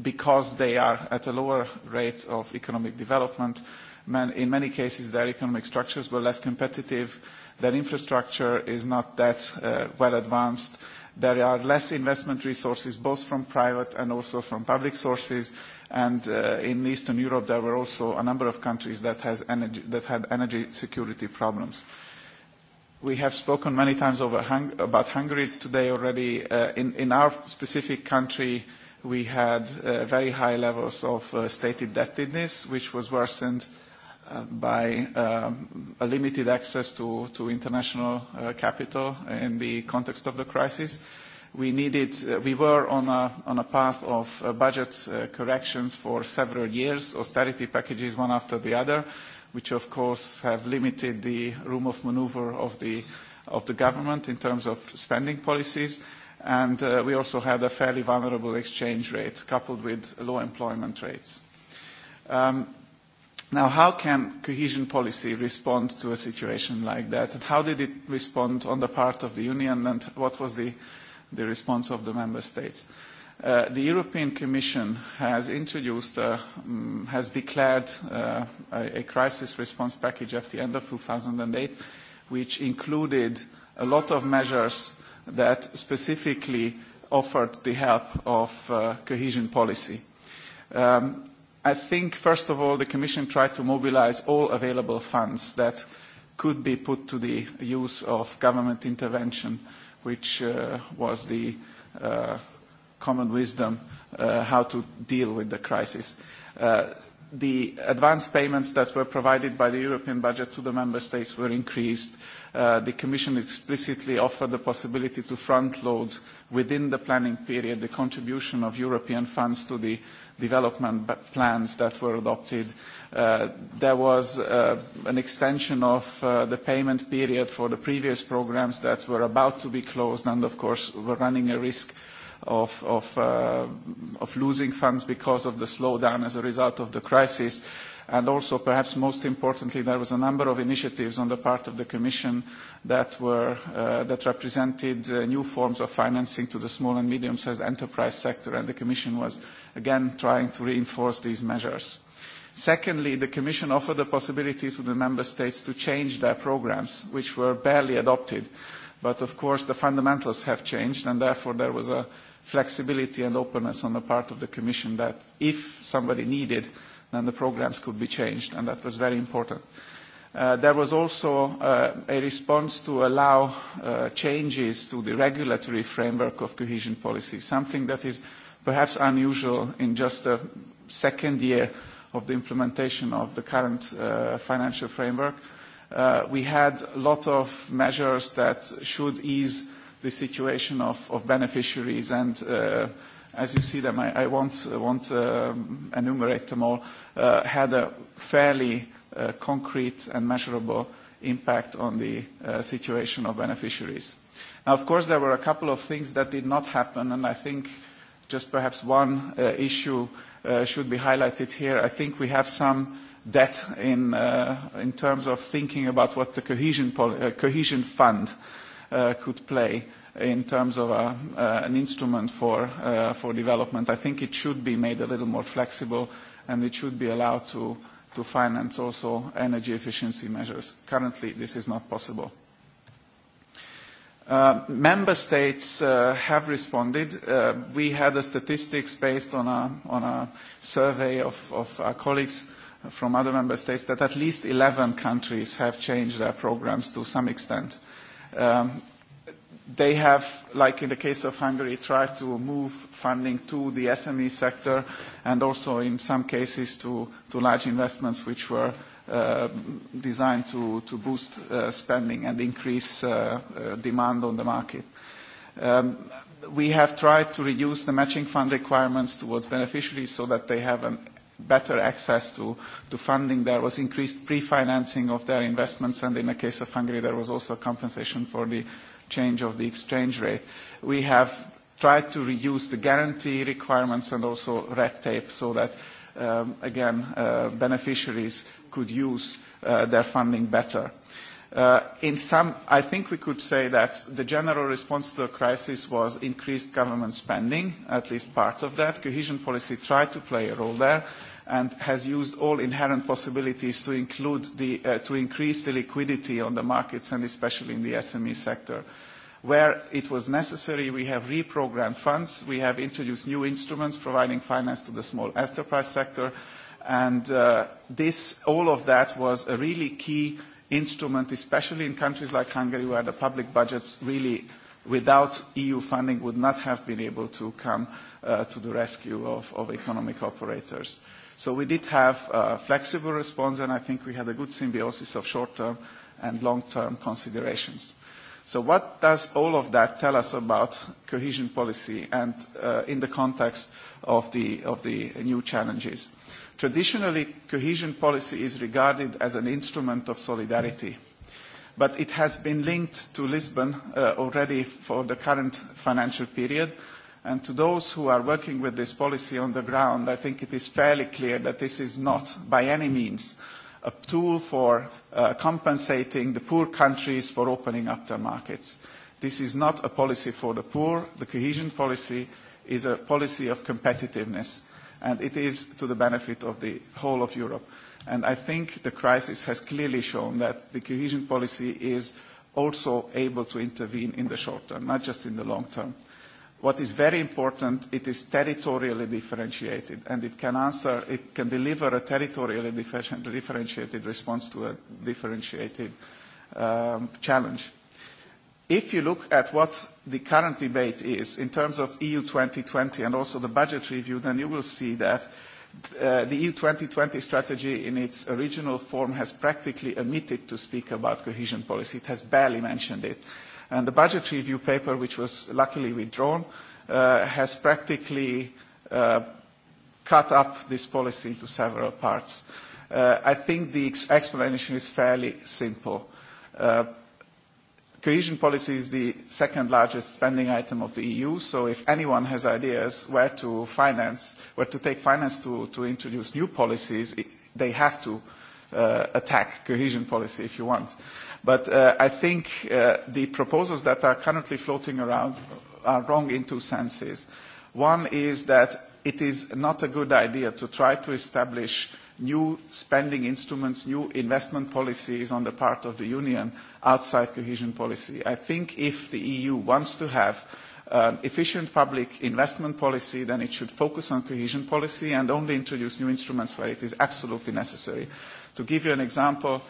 because they are at a lower rate of economic development, man, in many cases their economic structures were less competitive, their infrastructure is not that uh, well advanced, uh, There are less investment resources, both from private and also from public sources. And uh, in Eastern Europe, there were also a number of countries that, has energy, that had energy security problems. We have spoken many times over hung about Hungary today already. Uh, in, in our specific country, we had uh, very high levels of uh, state indebtedness, which was worsened uh, Uh, by um, a limited access to, to international uh, capital in the context of the crisis. We needed, uh, we were on a, on a path of uh, budget corrections for several years, austerity packages one after the other, which of course have limited the room of maneuver of the, of the government in terms of spending policies. And we also had a fairly vulnerable exchange rate coupled with low employment rates. Um, Now, how can cohesion policy respond to a situation like that? And how did it respond on the part of the Union, and what was the, the response of the member states? Uh, the European Commission has introduced, uh, um, has declared uh, a, a crisis response package at the end of 2008, which included a lot of measures that specifically offered the help of uh, cohesion policy. Um, i think, first of all, the Commission tried to mobilize all available funds that could be put to the use of government intervention, which uh, was the uh, common wisdom uh, how to deal with the crisis. Uh, the advance payments that were provided by the European budget to the member states were increased. Uh, the Commission explicitly offered the possibility to front-load within the planning period the contribution of European funds to the uh, development plans that were adopted. Uh, there was uh, an extension of uh, the payment period for the previous programs that were about to be closed and, of course, were running a risk of losing funds because of the slowdown as a result of the crisis. And also, perhaps most importantly, there was a number of initiatives on the part of the Commission that, were, uh, that represented uh, new forms of financing to the small and medium-sized enterprise sector, and the Commission was, again, trying to reinforce these measures. Secondly, the Commission offered the possibility to the Member States to change their programs, which were barely adopted. But of course, the fundamentals have changed, and therefore there was a flexibility and openness on the part of the Commission that if somebody needed then the programs could be changed, and that was very important. Uh, there was also uh, a response to allow uh, changes to the regulatory framework of cohesion policy, something that is perhaps unusual in just the second year of the implementation of the current uh, financial framework. Uh, We had a lot of measures that should ease the situation of, of beneficiaries and uh, as you see them, I, I won't, won't um, enumerate them all, uh, had a fairly uh, concrete and measurable impact on the uh, situation of beneficiaries. Now, of course, there were a couple of things that did not happen, and I think just perhaps one uh, issue uh, should be highlighted here. I think we have some debt in, uh, in terms of thinking about what the cohesion, uh, cohesion fund uh, could play in terms of a, uh, an instrument for, uh, for development. I think it should be made a little more flexible and it should be allowed to, to finance also energy efficiency measures. Currently, this is not possible. Uh, member states uh, have responded. Uh, we had a statistics based on a, on a survey of, of our colleagues from other member states that at least 11 countries have changed their programs to some extent. Um, they have, like in the case of Hungary, tried to move funding to the SME sector and also in some cases to, to large investments which were uh, designed to, to boost uh, spending and increase uh, uh, demand on the market. Um, we have tried to reduce the matching fund requirements towards beneficiaries so that they have an better access to, to funding. There was increased pre-financing of their investments, and in the case of Hungary, there was also compensation for the change of the exchange rate. We have tried to reduce the guarantee requirements and also red tape so that, um, again, uh, beneficiaries could use uh, their funding better. Uh, in some, I think we could say that the general response to the crisis was increased government spending, at least part of that. Cohesion policy tried to play a role there and has used all inherent possibilities to, include the, uh, to increase the liquidity on the markets and especially in the SME sector. Where it was necessary, we have reprogrammed funds. We have introduced new instruments providing finance to the small enterprise sector. And uh, this, all of that was a really key instrument, especially in countries like Hungary, where the public budgets really, without EU funding, would not have been able to come uh, to the rescue of, of economic operators. So we did have a flexible response, and I think we had a good symbiosis of short-term and long-term considerations. So what does all of that tell us about cohesion policy and uh, in the context of the, of the new challenges? Traditionally, cohesion policy is regarded as an instrument of solidarity, but it has been linked to Lisbon uh, already for the current financial period, And to those who are working with this policy on the ground, I think it is fairly clear that this is not by any means a tool for uh, compensating the poor countries for opening up their markets. This is not a policy for the poor. The cohesion policy is a policy of competitiveness, and it is to the benefit of the whole of Europe. And I think the crisis has clearly shown that the cohesion policy is also able to intervene in the short term, not just in the long term. What is very important, it is territorially differentiated, and it can answer, it can deliver a territorially differentiated response to a differentiated um, challenge. If you look at what the current debate is in terms of EU 2020 and also the budget review, then you will see that uh, the EU 2020 strategy in its original form has practically omitted to speak about cohesion policy. It has barely mentioned it. And the budget review paper, which was luckily withdrawn, uh, has practically uh, cut up this policy into several parts. Uh, I think the ex explanation is fairly simple. Uh, cohesion policy is the second largest spending item of the EU, so if anyone has ideas where to finance, where to take finance to, to introduce new policies, it, they have to uh, attack cohesion policy if you want. Uh, But uh, I think uh, the proposals that are currently floating around are wrong in two senses. One is that it is not a good idea to try to establish new spending instruments, new investment policies on the part of the Union outside cohesion policy. I think if the EU wants to have an um, efficient public investment policy, then it should focus on cohesion policy and only introduce new instruments where it is absolutely necessary. To give you an example,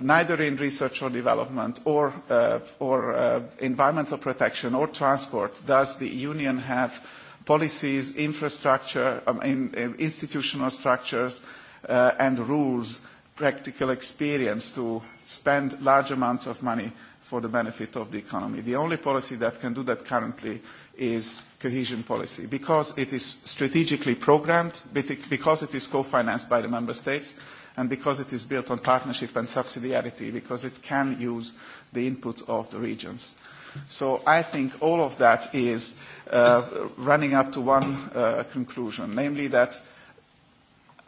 neither in research or development or, uh, or uh, environmental protection or transport does the union have policies, infrastructure, um, in, in institutional structures uh, and rules, practical experience to spend large amounts of money for the benefit of the economy. The only policy that can do that currently is cohesion policy because it is strategically programmed, because it is co-financed by the member states, and because it is built on partnership and subsidiarity, because it can use the input of the regions. So I think all of that is uh, running up to one uh, conclusion, namely that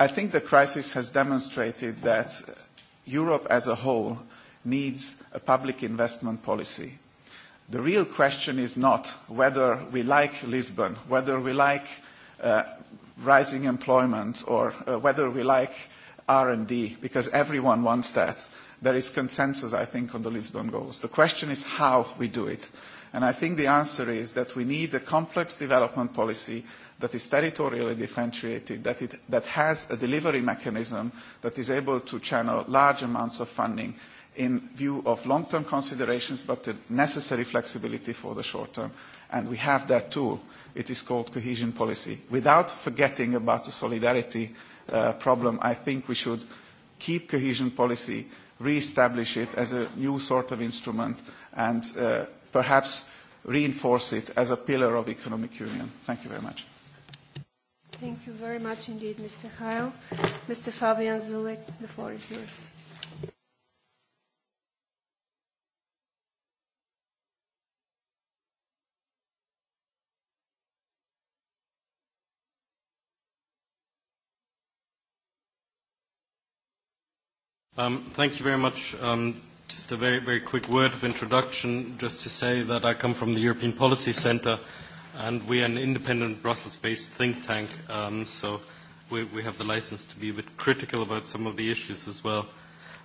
I think the crisis has demonstrated that Europe as a whole needs a public investment policy. The real question is not whether we like Lisbon, whether we like uh, rising employment, or uh, whether we like uh, R&D, because everyone wants that. There is consensus, I think, on the Lisbon goals. The question is how we do it. And I think the answer is that we need a complex development policy that is territorially differentiated, that, it, that has a delivery mechanism that is able to channel large amounts of funding in view of long-term considerations, but the necessary flexibility for the short term. And we have that tool. It is called cohesion policy, without forgetting about the solidarity Uh, problem, I think we should keep cohesion policy, re-establish it as a new sort of instrument, and uh, perhaps reinforce it as a pillar of economic union. Thank you very much. Thank you very much indeed, Mr. Heil. Mr. Fabian Zulek, the floor is yours. Um, thank you very much. Um, just a very, very quick word of introduction, just to say that I come from the European Policy Center, and we are an independent Brussels-based think tank, um, so we, we have the license to be a bit critical about some of the issues as well.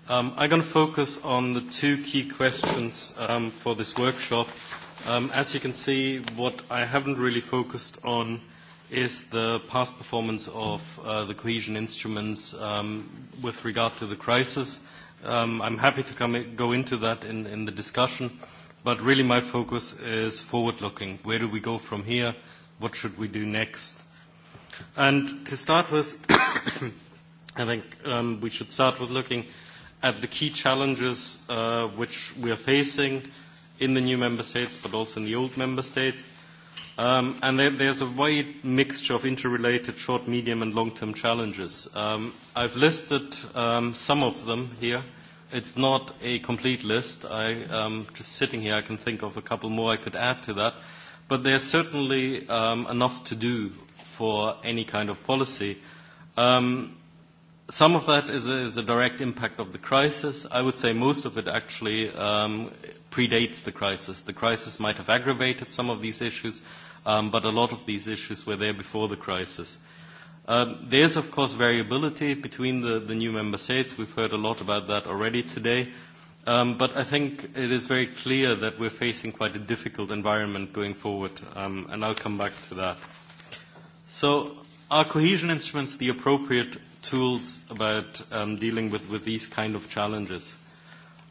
Um, I'm going to focus on the two key questions um, for this workshop. Um, as you can see, what I haven't really focused on – is the past performance of uh, the cohesion instruments um, with regard to the crisis. Um, I'm happy to come, go into that in, in the discussion, but really my focus is forward-looking. Where do we go from here? What should we do next? And to start with, I think um, we should start with looking at the key challenges uh, which we are facing in the new member states, but also in the old member states Um, and there, there's a wide mixture of interrelated short, medium, and long-term challenges. Um, I've listed um, some of them here. It's not a complete list. I um, just sitting here, I can think of a couple more I could add to that. But there's certainly um, enough to do for any kind of policy. Um, some of that is a, is a direct impact of the crisis. I would say most of it actually um, predates the crisis. The crisis might have aggravated some of these issues um, but a lot of these issues were there before the crisis. Um, there is, of course, variability between the, the new member states. We've heard a lot about that already today. Um, but I think it is very clear that we're facing quite a difficult environment going forward, um, and I'll come back to that. So are cohesion instruments the appropriate tools about um, dealing with, with these kind of challenges?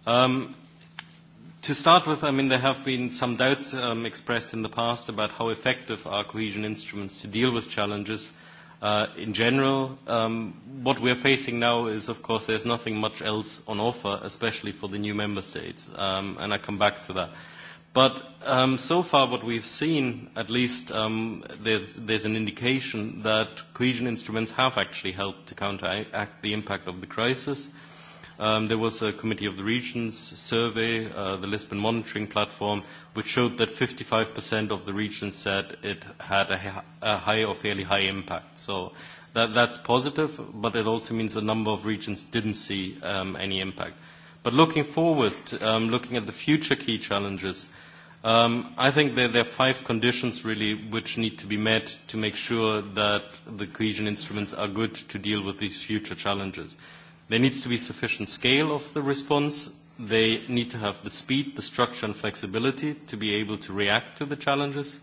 Um, to start with, I mean, there have been some doubts um, expressed in the past about how effective are cohesion instruments to deal with challenges uh, in general. Um, what we're facing now is, of course, there's nothing much else on offer, especially for the new member states, um, and I come back to that. But um, so far, what we've seen, at least, um, there's, there's an indication that cohesion instruments have actually helped to counteract the impact of the crisis. Uh, Um, there was a Committee of the Regions survey, uh, the Lisbon monitoring platform, which showed that 55% of the regions said it had a, a high or fairly high impact. So that, that's positive, but it also means a number of regions didn't see um, any impact. But looking forward, um, looking at the future key challenges, um, I think there, there are five conditions really which need to be met to make sure that the cohesion instruments are good to deal with these future challenges. There needs to be sufficient scale of the response. They need to have the speed, the structure, and flexibility to be able to react to the challenges.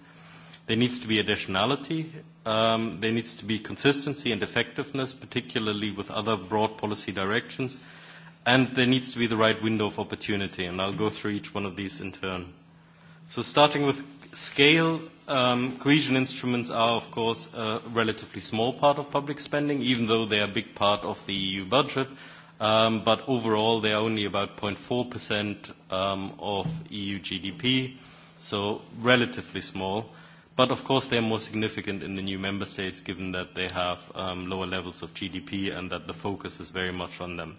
There needs to be additionality. Um, there needs to be consistency and effectiveness, particularly with other broad policy directions. And there needs to be the right window of opportunity. And I'll go through each one of these in turn. So starting with scale, um, cohesion instruments are, of course, a relatively small part of public spending, even though they are a big part of the EU budget. Um, but overall, they are only about 0.4% um, of EU GDP, so relatively small. But of course, they are more significant in the new member states, given that they have um, lower levels of GDP and that the focus is very much on them.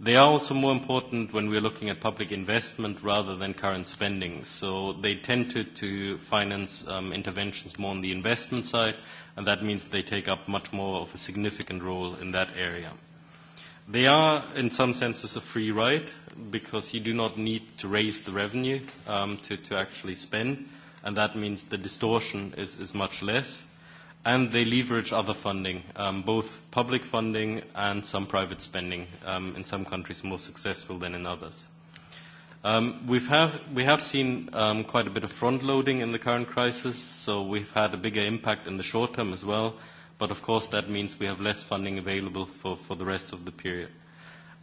They are also more important when we're looking at public investment rather than current spending. So they tend to, to finance um, interventions more on the investment side, and that means they take up much more of a significant role in that area. They are, in some senses, a free ride because you do not need to raise the revenue um, to, to actually spend, and that means the distortion is, is much less and they leverage other funding, um, both public funding and some private spending, um, in some countries more successful than in others. Um, we've have, we have seen um, quite a bit of front-loading in the current crisis, so we've had a bigger impact in the short term as well, but of course that means we have less funding available for, for the rest of the period.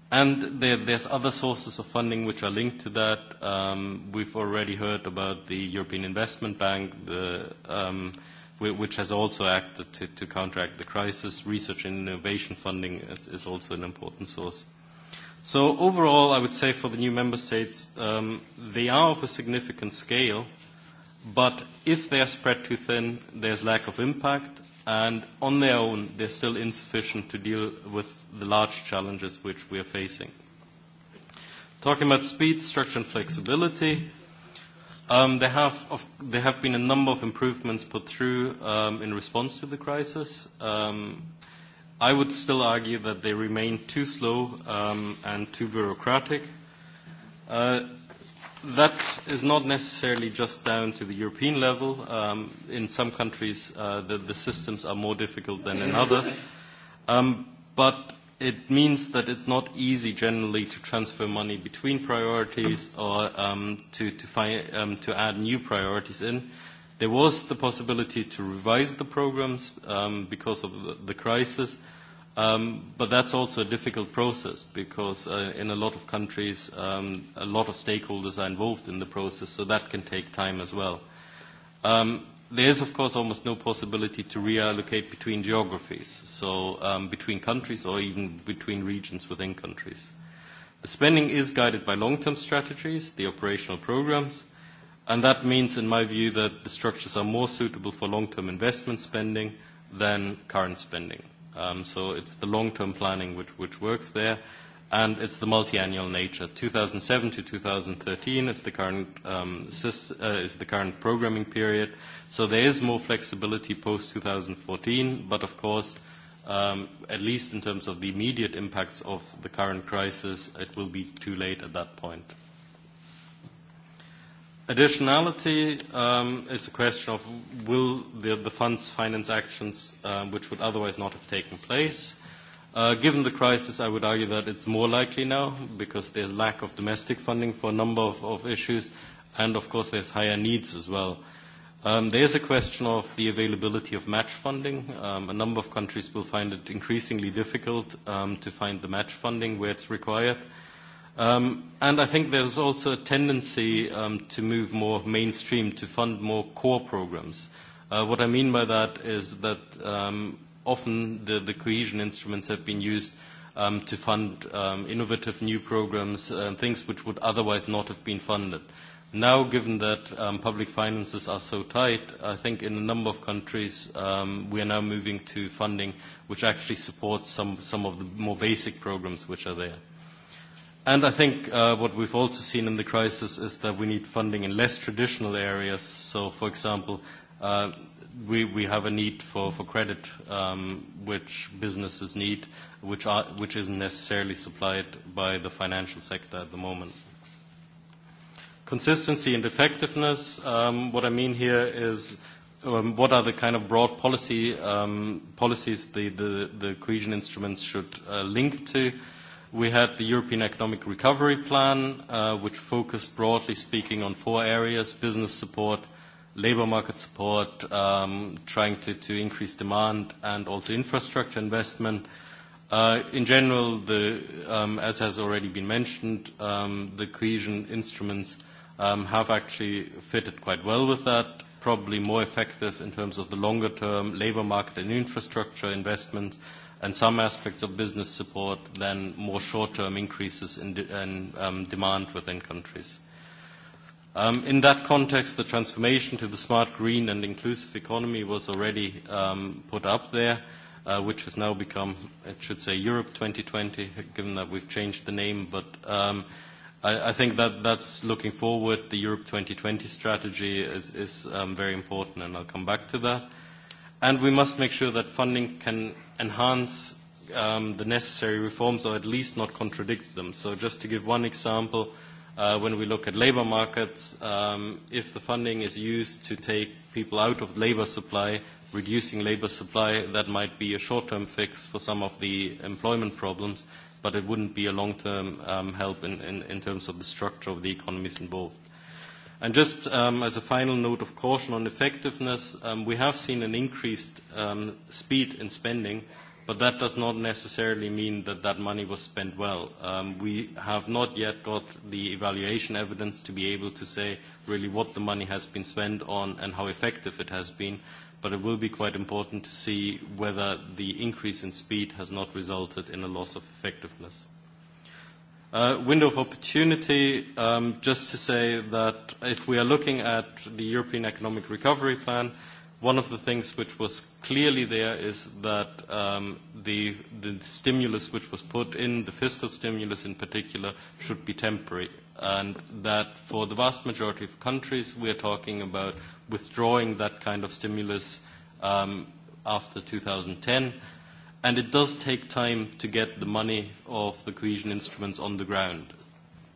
And there, there's other sources of funding which are linked to that. Um, we've already heard about the European Investment Bank, the um, – which has also acted to, to counteract the crisis. Research and innovation funding is, is also an important source. So overall, I would say for the new member states, um, they are of a significant scale, but if they are spread too thin, there's lack of impact, and on their own, they're still insufficient to deal with the large challenges which we are facing. Talking about speed, structure, and flexibility, Um, there, have, of, there have been a number of improvements put through um, in response to the crisis. Um, I would still argue that they remain too slow um, and too bureaucratic. Uh, that is not necessarily just down to the European level. Um, in some countries, uh, the, the systems are more difficult than in others. Um, but it means that it's not easy generally to transfer money between priorities mm-hmm. or um, to, to, find, um, to add new priorities in. There was the possibility to revise the programs um, because of the, the crisis, um, but that's also a difficult process because uh, in a lot of countries, um, a lot of stakeholders are involved in the process, so that can take time as well. Um, There is, of course, almost no possibility to reallocate between geographies, so um, between countries or even between regions within countries. The spending is guided by long-term strategies, the operational programs, and that means, in my view, that the structures are more suitable for long-term investment spending than current spending. Um, so it's the long-term planning which, which works there and it's the multi-annual nature. 2007 to 2013 is the current um, system, uh, is the current programming period. So there is more flexibility post 2014, but of course, um, at least in terms of the immediate impacts of the current crisis, it will be too late at that point. Additionality um, is a question of will the, the funds finance actions um, which would otherwise not have taken place. Uh, given the crisis, I would argue that it's more likely now because there's lack of domestic funding for a number of, of issues, and of course there's higher needs as well. Um, there's a question of the availability of match funding. Um, a number of countries will find it increasingly difficult um, to find the match funding where it's required. Um, and I think there's also a tendency um, to move more mainstream, to fund more core programs. Uh, what I mean by that is that um, often the, the cohesion instruments have been used um, to fund um, innovative new programs uh, things which would otherwise not have been funded. Now, given that um, public finances are so tight, I think in a number of countries um, we are now moving to funding which actually supports some, some of the more basic programs which are there. And I think uh, what we've also seen in the crisis is that we need funding in less traditional areas. So, for example, uh, we, have a need for, credit um, which businesses need, which, isn't necessarily supplied by the financial sector at the moment. Consistency and effectiveness, um, what I mean here is um, what are the kind of broad policy policies the, cohesion instruments should uh, link to. We had the European Economic Recovery Plan, uh, which focused, broadly speaking, on four areas, business support, labor market support, um, trying to, to increase demand, and also infrastructure investment. Uh, in general, the, um, as has already been mentioned, um, the cohesion instruments um, have actually fitted quite well with that, probably more effective in terms of the longer term labor market and infrastructure investments and some aspects of business support than more short term increases in, de- in um, demand within countries. Um, in that context, the transformation to the smart, green, and inclusive economy was already um, put up there, uh, which has now become, it should say, Europe 2020, given that we've changed the name. But um, I, I think that that's looking forward. The Europe 2020 strategy is, is um, very important, and I'll come back to that. And we must make sure that funding can enhance um, the necessary reforms or at least not contradict them. So just to give one example, uh, when we look at labor markets, um, if the funding is used to take people out of labor supply, reducing labor supply, that might be a short-term fix for some of the employment problems, but it wouldn't be a long-term um, help in, in, in terms of the structure of the economies involved. And just um, as a final note of caution on effectiveness, um, we have seen an increased um, speed in spending, But that does not necessarily mean that that money was spent well. Um, we have not yet got the evaluation evidence to be able to say really what the money has been spent on and how effective it has been, but it will be quite important to see whether the increase in speed has not resulted in a loss of effectiveness. Uh, window of opportunity, um, just to say that if we are looking at the European Economic Recovery Plan, One of the things which was clearly there is that um, the, the stimulus which was put in, the fiscal stimulus in particular, should be temporary. And that for the vast majority of countries, we are talking about withdrawing that kind of stimulus um, after 2010. And it does take time to get the money of the cohesion instruments on the ground.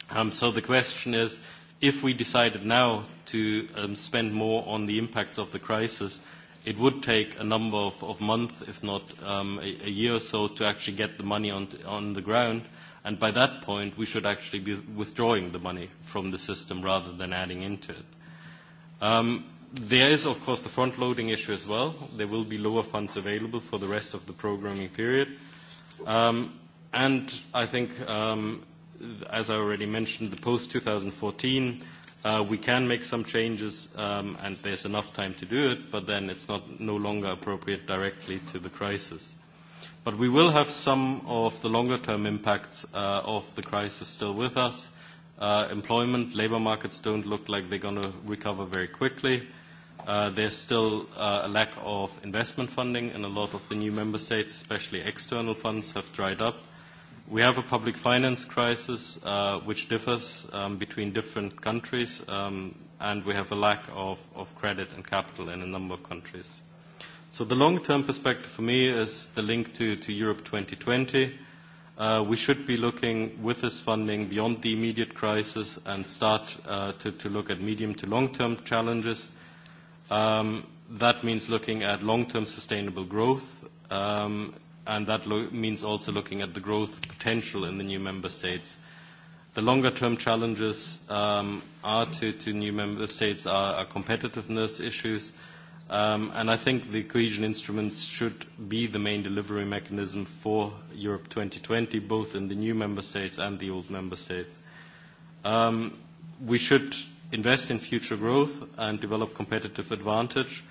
Um, so the question is, if we decided now to um, spend more on the impacts of the crisis, it would take a number of, of months, if not um, a, a year or so, to actually get the money on, on the ground. And by that point, we should actually be withdrawing the money from the system rather than adding into it. Um, there is, of course, the front-loading issue as well. There will be lower funds available for the rest of the programming period. Um, and I think um, as I already mentioned, the post-2014, uh, we can make some changes, um, and there's enough time to do it, but then it's no longer appropriate directly to the crisis. But we will have some of the longer-term impacts uh, of the crisis still with us. Uh, employment, labor markets don't look like they're going to recover very quickly. there's still a lack of investment funding in a lot of the new member states, especially external funds have dried up. We have a public finance crisis uh, which differs um, between different countries, um, and we have a lack of, of credit and capital in a number of countries. So the long-term perspective for me is the link to, to Europe 2020. Uh, we should be looking with this funding beyond the immediate crisis and start uh, to, to look at medium to long-term challenges. Um, that means looking at long-term sustainable growth, um, and that means also looking at the growth potential in the new member states. The longer-term challenges um, are to, new member states are, competitiveness issues, um, and I think the cohesion instruments should be the main delivery mechanism for Europe 2020, both in the new member states and the old member states. Um, we should invest in future growth and develop competitive advantage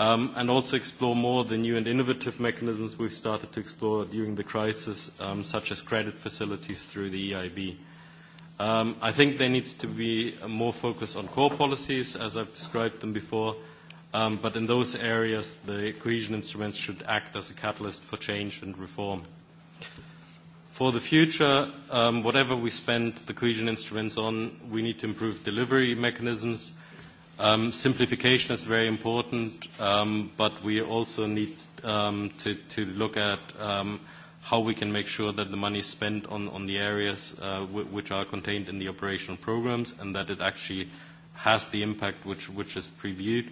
Um, and also explore more the new and innovative mechanisms we've started to explore during the crisis, um, such as credit facilities through the EIB. Um, I think there needs to be more focus on core policies, as I've described them before, but in those areas, the cohesion instruments should act as a catalyst for change and reform. For the future, whatever we spend the cohesion instruments on, we need to improve delivery mechanisms, Um, simplification is very important, um, but we also need um, to, to look at um, how we can make sure that the money is spent on, on the areas uh, which are contained in the operational programs and that it actually has the impact which, which is previewed.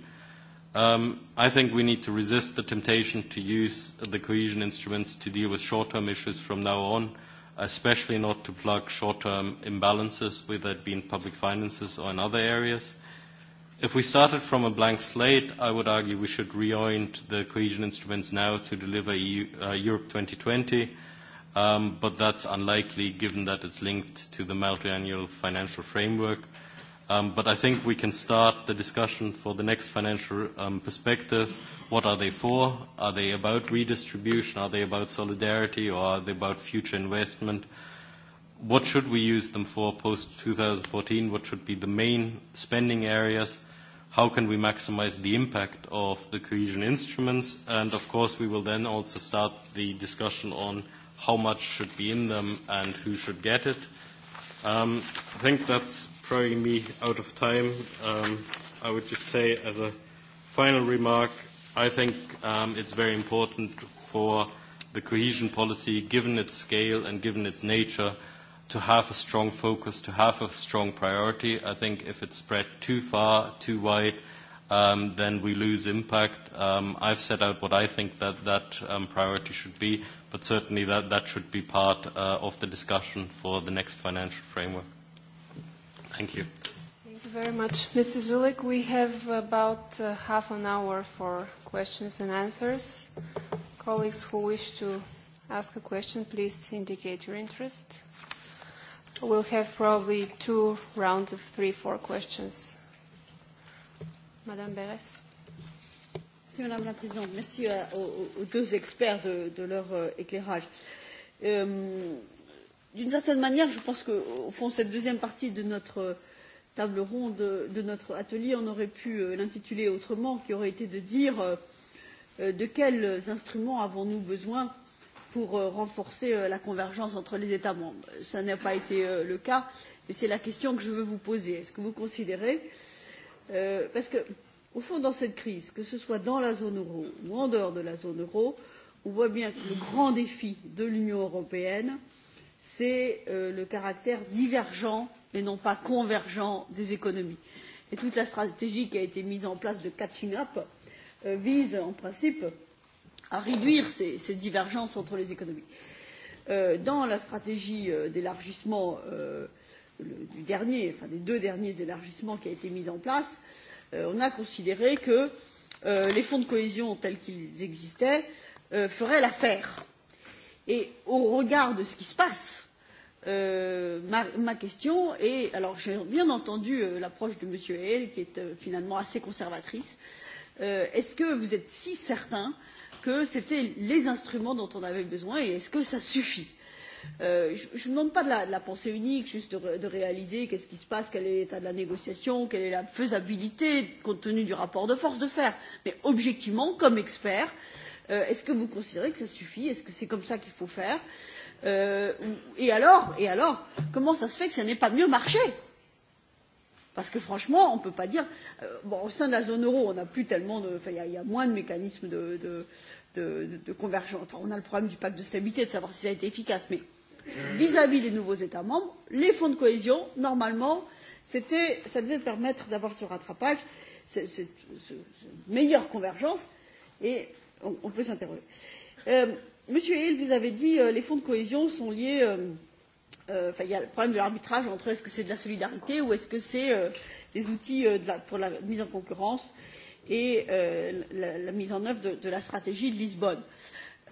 Um, I think we need to resist the temptation to use the cohesion instruments to deal with short-term issues from now on, especially not to plug short-term imbalances, whether it be in public finances or in other areas. If we started from a blank slate, I would argue we should reorient the cohesion instruments now to deliver EU, uh, Europe 2020, um, but that's unlikely given that it's linked to the multiannual financial framework. Um, but I think we can start the discussion for the next financial um, perspective. What are they for? Are they about redistribution? Are they about solidarity? Or are they about future investment? What should we use them for post 2014? What should be the main spending areas? how can we maximize the impact of the cohesion instruments? And of course, we will then also start the discussion on how much should be in them and who should get it. Um, I think that's probably me out of time. Um, I would just say as a final remark, I think um, it's very important for the cohesion policy, given its scale and given its nature, to have a strong focus, to have a strong priority. I think if it's spread too far, too wide, um, then we lose impact. Um, I've set out what I think that that um, priority should be, but certainly that, that should be part uh, of the discussion for the next financial framework. Thank you. Thank you very much. Mrs. Zulik, we have about uh, half an hour for questions and answers. Colleagues who wish to ask a question, please indicate your interest. We'll have probably two rounds of three, four questions. Madame Beres. Merci Madame la Présidente. Merci à, euh, aux, aux deux experts de, de leur euh, éclairage. Euh, D'une certaine manière, je pense qu'au fond, cette deuxième partie de notre euh, table ronde, de notre atelier, on aurait pu euh, l'intituler autrement, qui aurait été de dire euh, euh de quels instruments avons-nous besoin euh, pour euh, renforcer euh, la convergence entre les États membres. Ça n'a pas été euh, le cas, mais c'est la question que je veux vous poser. Est-ce que vous considérez, euh, parce que au fond, dans cette crise, que ce soit dans la zone euro ou en dehors de la zone euro, on voit bien que le grand défi de l'Union européenne, c'est euh, le caractère divergent et non pas convergent des économies. Et toute la stratégie qui a été mise en place de catching up euh, vise en principe euh, à réduire ces, ces divergences entre les économies. Euh, dans la stratégie euh, d'élargissement euh, du dernier, enfin des deux derniers élargissements qui a été mis en place, euh, on a considéré que euh, les fonds de cohésion tels qu'ils existaient euh, feraient l'affaire. Et au regard de ce qui se passe, euh, ma, ma question est alors j'ai bien entendu euh, l'approche de M. Hale qui est euh, finalement assez conservatrice. Euh, Est-ce que vous êtes si certain euh, que c'était les instruments dont on avait besoin et est ce que ça suffit? Euh, je ne demande pas de la, de la pensée unique, juste de, de réaliser qu'est-ce qui se passe, quel est l'état de la négociation, quelle est la faisabilité compte tenu du rapport de force de faire. Mais objectivement, comme expert, euh, est-ce que vous considérez que ça suffit Est-ce que c'est comme ça qu'il faut faire euh, et, alors, et alors, comment ça se fait que ça n'ait pas mieux marché Parce que franchement, on ne peut pas dire. Euh, bon, au sein de la zone euro, on n'a plus tellement de. Enfin, il y, y a moins de mécanismes de. de euh, de, de, convergence. Enfin, on a le problème du pacte de stabilité, de savoir si ça a été efficace. Mais vis-à-vis -vis des nouveaux États membres, les fonds de cohésion, normalement, ça devait permettre d'avoir ce rattrapage, cette cette, cette meilleure convergence, et on, on peut s'interroger. Euh, Monsieur Hill, vous avez dit que euh, les fonds de cohésion sont liés. Euh, euh, il y a le problème de l'arbitrage entre est-ce que c'est de la solidarité ou est-ce que c'est euh, des outils euh, de la, pour la mise en concurrence euh, et euh, la, la mise en œuvre de, de la stratégie de lisbonne.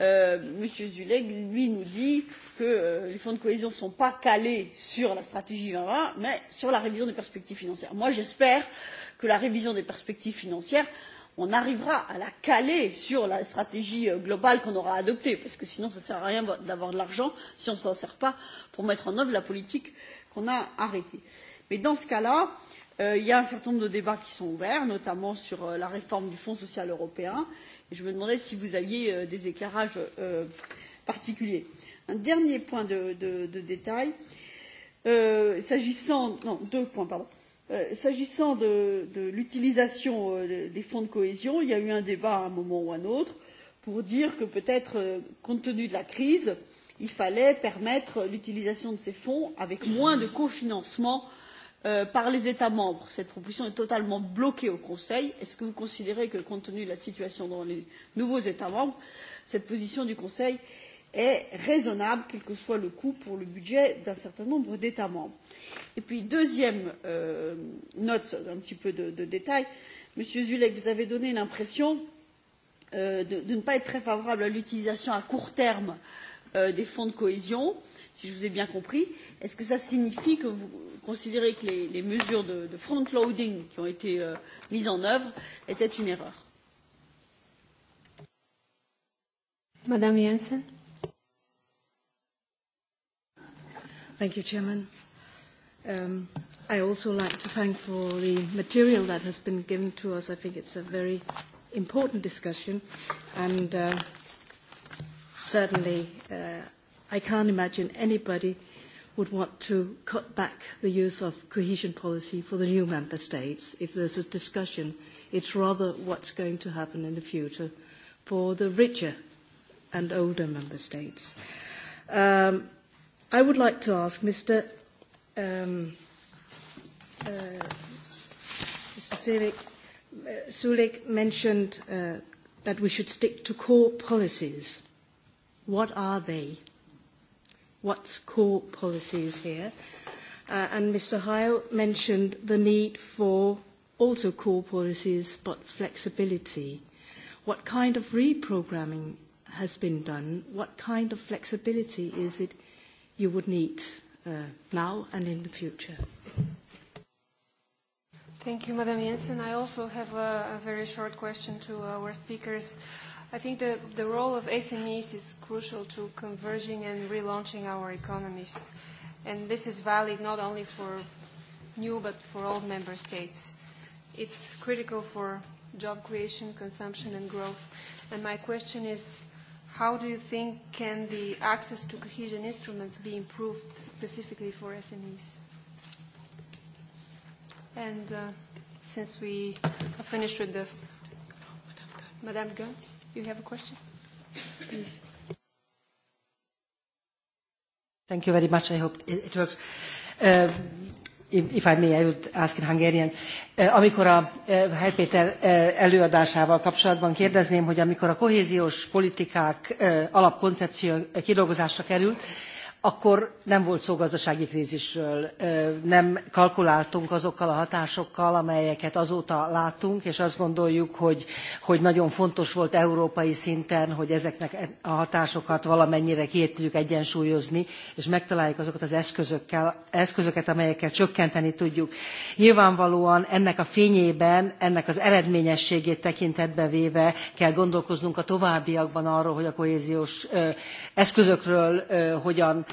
Euh, m. zuleg lui nous dit que euh, les fonds de cohésion ne sont pas calés sur la stratégie deux mille vingt mais sur la révision des perspectives financières. moi j'espère que la révision des perspectives financières on arrivera à la caler sur la stratégie euh, globale qu'on aura adoptée parce que sinon ça ne sert à rien d'avoir de l'argent si on ne s'en sert pas pour mettre en œuvre la politique qu'on a arrêtée. mais dans ce cas là euh, Euh, il y a un certain nombre de débats qui sont ouverts notamment sur euh, la réforme du fonds social européen et je me demandais si vous aviez euh, des éclairages particuliers. un dernier point de, de, de détail s'agissant non deux points pardon s'agissant de, de l'utilisation des fonds de cohésion il y a eu un débat à un moment ou à un autre pour dire que peut être compte tenu de la crise il fallait permettre l'utilisation de ces fonds avec moins de cofinancement Euh, par les états membres. cette proposition est totalement bloquée au conseil. est ce que vous considérez que compte tenu de la situation dans les nouveaux états membres cette position du conseil est raisonnable quel que soit le coût pour le budget d'un certain nombre d'états membres? et puis deuxième euh, note un petit peu de, de détail monsieur zulek vous avez donné l'impression euh, de, de ne pas être très favorable à l'utilisation à court terme euh, des fonds de cohésion si je vous ai bien compris. est ce que ça signifie que vous, considéré que les, les mesures de, de front loading qui ont été euh, mises en œuvre étaient une erreur. Madame Jensen. Thank you, Chairman. Um, I also like to thank for the material that has been given to us. I think it's a very important discussion, and uh, certainly uh, I can't imagine anybody uh, would want to cut back the use of cohesion policy for the new member states. If there's a discussion, it's rather what's going to happen in the future for the richer and older member states. Um, I would like to ask Mr. Um, uh, Mr. Sirik, uh, Sulik mentioned uh, that we should stick to core policies. What are they? what's core policies here. Uh, and Mr. Heil mentioned the need for also core policies but flexibility. What kind of reprogramming has been done? What kind of flexibility is it you would need uh, now and in the future? Thank you, Madam Jensen. I also have a, a very short question to our speakers. I think the, the role of SMEs is crucial to converging and relaunching our economies. And this is valid not only for new but for all member states. It's critical for job creation, consumption and growth. And my question is, how do you think can the access to cohesion instruments be improved specifically for SMEs? And uh, since we are finished with the... Madame Guns. You have a question? Please. Thank you very much. I hope it works. Uh, if I may, I would ask in Hungarian. Uh, amikor a uh, Helpéter előadásával kapcsolatban kérdezném, hogy amikor a kohéziós politikák alapkoncepció kidolgozásra került, akkor nem volt szó gazdasági krízisről, nem kalkuláltunk azokkal a hatásokkal, amelyeket azóta látunk, és azt gondoljuk, hogy, hogy nagyon fontos volt európai szinten, hogy ezeknek a hatásokat valamennyire ki tudjuk egyensúlyozni, és megtaláljuk azokat az eszközökkel, eszközöket, amelyekkel csökkenteni tudjuk. Nyilvánvalóan ennek a fényében, ennek az eredményességét tekintetbe véve kell gondolkoznunk a továbbiakban arról, hogy a kohéziós eszközökről hogyan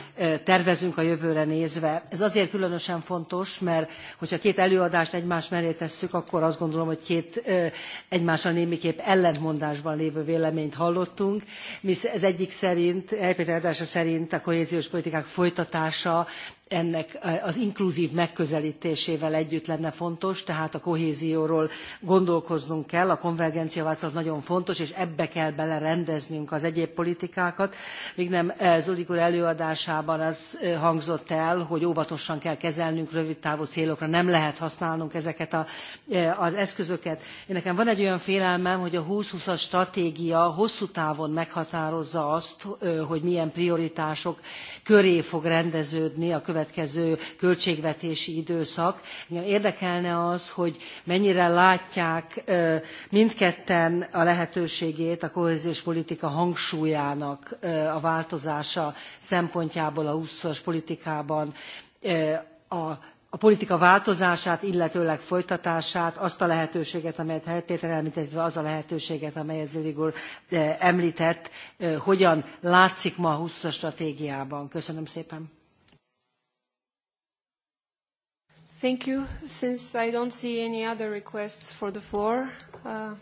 tervezünk a jövőre nézve. Ez azért különösen fontos, mert hogyha két előadást egymás mellé tesszük, akkor azt gondolom, hogy két egymással némiképp ellentmondásban lévő véleményt hallottunk, ez egyik szerint, Péter szerint a kohéziós politikák folytatása ennek eh, az inkluzív megközelítésével együtt lenne fontos, tehát a kohézióról gondolkoznunk kell, a konvergenciavászlat nagyon fontos, és ebbe kell belerendeznünk az egyéb politikákat. Még nem eh, Zolik úr előadásában az eh, hangzott el, hogy óvatosan kell kezelnünk rövid távú célokra, nem lehet használnunk ezeket a, az eszközöket. Én nekem van egy olyan félelmem, hogy a 2020-as stratégia hosszú távon meghatározza azt, hogy milyen prioritások köré fog rendeződni a következő költségvetési időszak. Engem érdekelne az, hogy mennyire látják mindketten a lehetőségét a kohéziós politika hangsúlyának a változása szempontjából a 20-as politikában a a politika változását, illetőleg folytatását, azt a lehetőséget, amelyet Herr Péter említett, az a lehetőséget, amelyet Zilig úr említett, hogyan látszik ma a 20 stratégiában. Köszönöm szépen. Thank you. Since I don't see any other requests for the floor, uh,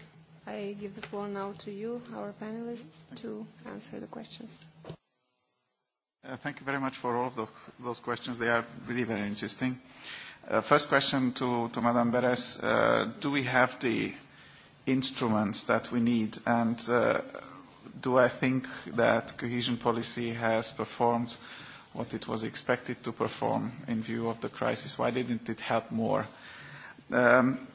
I give the floor now to you, our panelists, to answer the questions. Uh, thank you very much for all of the, those questions. They are really very interesting. Uh, first question to, to Madame Beres. Uh, do we have the instruments that we need? And uh, do I think that cohesion policy has performed uh, what it was expected to perform in view of the crisis? Why didn't it help more? Um,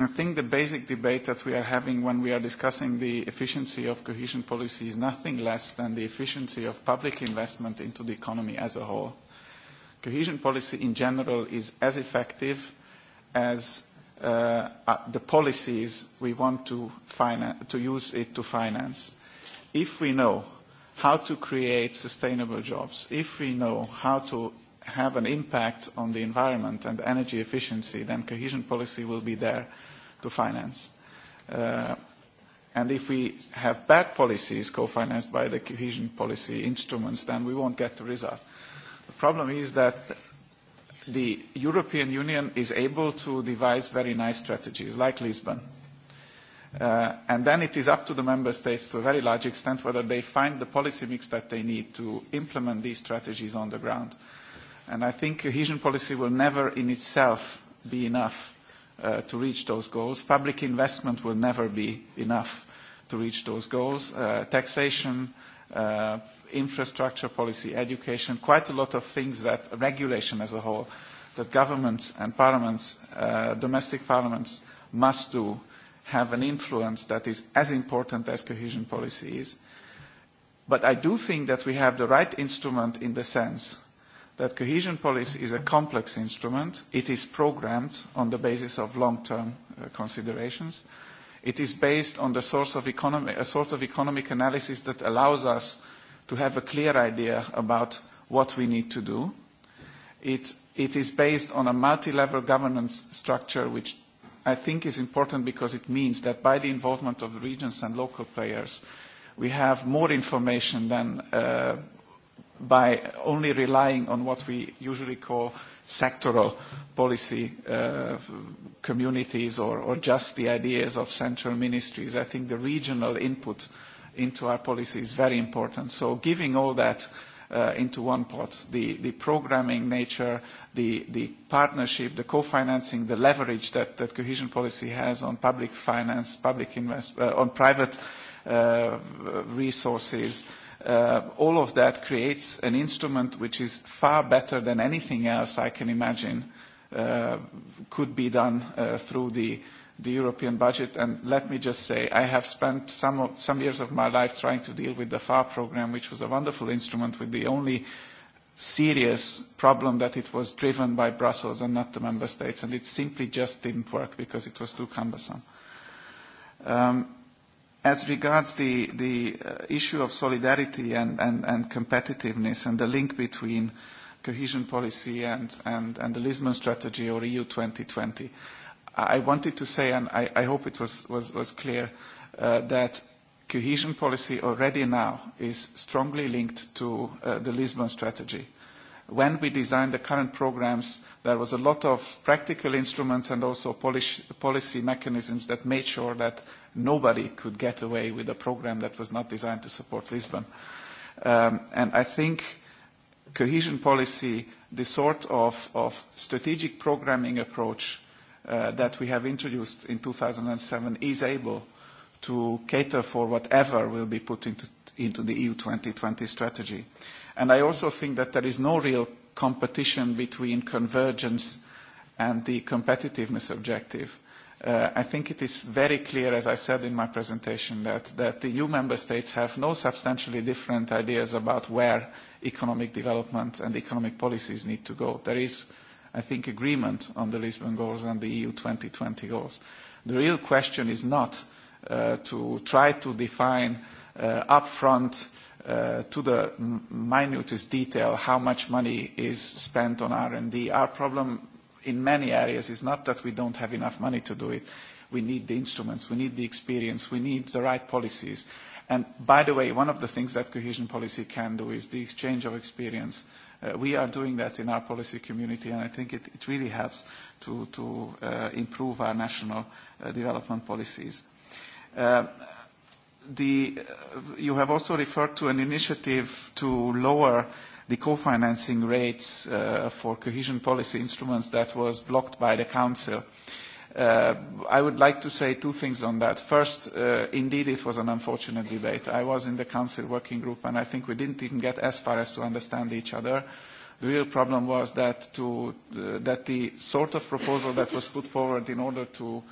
I think the basic debate that we are having when we are discussing the efficiency of cohesion policy is nothing less than the efficiency of public investment into the economy as a whole. Cohesion policy in general is as effective as uh, uh, the policies we want to use it to finance. If we know how to create sustainable jobs. If we know how to have an impact on the environment and energy efficiency, then cohesion policy will be there to finance. Uh, and if we have bad policies co-financed by the cohesion policy instruments, then we won't get the result. The problem is that the European Union is able to devise very nice strategies, like Lisbon. Uh, and then it is up to the member states to a very large extent whether they find the policy mix that they need to implement these strategies on the ground. And I think cohesion policy will never in itself be enough uh, to reach those goals. Public investment will never be enough to reach those goals. Uh, taxation, uh, infrastructure policy, education, quite a lot of things that regulation as a whole, that governments and parliaments, uh, domestic parliaments must do have an influence that is as important as cohesion policy is. But I do think that we have the right instrument in the sense that cohesion policy is a complex instrument. It is programmed on the basis of long-term uh, considerations. It is based on the source of economy, a sort of economic analysis that allows us to have a clear idea about what we need to do. It, it is based on a multi-level governance structure which i think is important because it means that by the involvement of the regions and local players, we have more information than uh, by only relying on what we usually call sectoral policy uh, communities or, or just the ideas of central ministries. I think the regional input into our policy is very important. So giving all that uh, into one pot. The, the programming nature, the, the partnership, the co-financing, the leverage that, that cohesion policy has on public finance, public invest, uh, on private uh, resources, Uh, all of that creates an instrument which is far better than anything else I can imagine uh, could be done uh, through the the European budget. And let me just say, I have spent some, of, some years of my life trying to deal with the FAR program, which was a wonderful instrument with the only serious problem that it was driven by Brussels and not the member states. And it simply just didn't work because it was too cumbersome. Um, as regards the, the uh, issue of solidarity and, and, and competitiveness and the link between cohesion policy and, and, and the Lisbon strategy or EU 2020, i wanted to say, and I, I hope it was, was, was clear, uh, that cohesion policy already now is strongly linked to uh, the Lisbon strategy. When we designed the current programs, there was a lot of practical instruments and also polish, policy mechanisms that made sure that nobody could get away with a program that was not designed to support Lisbon. Um, and I think cohesion policy, the sort of, of strategic programming approach Uh, that we have introduced in 2007 is able to cater for whatever will be put into, the EU 2020 strategy. And I also think that there is no real competition between convergence and the competitiveness objective. Uh, I think it is very clear, as I said in my presentation, that the EU member states have no substantially different ideas about where economic development and economic policies need to go. There is i think, agreement on the Lisbon goals and the EU 2020 goals. The real question is not uh, to try to define uh, upfront uh, to the minutest detail how much money is spent on R&D. Our problem in many areas is not that we don't have enough money to do it. We need the instruments, we need the experience, we need the right policies. And by the way, one of the things that cohesion policy can do is the exchange of experience uh, Uh, we are doing that in our policy community, and I think it, it really helps to, to uh, improve our national uh, development policies. Uh, the, uh, you have also referred to an initiative to lower the co-financing rates uh, for cohesion policy instruments that was blocked by the Council. Uh, Uh, I would like to say two things on that. First, uh, indeed, it was an unfortunate debate. I was in the Council working group, and I think we didn't even get as far as to understand each other. The real problem was that, to, uh, that the sort of proposal that was put forward in order to,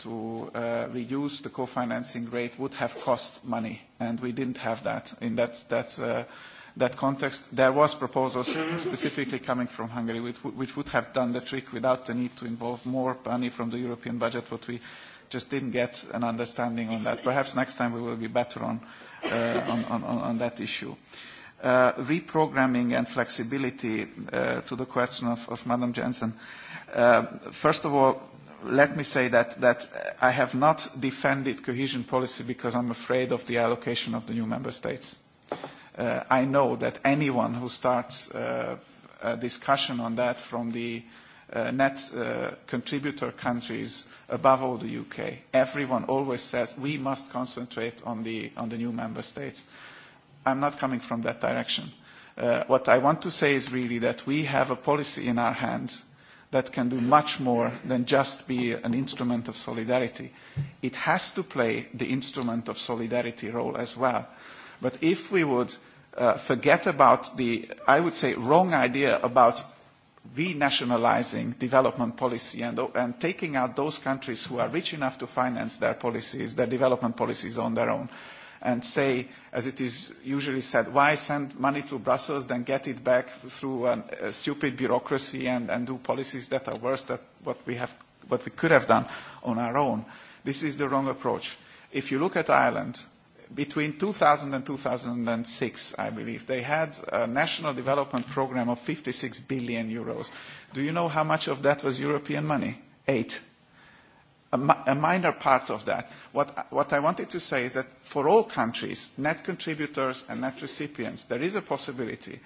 to uh, reduce the co-financing rate would have cost money, and we didn't have that. In that, that uh, that context, there was proposals specifically coming from Hungary, which, which would have done the trick without the need to involve more money from the European budget, but we just didn't get an understanding on that. Perhaps next time we will be better on, uh, on, on, on that issue. Uh, reprogramming and flexibility uh, to the question of, of Madam Jensen. Uh, first of all, let me say that, that I have not defended cohesion policy because I'm afraid of the allocation of the new member states. Uh, I know that anyone who starts uh, a discussion on that from the uh, net uh, contributor countries, above all the UK, everyone always says we must concentrate on the, on the new member states. I'm not coming from that direction. Uh, what I want to say is really that we have a policy in our hands that can do much more than just be an instrument of solidarity. It has to play the instrument of solidarity role as well. But if we would uh, forget about the, I would say, wrong idea about renationalizing development policy and, and taking out those countries who are rich enough to finance their policies, their development policies on their own, and say, as it is usually said, why send money to Brussels, then get it back through an, a stupid bureaucracy and, and do policies that are worse than what we, have, what we could have done on our own. This is the wrong approach. If you look at Ireland, between 2000 and 2006, I believe, they had a national development program of 56 billion euros. Do you know how much of that was European money? Eight. A, a minor part of that. What, what I wanted to say is that for all countries, net contributors and net recipients, there is a possibility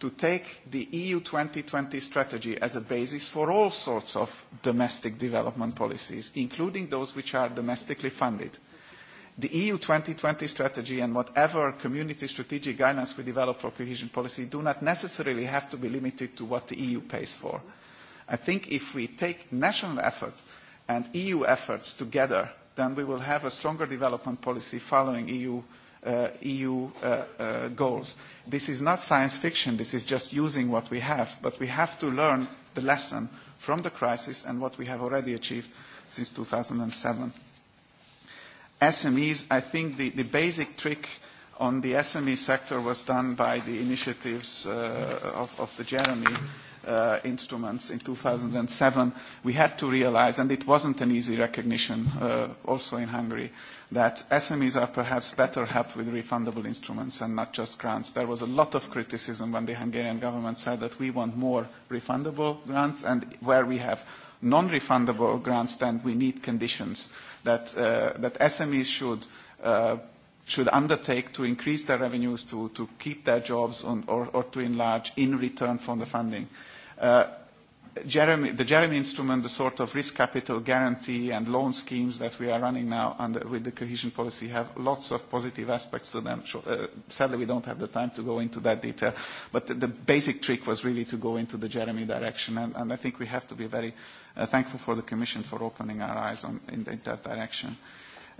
to take the EU 2020 strategy as a basis for all sorts of domestic development policies, including those which are domestically funded the EU 2020 strategy and whatever community strategic guidance we develop for cohesion policy do not necessarily have to be limited to what the EU pays for. I think if we take national effort and EU efforts together, then we will have a stronger development policy following EU, uh, EU uh, uh, goals. This is not science fiction. This is just using what we have. But we have to learn the lesson from the crisis and what we have already achieved since 2007. SMEs, I think the, the basic trick on the SME sector was done by the initiatives uh, of, of the Jeremy uh, instruments in 2007. We had to realize, and it wasn't an easy recognition uh, also in Hungary, that SMEs are perhaps better helped with refundable instruments and not just grants. There was a lot of criticism when the Hungarian government said that we want more refundable grants, and where we have non-refundable grants, then we need conditions that, uh, that SMEs should uh, should undertake to increase their revenues to, to keep their jobs on, or, or to enlarge in return for the funding. Uh, Jeremy, the Jeremy instrument, the sort of risk capital guarantee and loan schemes that we are running now under, with the cohesion policy have lots of positive aspects to them. Uh, sadly, we don't have the time to go into that detail, but the, the basic trick was really to go into the Jeremy direction, and, and I think we have to be very uh, thankful for the Commission for opening our eyes on, in, in that direction.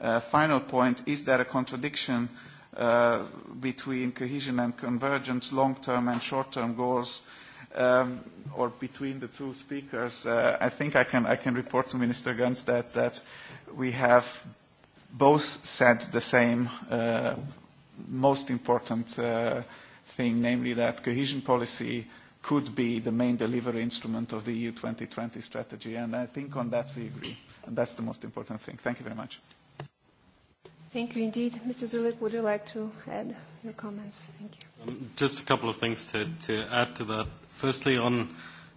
Uh, final point, is there a contradiction uh, between cohesion and convergence long-term and short-term goals? Uh, um, or between the two speakers, uh, I think I can, I can report to Minister Guns that, that we have both said the same uh, most important uh, thing, namely that cohesion policy could be the main delivery instrument of the EU 2020 strategy. And I think on that we agree. And that's the most important thing. Thank you very much. Thank you indeed. Mr. Zulik, would you like to add your comments? Thank you. Um, just a couple of things to, to add to that. Firstly, on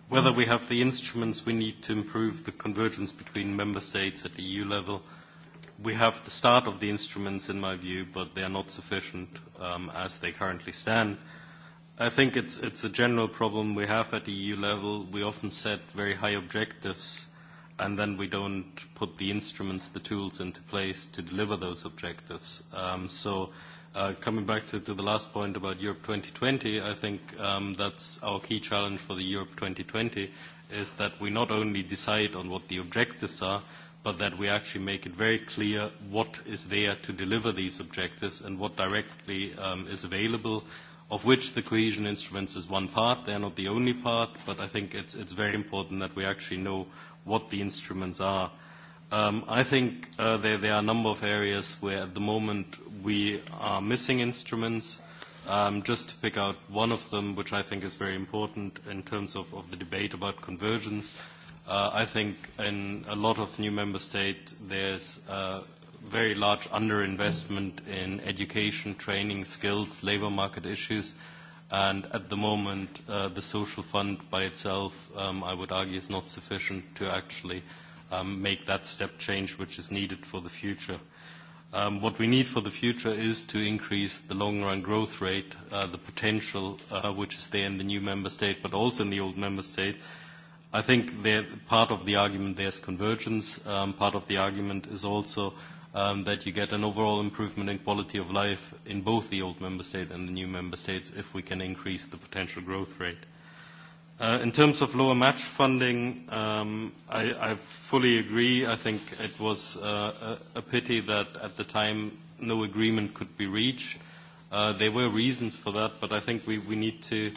whether we have the instruments we need to improve the convergence between member states at EU e level. We have the start of the instruments, in my view, but they are not sufficient um, as they currently stand. I think it's, it's a general problem we have at EU e level. We often set very high objectives, and then we don't put the instruments, the tools into place to deliver those objectives. Um, so Uh, coming back to, the last point about Europe 2020, I think um, that's our key challenge for the Europe 2020 is that we not only decide on what the objectives are, but that we actually make it very clear what is there to deliver these objectives and what directly um, is available, of which the cohesion instruments is one part. They're not the only part, but I think it's very important that we actually know what the instruments are Um, I think uh, there, there are a number of areas where at the moment we are missing instruments. Um, just to pick out one of them, which I think is very important in terms of, of the debate about convergence, uh, I think in a lot of new member states there's a very large underinvestment in education, training, skills, labor market issues, and at the moment uh, the social fund by itself, um, I would argue, is not sufficient to actually um, make that step change which is needed for the future. Um, what we need for the future is to increase the long-run growth rate, uh, the potential uh, which is there in the new member state, but also in the old member state. I think there, part of the argument there is convergence. Um, part of the argument is also um, that you get an overall improvement in quality of life in both the old member state and the new member states if we can increase the potential growth rate. Uh, in terms of lower match funding, um, I, I fully agree. I think it was uh, a, a pity that at the time no agreement could be reached. Uh, there were reasons for that, but I think we, we need to,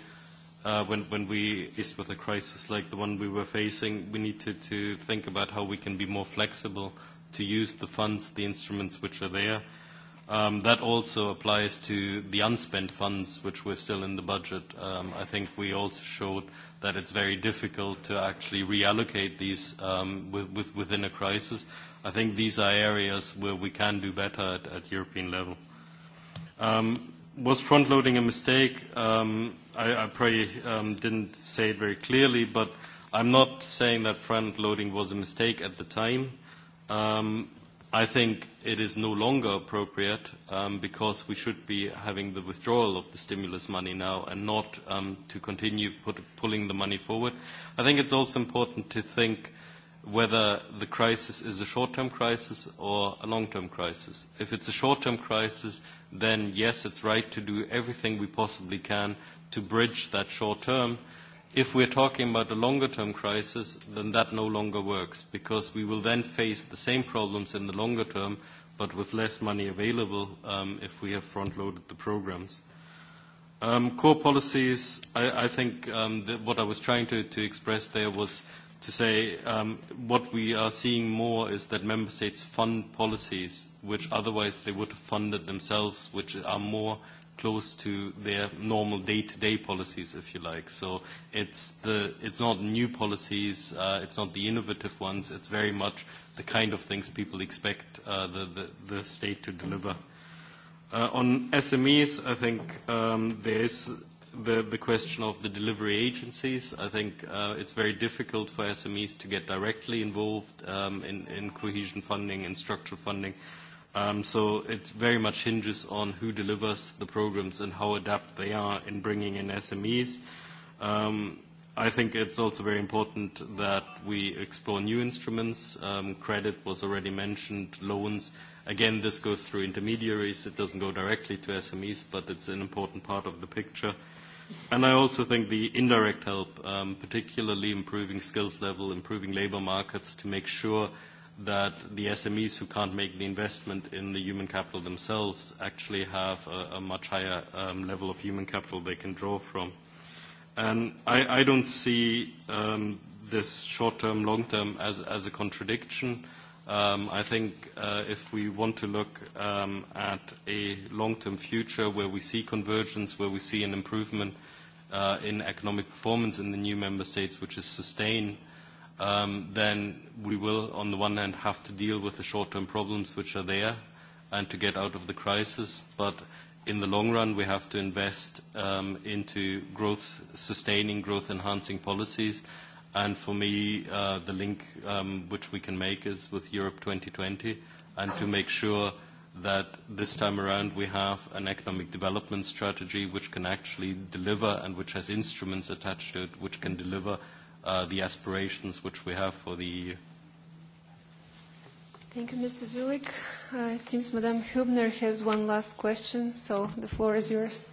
uh, when, when we faced with a crisis like the one we were facing, we need to, to think about how we can be more flexible to use the funds, the instruments which are there. Um, that also applies to the unspent funds, which were still in the budget. Um, I think we also showed that it's very difficult to actually reallocate these um, within a crisis. I think these are areas where we can do better at, European level. was front-loading a mistake? I, probably didn't say it very clearly, but I'm not saying that front-loading was a mistake at the time. I think it is no longer appropriate um, because we should be having the withdrawal of the stimulus money now and not um, to continue put, pulling the money forward. I think it's also important to think whether the crisis is a short-term crisis or a long-term crisis. If it's a short-term crisis, then yes, it's right to do everything we possibly can to bridge that short-term if we're talking about a longer-term crisis, then that no longer works because we will then face the same problems in the longer term, but with less money available um, if we have front-loaded the programs. Um, core policies, I, I think um, that what I was trying to, to express there was to say um, what we are seeing more is that member states fund policies which otherwise they would have funded themselves, which are more – close to their normal day-to-day -day policies, if you like. So it's, the, it's not new policies, uh, it's not the innovative ones, it's very much the kind of things people expect uh, the, the, the state to deliver. Uh, on SMEs, I think um, there is the, the question of the delivery agencies. I think uh, it's very difficult for SMEs to get directly involved um, in, in cohesion funding and structural funding. Uh, Um, so it very much hinges on who delivers the programs and how adept they are in bringing in SMEs. Um, I think it's also very important that we explore new instruments. Um, credit was already mentioned, loans. Again, this goes through intermediaries. It doesn't go directly to SMEs, but it's an important part of the picture. And I also think the indirect help, um, particularly improving skills level, improving labor markets to make sure – that the SMEs who can't make the investment in the human capital themselves actually have a, a much higher um, level of human capital they can draw from. And I, I don't see um, this short-term, long-term as, as a contradiction. Um, I think uh, if we want to look um, at a long-term future where we see convergence, where we see an improvement uh, in economic performance in the new member states, which is sustained, Um, then we will, on the one hand, have to deal with the short-term problems which are there and to get out of the crisis. in the long run, we have to invest um, into growth-sustaining, growth-enhancing policies. for me, uh, the link um, which we can make is with Europe 2020 and to make sure that this time around we have an economic development strategy which can actually deliver and which has instruments attached to it which can deliver Uh, the aspirations which we have for the EU. Thank you, Mr. Zulik. Uh, it seems Madame Hübner has one last question, so the floor is yours.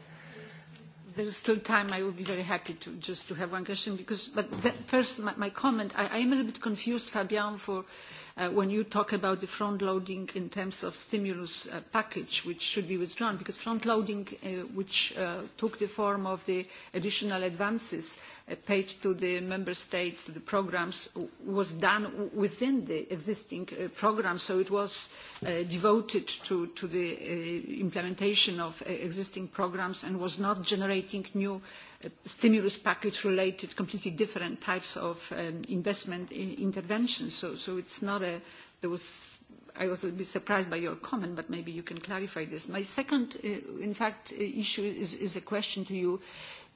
There is still time. I would be very happy to just to have one question because, but that, first, my, my comment. I, I am a little bit confused, Fabian, for uh, when you talk about the front loading in terms of stimulus uh, package, which should be withdrawn, because front loading, uh, which uh, took the form of the additional advances, uh, paid to the member states, to the programs, was done within the existing uh, So it was uh, devoted to, to the uh, implementation of uh, existing programs and was not generating new uh, stimulus package related completely different types of um, investment interventions. So, so it's not a, there was I was a bit surprised by your comment, but maybe you can clarify this. My second, uh, in fact, issue is, is a question to you,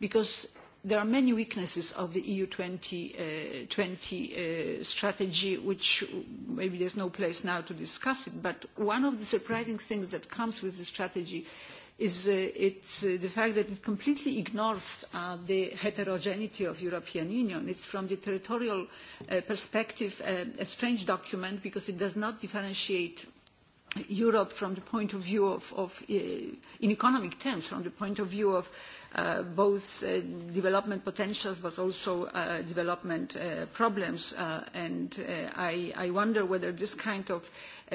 because there are many weaknesses of the EU 2020 uh, uh, strategy, which maybe there's no place now to discuss it, but one of the surprising things that comes with the strategy is uh, uh, the fact that it completely ignores uh, the heterogeneity of European Union. It's from the territorial uh, perspective uh, a strange document because it does not differentiate Europe from the point of view of, of uh, in economic terms, from the point of view of uh, both uh, development potentials but also uh, development uh, problems. Uh, and uh, I, I wonder whether this kind of uh,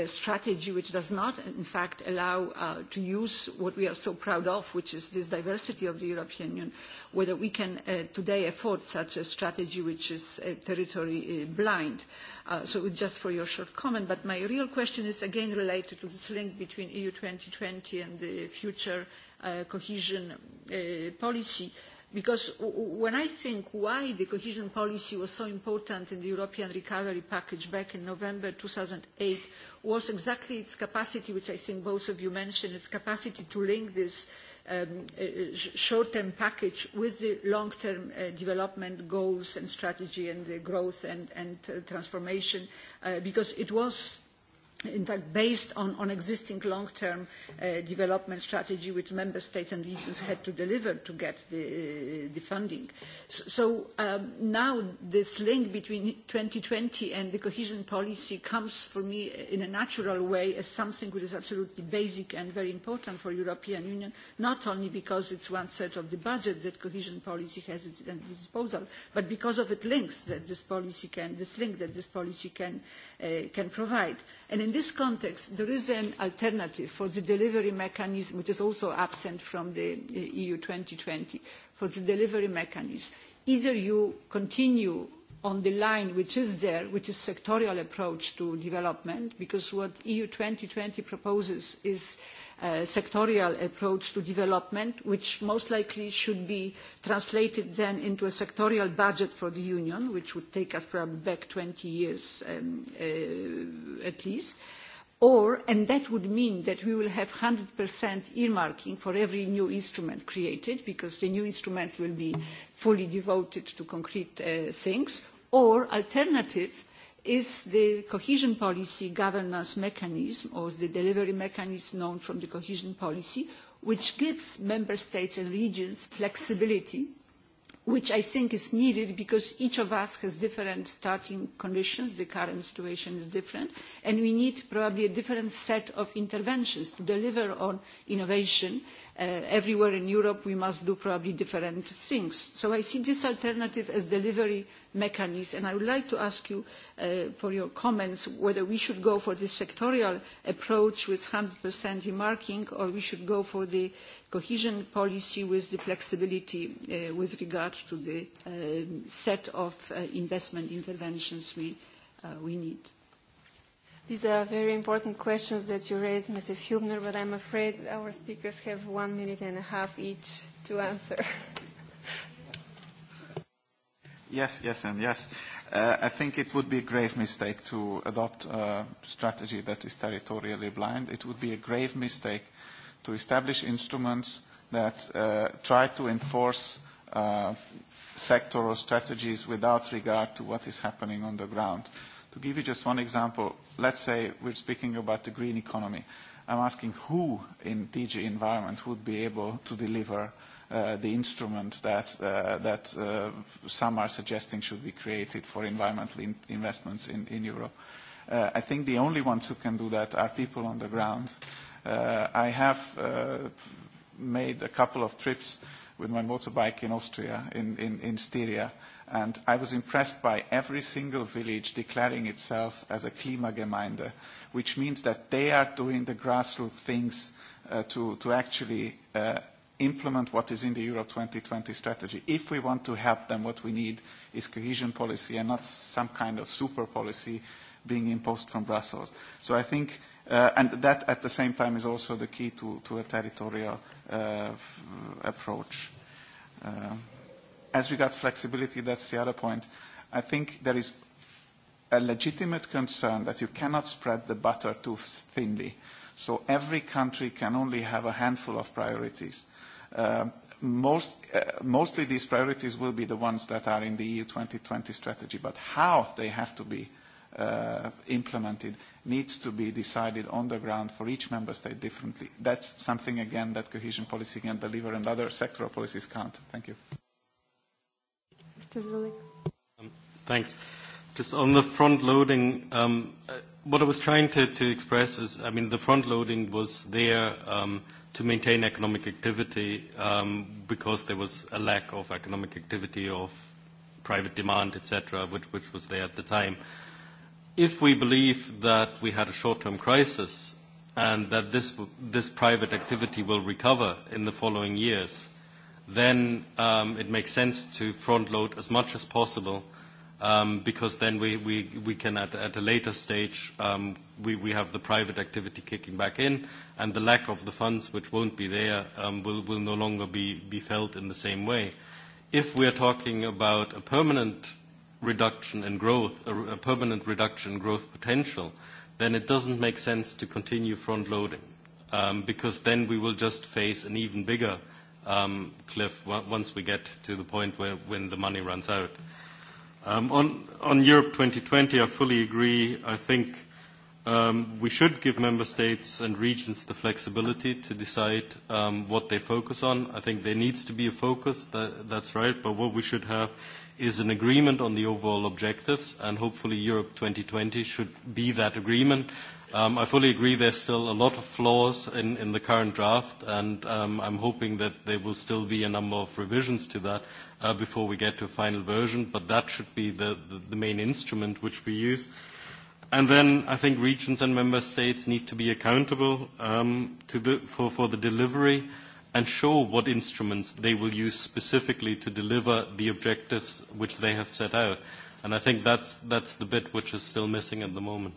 strategy which does not, in fact, allow uh, to use what we are so proud of, which is this diversity of the European Union, whether we can uh, today afford such a strategy which is uh, territory uh, blind. Uh, so just for your short comment, but my real question is again related to this link between EU 2020 and the future uh, cohesion uh, policy because when I think why the cohesion policy was so important in the European recovery package back in November 2008, was exactly its capacity, which I think both of you mentioned, its capacity to link this um, uh, short-term package with the long-term uh, development goals and strategy and the growth and, and uh, transformation, uh, because it was in fact based on, on existing long-term uh, development strategy which member states and regions had to deliver to get the, uh, the funding. So um, now this link between 2020 and the cohesion policy comes for me in a natural way as something which is absolutely basic and very important for European Union, not only because it's one set of the budget that cohesion policy has at its disposal, but because of its links that this policy can, this link that this policy can, uh, can provide in this context, there is an alternative for the delivery mechanism, which is also absent from the EU e 2020, for the delivery mechanism. Either you continue on the line which is there, which is sectorial approach to development, because what EU 2020 proposes is uh, Uh, sectorial approach to development, which most likely should be translated then into a sectorial budget for the Union, which would take us probably back 20 years um, uh, at least. Or, and that would mean that we will have 100% earmarking for every new instrument created, because the new instruments will be fully devoted to concrete uh, things. Or alternative, is the cohesion policy governance mechanism or the delivery mechanism known from the cohesion policy, which gives member states and regions flexibility, which I think is needed because each of us has different starting conditions, the current situation is different, and we need probably a different set of interventions to deliver on innovation Uh, everywhere in Europe we must do probably different things. So I see this alternative as delivery mechanism, and I would like to ask you uh, for your comments whether we should go for this sectorial approach with 100% remarking, or we should go for the cohesion policy with the flexibility uh, with regard to the um, set of investment interventions we, we need. These are very important questions that you raised, Mrs. Hubner, but I'm afraid our speakers have one minute and a half each to answer. yes, yes, and yes. Uh, I think it would be a grave mistake to adopt a strategy that is territorially blind. It would be a grave mistake to establish instruments that uh, try to enforce uh, sectoral strategies without regard to what is happening on the ground. Uh, to give you just one example, let's say we're speaking about the green economy. I'm asking who in DG Environment would be able to deliver uh, the instrument that, uh, that uh, some are suggesting should be created for environmental in investments in, in Europe. Uh, I think the only ones who can do that are people on the ground. Uh, I have uh, made a couple of trips with my motorbike in Austria, in, in, in Styria, And I was impressed by every single village declaring itself as a Klimagemeinde, which means that they are doing the grassroots things uh, to, to actually uh, implement what is in the Europe 2020 strategy. If we want to help them, what we need is cohesion policy and not some kind of super policy being imposed from Brussels. So I think, uh, and that at the same time is also the key to, to a territorial uh, approach. Uh, as regards flexibility, that's the other point. I think there is a legitimate concern that you cannot spread the butter too thinly. So every country can only have a handful of priorities. Uh, most, uh, mostly these priorities will be the ones that are in the EU 2020 strategy, but how they have to be uh, implemented needs to be decided on the ground for each member state differently. That's something, again, that cohesion policy can deliver and other sectoral policies can't. Thank you. Mr. Zulik. Um, thanks. Just on the front loading, um, uh, what I was trying to, to express is, I mean, the front loading was there um, to maintain economic activity um, because there was a lack of economic activity of private demand, etc., which, which was there at the time. If we believe that we had a short-term crisis and that this, this private activity will recover in the following years, then um, it makes sense to front load as much as possible um, because then we, we, we can at, at a later stage um, we, we have the private activity kicking back in and the lack of the funds which won't be there um, will, will no longer be, be felt in the same way. If we are talking about a permanent reduction in growth, a, a permanent reduction in growth potential, then it doesn't make sense to continue front loading um, because then we will just face an even bigger – Um, cliff once we get to the point where, when the money runs out. Um, on, Europe 2020, I fully agree. I think um, we should give member states and regions the flexibility to decide what they focus on. I think there needs to be a focus, that's right, but what we should have is an agreement on the overall objectives, and hopefully Europe 2020 should be that agreement Um, I fully agree there's still a lot of flaws in, in the current draft, and um, I'm hoping that there will still be a number of revisions to that uh, before we get to a final version, but that should be the, the, the main instrument which we use. And then I think regions and member states need to be accountable um, to the, for, for the delivery and show what instruments they will use specifically to deliver the objectives which they have set out. And I think that's, that's the bit which is still missing at the moment.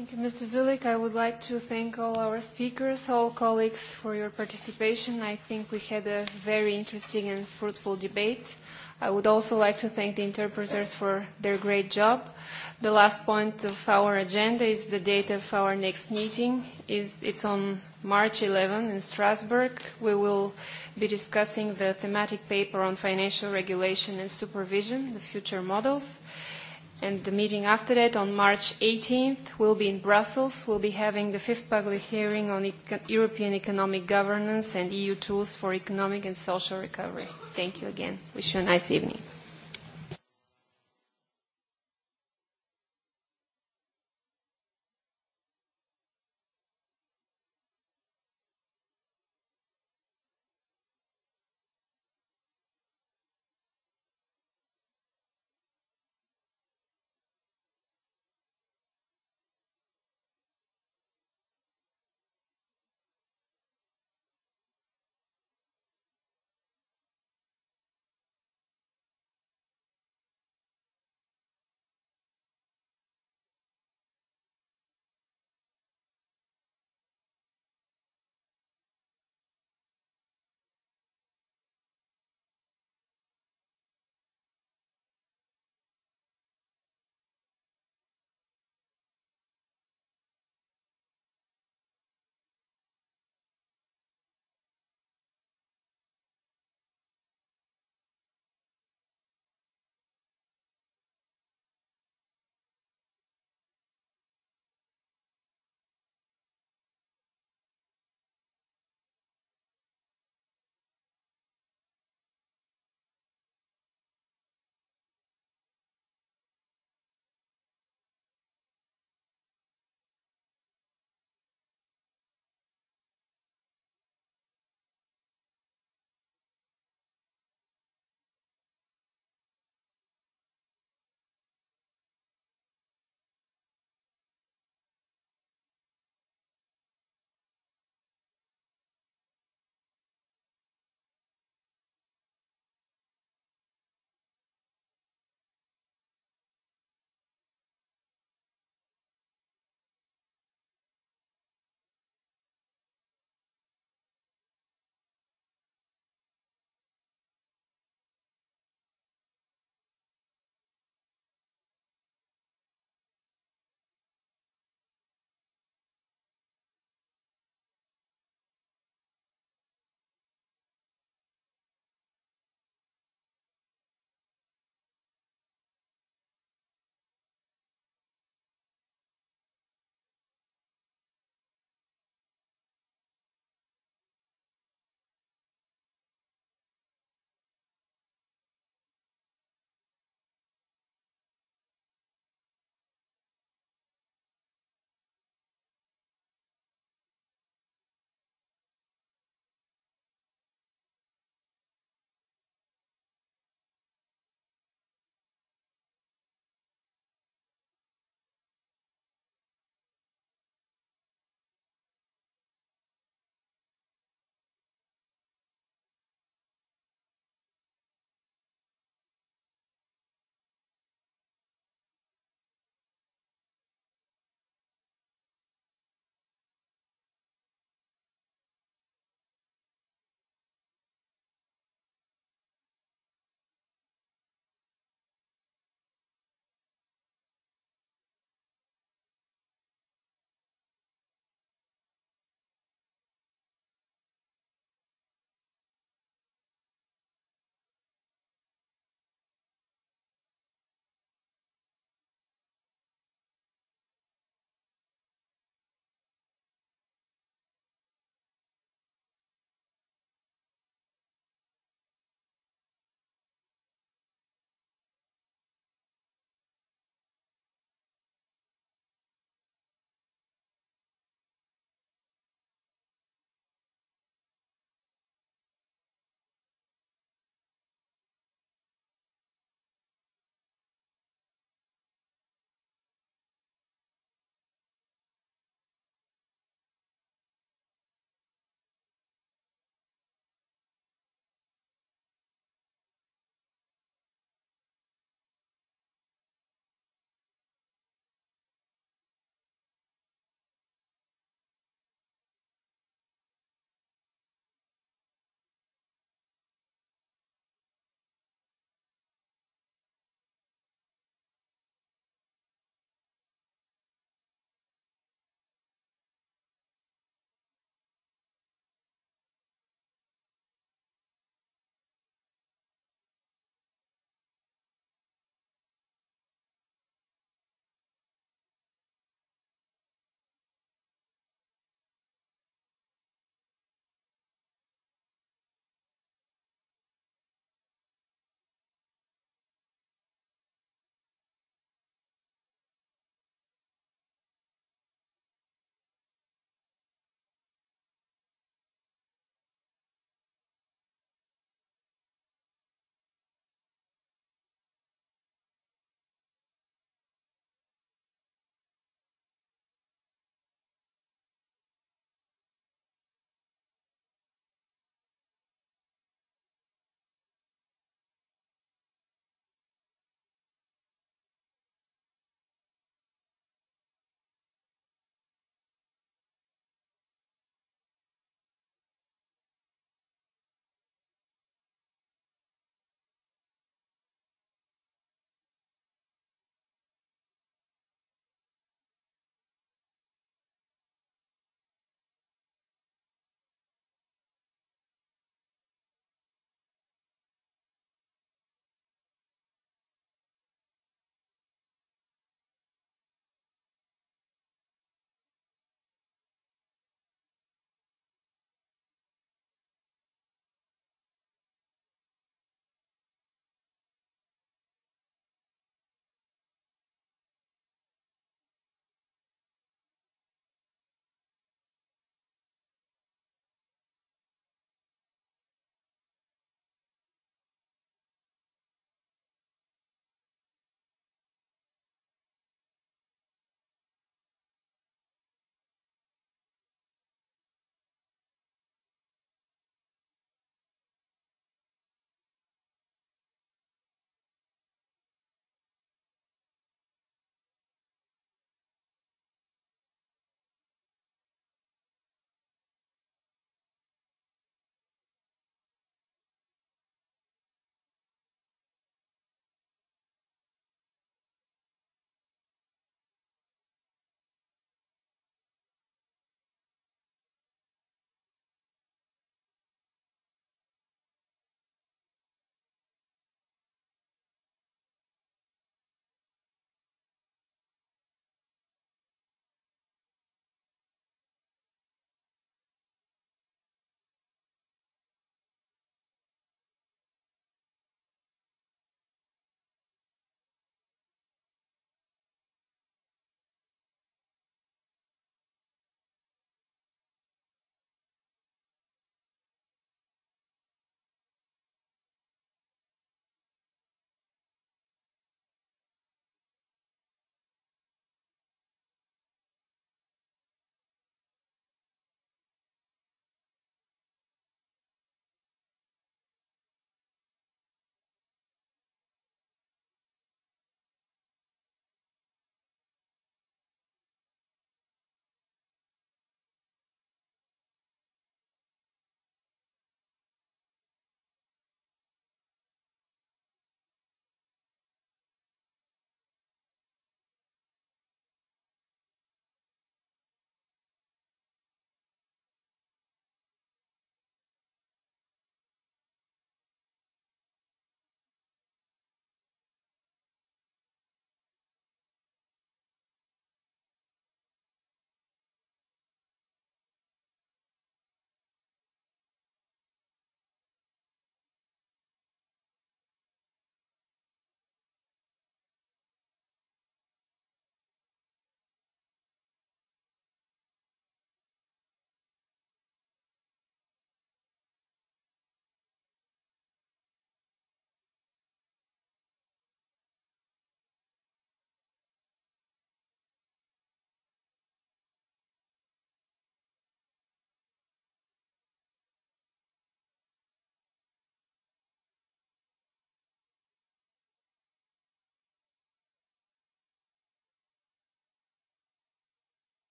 Thank you, Mr. Zulik. I would like to thank all our speakers, all colleagues for your participation. I think we had a very interesting and fruitful debate. I would also like to thank the interpreters for their great job. The last point of our agenda is the date of our next meeting. It's on March 11 in Strasbourg. We will be discussing the thematic paper on financial regulation and supervision, the future models. Uh, And the meeting after that, on March 18th, will be in Brussels. We'll be having the fifth public hearing on eco European economic governance and EU tools for economic and social recovery. Thank you again. Wish you a nice evening.